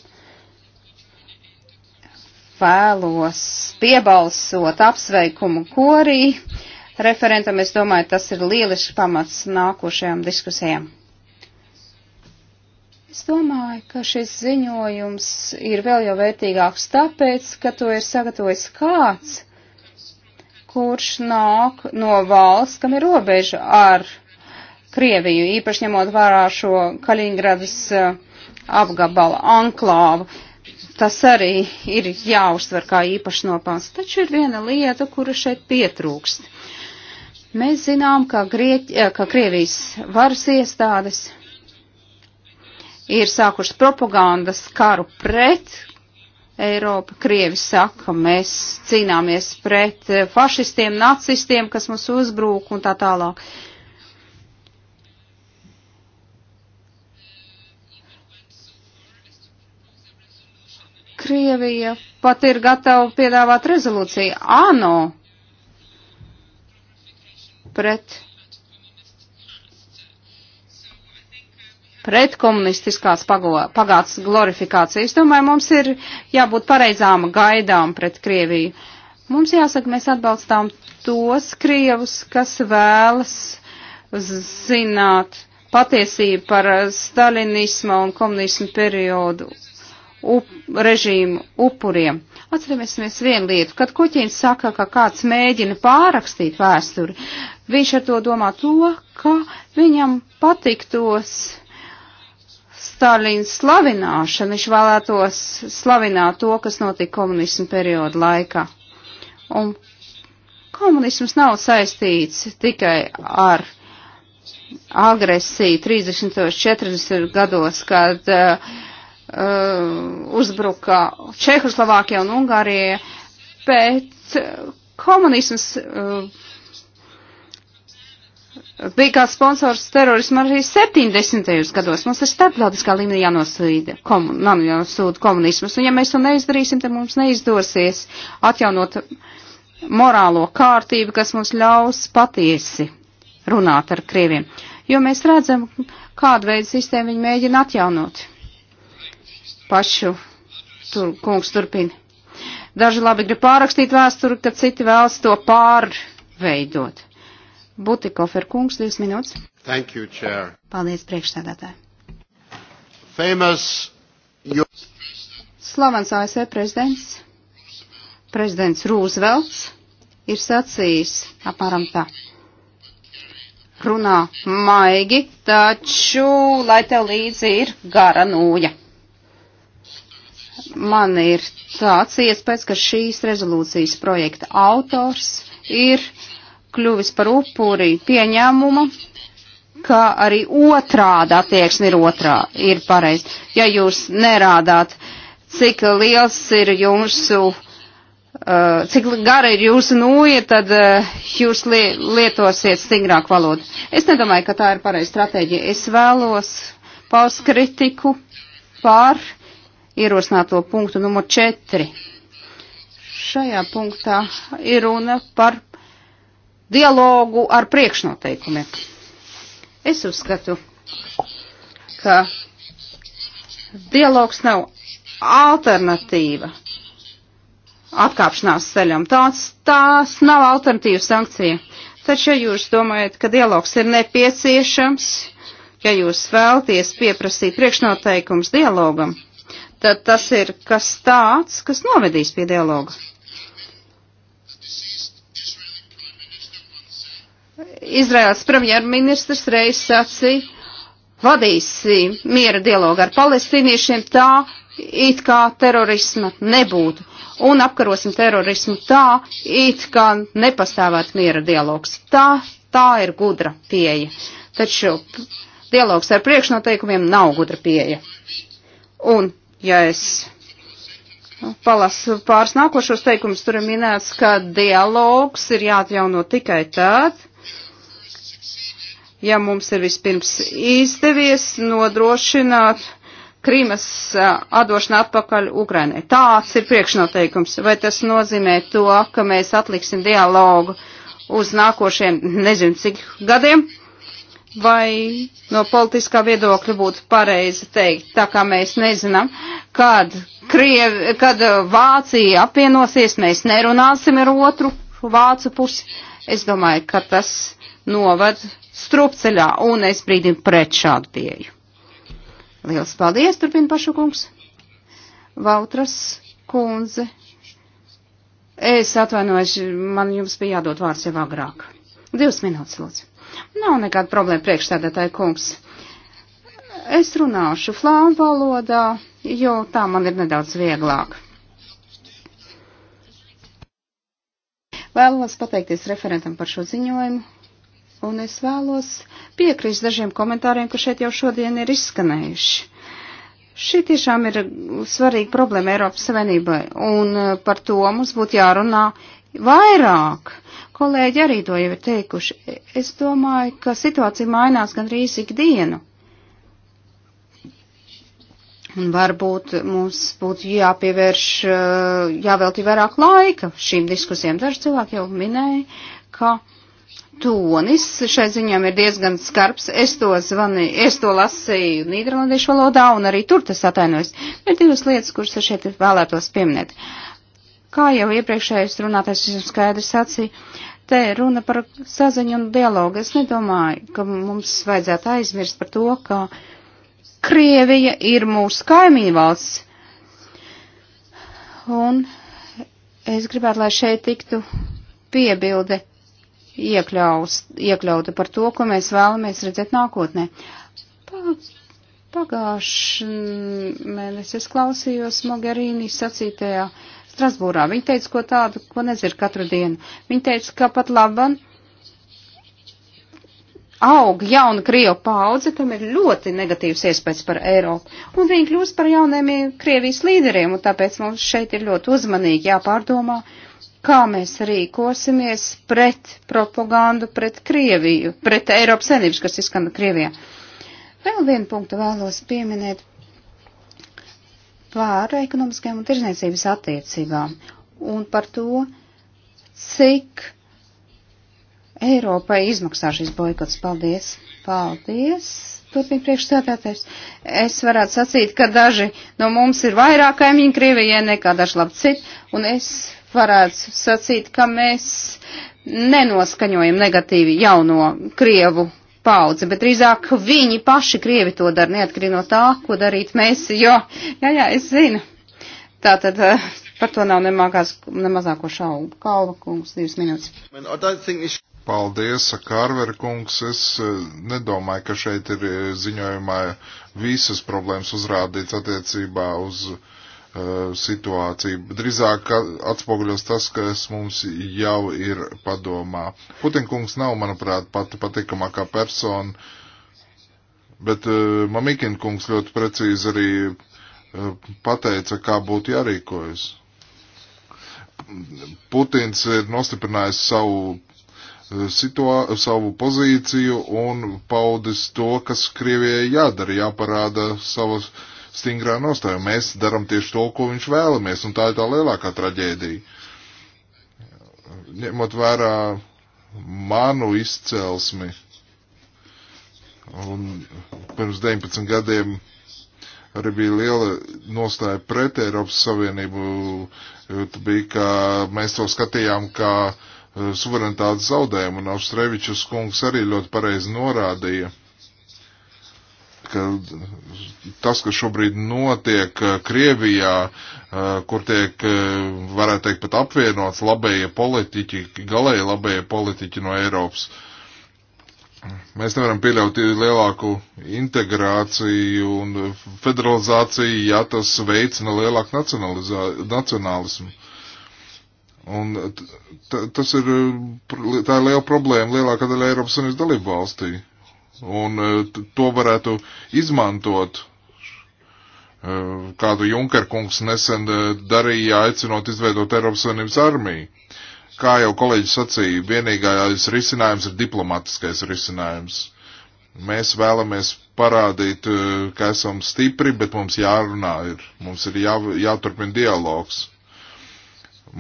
Vēlos piebalsot apsveikumu korī referentam. Es domāju, tas ir lielisks pamats nākošajām diskusijām. Es domāju, ka šis ziņojums ir vēl jau vērtīgāks tāpēc, ka to ir sagatavojis kāds, kurš nāk no valsts, kam ir robeža ar Krieviju, īpaši ņemot vērā šo Kaļiņgradas eh, apgabala anklāvu. Tas arī ir jāuztver kā īpaši nopelns. Taču ir viena lieta, kura šeit pietrūkst. Mēs zinām, ka, Grieķ, eh, ka Krievijas varas iestādes ir sākušas propagandas karu pret Eiropu. Krievi saka, mēs cīnāmies pret eh, fašistiem, nacistiem, kas mums uzbrūk un tā tālāk. Krievija pat ir gatava piedāvāt rezolūciju ANO pret, pret komunistiskās pagātnes glorifikāciju. Es domāju, mums ir jābūt pareizām gaidām pret Krieviju. Mums jāsaka, mēs atbalstām tos Krievus, kas vēlas zināt patiesību par stalinisma un komunismu periodu up, režīmu upuriem. Atcerēsimies vienu lietu, kad Kuķins saka, ka kāds mēģina pārrakstīt vēsturi, Viņš ar to domā to, ka viņam patiktos Stalina slavināšana, viņš vēlētos slavināt to, kas notika komunismu periodu laikā. Un komunisms nav saistīts tikai ar agresiju 30. un 40. gados, kad uh, uzbruka Čehoslovākija un Ungārija, bet komunisms uh, bija kā sponsors terorismu arī 70. gados. Mums ir starptautiskā līmenī jānosūda komun, komunismus, un ja mēs to neizdarīsim, tad mums neizdosies atjaunot morālo kārtību, kas mums ļaus patiesi runāt ar krieviem. Jo mēs redzam, kādu veidu sistēmu viņi mēģina atjaunot. Pašu tur, kungs turpina. Daži labi grib pārrakstīt vēsturi, kad citi vēlas to pārveidot. Butikofer kungs, divas minūtes. Thank you, chair. Paldies, priekšsēdētāji. Famous. You... Slavens ASV e prezidents, prezidents Rūzvelts, ir sacījis apmēram tā. Runā maigi, taču, lai tev līdzi ir gara nūja. Man ir tāds iespējas, ka šīs rezolūcijas projekta autors ir kļuvis par upuri pieņēmumu, ka arī otrāda attieksme ir otrā, ir pareizi. Ja jūs nerādāt, cik liels ir jūsu, uh, cik gara ir jūsu nūja, tad uh, jūs li lietosiet stingrāk valodu. Es nedomāju, ka tā ir pareiza stratēģija. Es vēlos paust kritiku pār ierosināto punktu numur 4. Šajā punktā ir runa par dialogu ar priekšnoteikumiem. Es uzskatu, ka dialogs nav alternatīva atkāpšanās ceļam. Tāds, tās nav alternatīva sankcija. Taču, ja jūs domājat, ka dialogs ir nepieciešams, ja jūs vēlties pieprasīt priekšnoteikums dialogam, tad tas ir kas tāds, kas novedīs pie dialoga. Izraels premjerministrs reiz sacīja, vadīs miera dialogu ar palestīniešiem tā, it kā terorisma nebūtu. Un apkarosim terorismu tā, it kā nepastāvētu miera dialogs. Tā, tā ir gudra pieeja. Taču dialogs ar priekšnoteikumiem nav gudra pieeja. Un, ja es palasu pāris nākošos teikumus, tur ir minēts, ka dialogs ir jāatjauno tikai tad, ja mums ir vispirms izdevies nodrošināt Krīmas atdošana atpakaļ Ukrainai. Tāds ir priekšnoteikums. Vai tas nozīmē to, ka mēs atliksim dialogu uz nākošiem nezinu cik gadiem? Vai no politiskā viedokļa būtu pareizi teikt, tā kā mēs nezinām, kad, Krievi, kad Vācija apvienosies, mēs nerunāsim ar otru vācu pusi? Es domāju, ka tas novad strupceļā, un es brīdim pret šādu pieju. Liels paldies, turpina pašukungs. Vautras kundze. Es atvainojos, man jums bija jādod vārds jau agrāk. Divas minūtes, lūdzu. Nav nekāda problēma priekšstādātāja kungs. Es runāšu flāmu valodā, jo tā man ir nedaudz vieglāk. Vēlos pateikties referentam par šo ziņojumu un es vēlos piekrist dažiem komentāriem, kas šeit jau šodien ir izskanējuši. Šī tiešām ir svarīga problēma Eiropas Savienībai, un eh, par to mums būtu jārunā vairāk. Kolēģi arī to jau ir teikuši. Es domāju, ka situācija mainās gandrīz ikdienu. Un varbūt mums būtu jāpievērš, eh, jāvelti vairāk laika šīm diskusijām. Daži cilvēki jau minēja, ka uh, tonis šai ziņām ir diezgan skarbs. Es to, zvani, es to lasīju nīderlandiešu valodā, un arī tur tas atainojas. Ir divas lietas, kuras es šeit vēlētos pieminēt. Kā jau iepriekšējais runātais jums skaidrs sacīja, te runa par saziņu un dialogu. Es nedomāju, ka mums vajadzētu aizmirst par to, ka Krievija ir mūsu kaimiņu valsts. Un es gribētu, lai šeit tiktu piebilde iekļaus, iekļauta par to, ko mēs vēlamies redzēt nākotnē. Pagājuši mēnesi es klausījos Mogherīni sacītajā Strasbūrā. Viņa teica, ko tādu, ko nezinu katru dienu. Viņa teica, ka pat laban aug jauna Krievu paudze, tam ir ļoti negatīvs iespējas par Eiropu. Un viņi kļūst par jauniem Krievijas līderiem, un tāpēc mums šeit ir ļoti uzmanīgi jāpārdomā, kā mēs rīkosimies pret propagandu, pret Krieviju, pret Eiropas Savienības, kas izskan Krievijā. Vēl vienu punktu vēlos pieminēt par ekonomiskajām un tirzniecības attiecībām un par to, cik Eiropai izmaksā šis boikots. Paldies! Paldies! Turpin priekšstādātais. Es varētu sacīt, ka daži no mums ir vairāk kaimiņu Krievijai nekā daži labi citi, un es varētu sacīt, ka mēs nenoskaņojam negatīvi jauno Krievu paudzi, bet drīzāk viņi paši Krievi to dara, neatkarīgi no tā, ko darīt mēs, jo, jā, jā, es zinu. Tātad eh, par to nav nemākās, nemazāko šaubu. Kalva kungs, divas minūtes. Paldies, Kārver kungs. Es eh, nedomāju, ka šeit ir eh, ziņojumā visas problēmas uzrādīts attiecībā uz uh, Eh, situācija. Drīzāk atspoguļos tas, kas mums jau ir padomā. Putinkungs nav, manuprāt, pati patikamākā persona, bet uh, Mamikinkungs ļoti precīzi arī uh, pateica, kā būtu jārīkojas. Putins ir nostiprinājis savu situā, savu pozīciju un paudis to, kas Krievijai jādara, jāparāda savas uh, stingrā nostāja. Mēs darām tieši to, ko viņš vēlamies, un tā ir tā lielākā traģēdija. Ņemot vērā manu izcelsmi, un pirms 19 gadiem arī bija liela nostāja pret Eiropas Savienību, bija, ka mēs to skatījām kā eh, suverenitātes zaudējumu, un Austrevičus kungs arī ļoti pareizi norādīja ka tas, kas šobrīd notiek eh, Krievijā, eh, kur tiek, eh, varētu teikt, pat apvienots labējie politiķi, galēji labējie politiķi no Eiropas. Mēs nevaram pieļaut lielāku integrāciju un federalizāciju, ja tas veicina lielāku nacionālismu. Un tas ir, tā ir liela problēma lielākā daļa Eiropas Savienības dalību valstī. Un e, to varētu izmantot, e, kādu Junkerkungs nesen e, darīja, aicinot izveidot Eiropas Savienības armiju. Kā jau kolēģis sacīja, vienīgais risinājums ir diplomatiskais risinājums. Mēs vēlamies parādīt, ka esam stipri, bet mums jārunā ir, mums ir jā, jāturpina dialogs.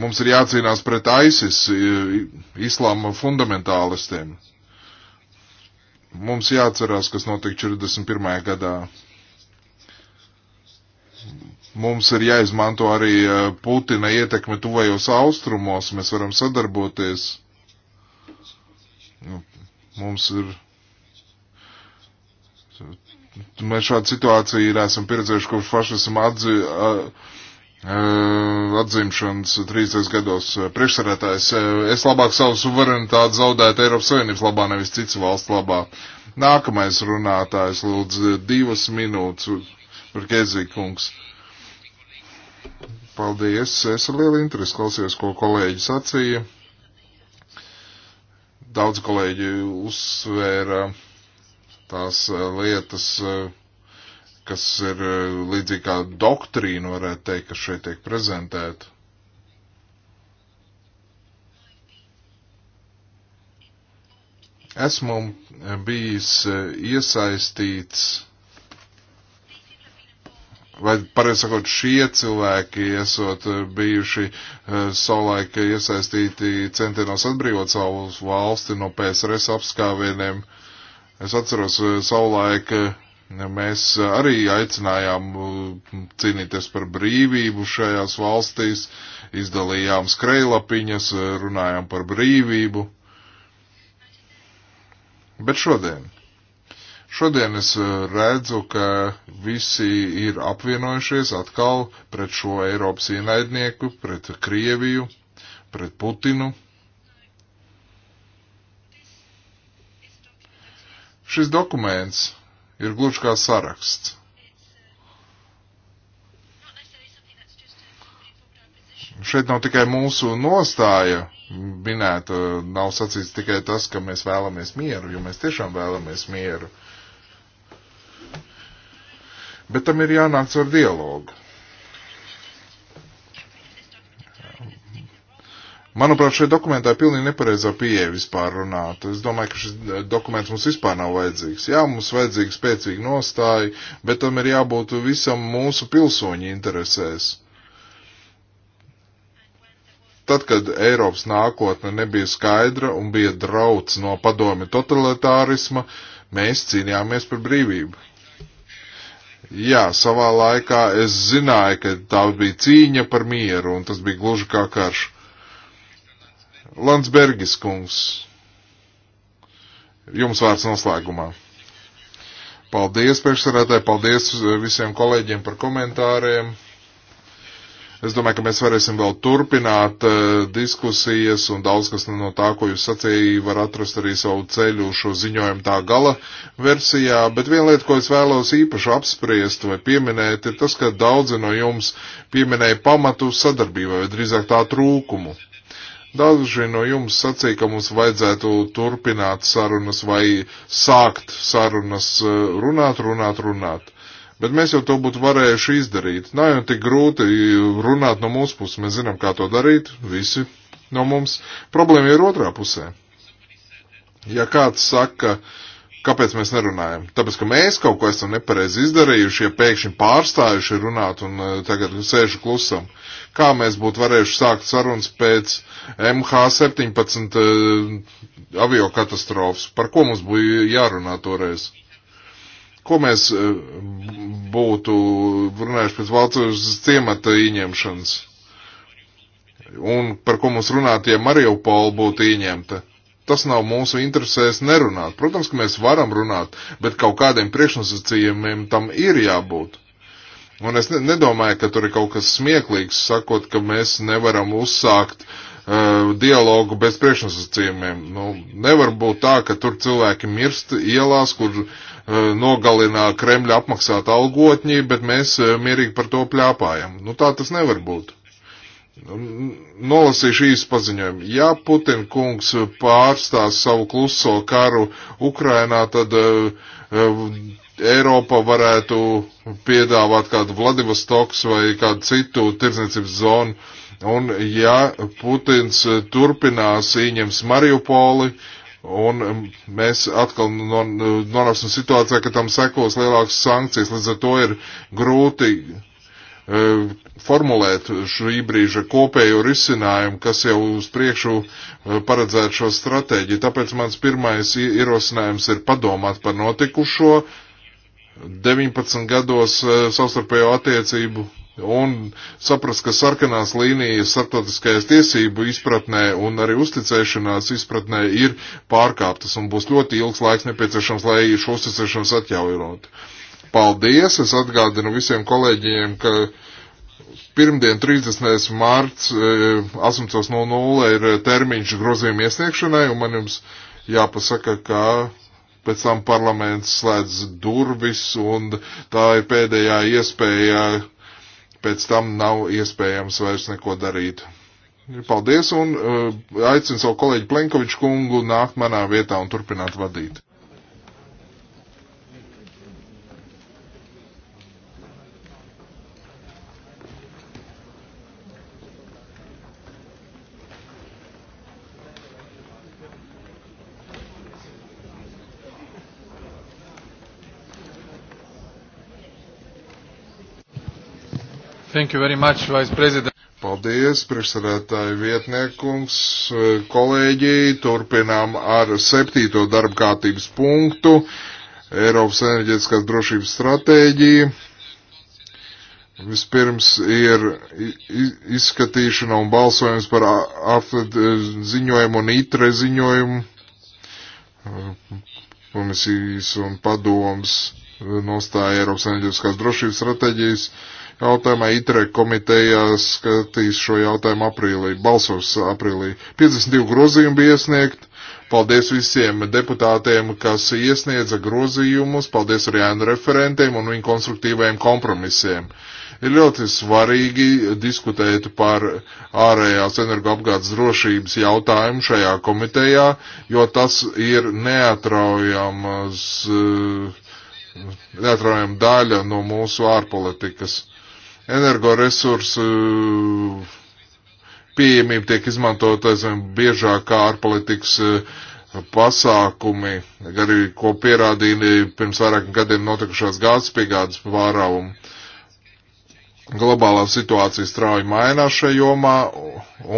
Mums ir jācīnās pret ISIS, islāma fundamentālistiem Mums jāatcerās, kas notika 41. gadā. Mums ir jāizmanto arī eh, Putina ietekme tuvajos austrumos, mēs varam sadarboties. Nu, mums ir. Mēs šādu situāciju esam pieredzējuši kopš fašismu atzīšanu atzimšanas 30 gados priekšsarētājs. Es labāk savu suverenitāti zaudētu Eiropas Savienības labā, nevis citas valsts labā. Nākamais runātājs lūdzu divas minūtes par Kezīkungs. Paldies. Es ar lielu interesi klausījos, ko kolēģi sacīja. Daudz kolēģi uzsvēra tās lietas, uh, kas ir e, līdzīgi kā doktrīna, varētu teikt, kas šeit tiek prezentēta. Esmu e, bijis e, iesaistīts, vai pareizi sakot, šie cilvēki esot bijuši savulaik iesaistīti centienos atbrīvot savu valsti no PSRS apskāvieniem. Es atceros savulaik Mēs arī aicinājām uh, cīnīties par brīvību šajās valstīs, izdalījām skrejlapiņas, uh, runājām par brīvību. Bet šodien. Šodien es uh, redzu, ka visi ir apvienojušies atkal pret šo Eiropas ienaidnieku, pret Krieviju, pret Putinu. Šis dokuments ir gluži kā saraksts. Šeit nav tikai mūsu nostāja minēta, nav sacīts tikai tas, ka mēs vēlamies mieru, jo mēs tiešām vēlamies mieru. Bet tam ir jānāc ar dialogu. Manuprāt, šajā dokumentā ir pilnīgi nepareizā pieeja vispār runāt. Es domāju, ka šis eh, dokuments mums vispār nav vajadzīgs. Jā, mums vajadzīga spēcīga nostāja, bet tam ir jābūt visam mūsu pilsoņu interesēs. Tad, kad Eiropas nākotne nebija skaidra un bija drauds no padomi totalitārisma, mēs cīnījāmies par brīvību. Jā, savā laikā es zināju, ka tā bija cīņa par mieru, un tas bija gluži kā karš. Landsbergis kungs, jums vārds noslēgumā. Paldies, priekšsarētāji, paldies eh, visiem kolēģiem par komentāriem. Es domāju, ka mēs varēsim vēl turpināt uh, diskusijas un daudz kas no tā, ko jūs sacījāt, var atrast arī savu ceļu šo ziņojumu tā gala versijā. Bet viena lieta, ko es vēlos īpaši apspriest vai pieminēt, ir tas, ka daudzi no jums pieminēja pamatu sadarbībai, vai drīzāk tā trūkumu. Daži no jums sacīja, ka mums vajadzētu turpināt sarunas vai sākt sarunas, e, runāt, runāt, runāt. Bet mēs jau to būtu varējuši izdarīt. Nav jau tik grūti runāt no mūsu puses, mēs zinām, kā to darīt, visi no mums. Problēma ir otrā pusē. Ja kāds saka, kāpēc mēs nerunājam, tāpēc, ka mēs kaut ko esam nepareizi izdarījuši, ja pēkšņi pārstājuši runāt un e, tagad sēžu klusam. Uh, kā mēs būtu varējuši sākt sarunas pēc MH17 uh, eh, avio katastrofas, par ko mums bija jārunā toreiz. Ko mēs uh, būtu runājuši pēc Vācijas ciemata ieņemšanas? Un par ko mums runāt, ja Mariupola būtu ieņemta? Tas nav mūsu interesēs nerunāt. Protams, ka mēs varam runāt, bet kaut kādiem priekšnosacījumiem tam ir jābūt Un es nedomāju, ka tur ir kaut kas smieklīgs, sakot, ka mēs nevaram uzsākt uh, dialogu bez priekšnosacījumiem. Nu, nevar būt tā, ka tur cilvēki mirst ielās, kur uh, nogalinā Kremļa apmaksāta algotņi, bet mēs uh, mierīgi par to pļāpājam. Nu, tā tas nevar būt. Nu, nolasīšu īsu paziņojumu. Ja Putin kungs pārstās savu kluso karu Ukrainā, tad uh, uh Eiropa varētu piedāvāt kādu Vladivostoks vai kādu citu tirdzniecības zonu. Un ja Putins turpinās ieņems Mariupoli, un mēs atkal nonāksim situācijā, ka tam sekos lielākas sankcijas, līdz ar to ir grūti e, formulēt šī brīža kopējo risinājumu, kas jau uz priekšu e, paredzētu šo stratēģiju. Tāpēc mans pirmais ierosinājums ir padomāt par notikušo, 19 gados eh, savstarpējo attiecību un saprast, ka sarkanās līnijas starptautiskajās tiesību izpratnē un arī uzticēšanās izpratnē ir pārkāptas un būs ļoti ilgs laiks nepieciešams, lai šo uzticēšanos atjaunotu. Paldies! Es atgādinu visiem kolēģiem, ka pirmdien 30. mārts 18.00 eh, ir termiņš grozījuma iesniegšanai un man jums jāpasaka, ka pēc tam parlaments slēdz durvis, un tā ir pēdējā iespēja, pēc tam nav iespējams vairs neko darīt. Paldies, un uh, aicinu savu kolēģi Plenkoviču kungu nākt manā vietā un turpināt vadīt. Thank you very much, Vice President. Paldies, priekšsēdētāji vietniekums, kolēģi. Turpinām ar septīto darba kārtības punktu - Eiropas enerģētiskās drošības stratēģija. Vispirms ir izskatīšana un balsojums par e, ziņojumu un itre ziņojumu komisijas un padoms nostāja Eiropas enerģētiskās drošības stratēģijas. Uh, jautājumā. ITRE komiteja skatīs šo jautājumu aprīlī, balsos aprīlī. 52 grozījumi bija iesniegt. Paldies visiem deputātiem, kas iesniedza grozījumus, paldies arī ēnu referentiem un viņu konstruktīvajiem kompromisiem. Ir ļoti svarīgi diskutēt par ārējās energoapgādes drošības jautājumu šajā komitejā, jo tas ir neatraujams, eh, neatraujama daļa no mūsu ārpolitikas. Energoresursu eh, pieejamība tiek izmantota aizvien biežāk kā ārpolitikas eh, pasākumi, arī ko pierādīja pirms vairākiem gadiem notikušās gāzes piegādes pārāvumu. Globālā situācija strauji mainās šajā jomā,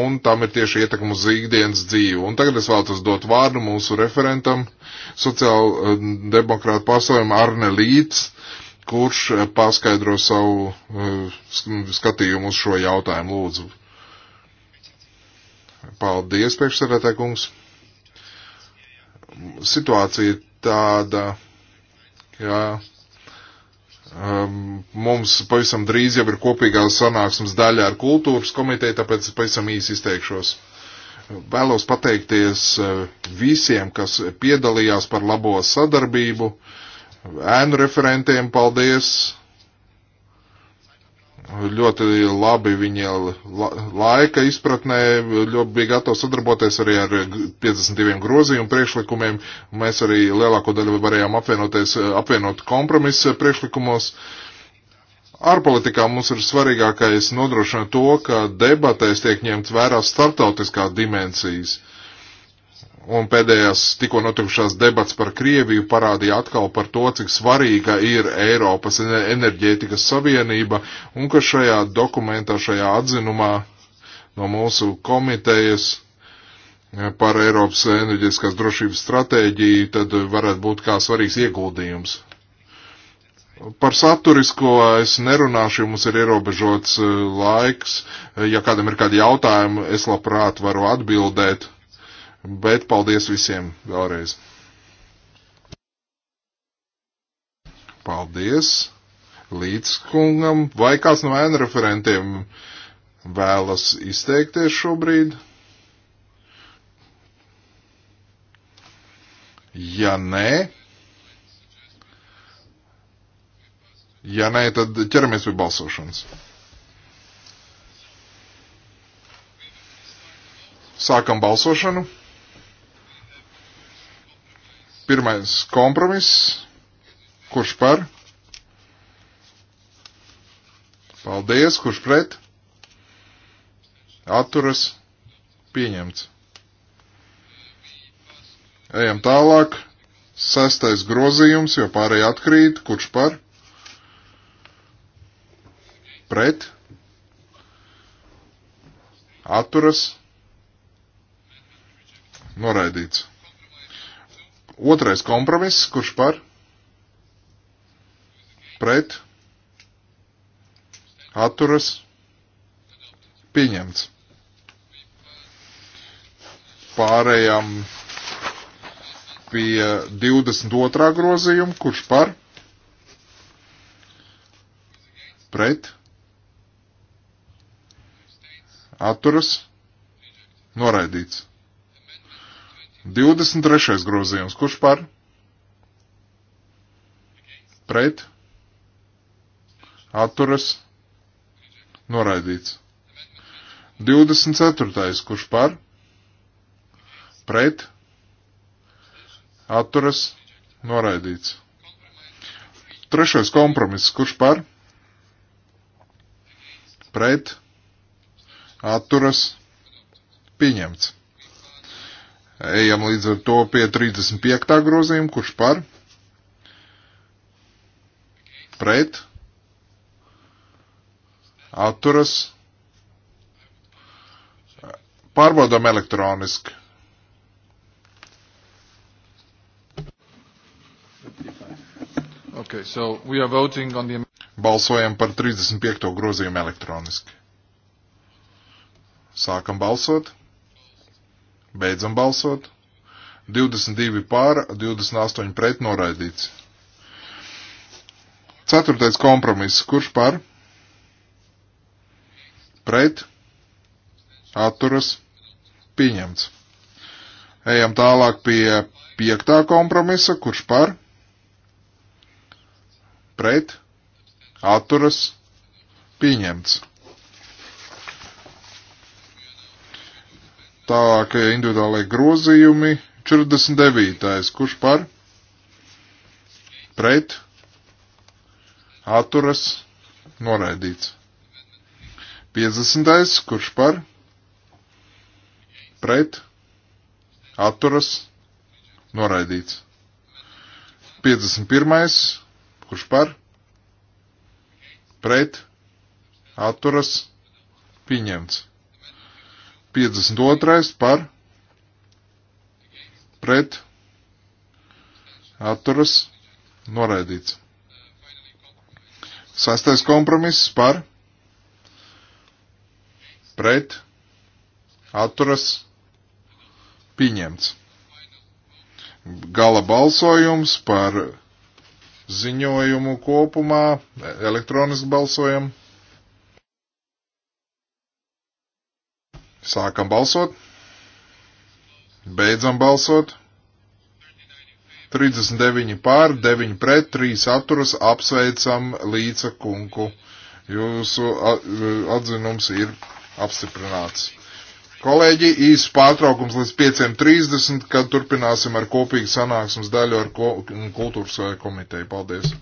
un tam ir tieši ietekme uz ikdienas dzīvi. Un tagad es vēlos dot vārdu mūsu referentam, sociāldemokrāta eh, pārstāvjam Arne Līts, kurš eh, paskaidro savu eh, skatījumu uz šo jautājumu, lūdzu. Paldies, priekšsēdētāj kungs. Situācija tāda, ka um, mums pavisam drīz jau ir kopīgā sanāksmes daļa ar kultūras komiteju, tāpēc pavisam īsi izteikšos. Vēlos pateikties eh, visiem, kas piedalījās par labo sadarbību. Uh, ēnu referentiem paldies. Ļoti labi viņa la, laika izpratnē, ļoti bija gatava sadarboties arī ar 52 grozījumu priekšlikumiem. Mēs arī lielāko daļu varējām apvienoties, apvienot kompromisu priekšlikumos. Ārpolitikā mums ir svarīgākais nodrošināt to, ka debatēs tiek ņemts vērā starptautiskās dimensijas. Uh, un pēdējās tikko notikušās debats par Krieviju parādīja atkal par to, cik svarīga ir Eiropas enerģētikas savienība, un ka šajā dokumentā, šajā atzinumā no mūsu komitejas eh, par Eiropas enerģētiskās drošības stratēģiju, tad varētu būt kā svarīgs ieguldījums. Par saturisko es nerunāšu, jo mums ir ierobežots eh, laiks. Ja kādam ir kādi jautājumi, es labprāt varu atbildēt bet paldies visiem vēlreiz. Paldies līdzkungam. Vai kāds no ēna referentiem vēlas izteikties šobrīd? Ja nē, ja nē, tad ķeramies pie balsošanas. Sākam balsošanu. Pirmais kompromiss. Kurš par? Paldies. Kurš pret? Atturas. Pieņemts. Ejam tālāk. Sestais grozījums, jo pārējie atkrīt. Kurš par? Pret? Atturas? Noraidīts. Otrais kompromiss, kurš par? Pret? Atturas? Pieņemts. Pārējām pie 22. grozījuma, kurš par? Pret? Atturas? Noraidīts. 23. grozījums. Kurš par? Pret? Atturas? Noraidīts. 24. Kurš par? Pret? Atturas? Noraidīts. Trešais kompromiss. Kurš par? Pret? Atturas? Pieņemts. Ejam līdz ar to pie 35. grozījuma, kurš par? Pret? Atturas? Pārbaudām elektroniski. Okay, so we are voting on the... Balsojam par 35. grozījumu elektroniski. Sākam balsot. Beidzam balsot. 22 pār, 28 pret noraidīts. Ceturtais kompromiss. Kurš par? Pret. Atturas. Pieņemts. Ejam tālāk pie piektā kompromisa. Kurš par? Pret. Atturas. Pieņemts. Tālāk individuālai grozījumi. 49. Kurš par? Pret? Atturas? Noraidīts. 50. Kurš par? Pret? Atturas? Noraidīts. 51. Kurš par? Pret? Atturas? Pieņemts. 52. par pret atturas noraidīts. Sastais kompromiss par pret atturas pieņemts. Gala balsojums par ziņojumu kopumā, elektroniski balsojumu. Sākam balsot. Beidzam balsot. 39 pār, 9 pret, 3 atturas, apsveicam līdza kunku. Jūsu atzinums ir apstiprināts. Kolēģi, īsts pārtraukums līdz 5.30, kad turpināsim ar kopīgu sanāksmes daļu ar ko kultūras komiteju. Paldies!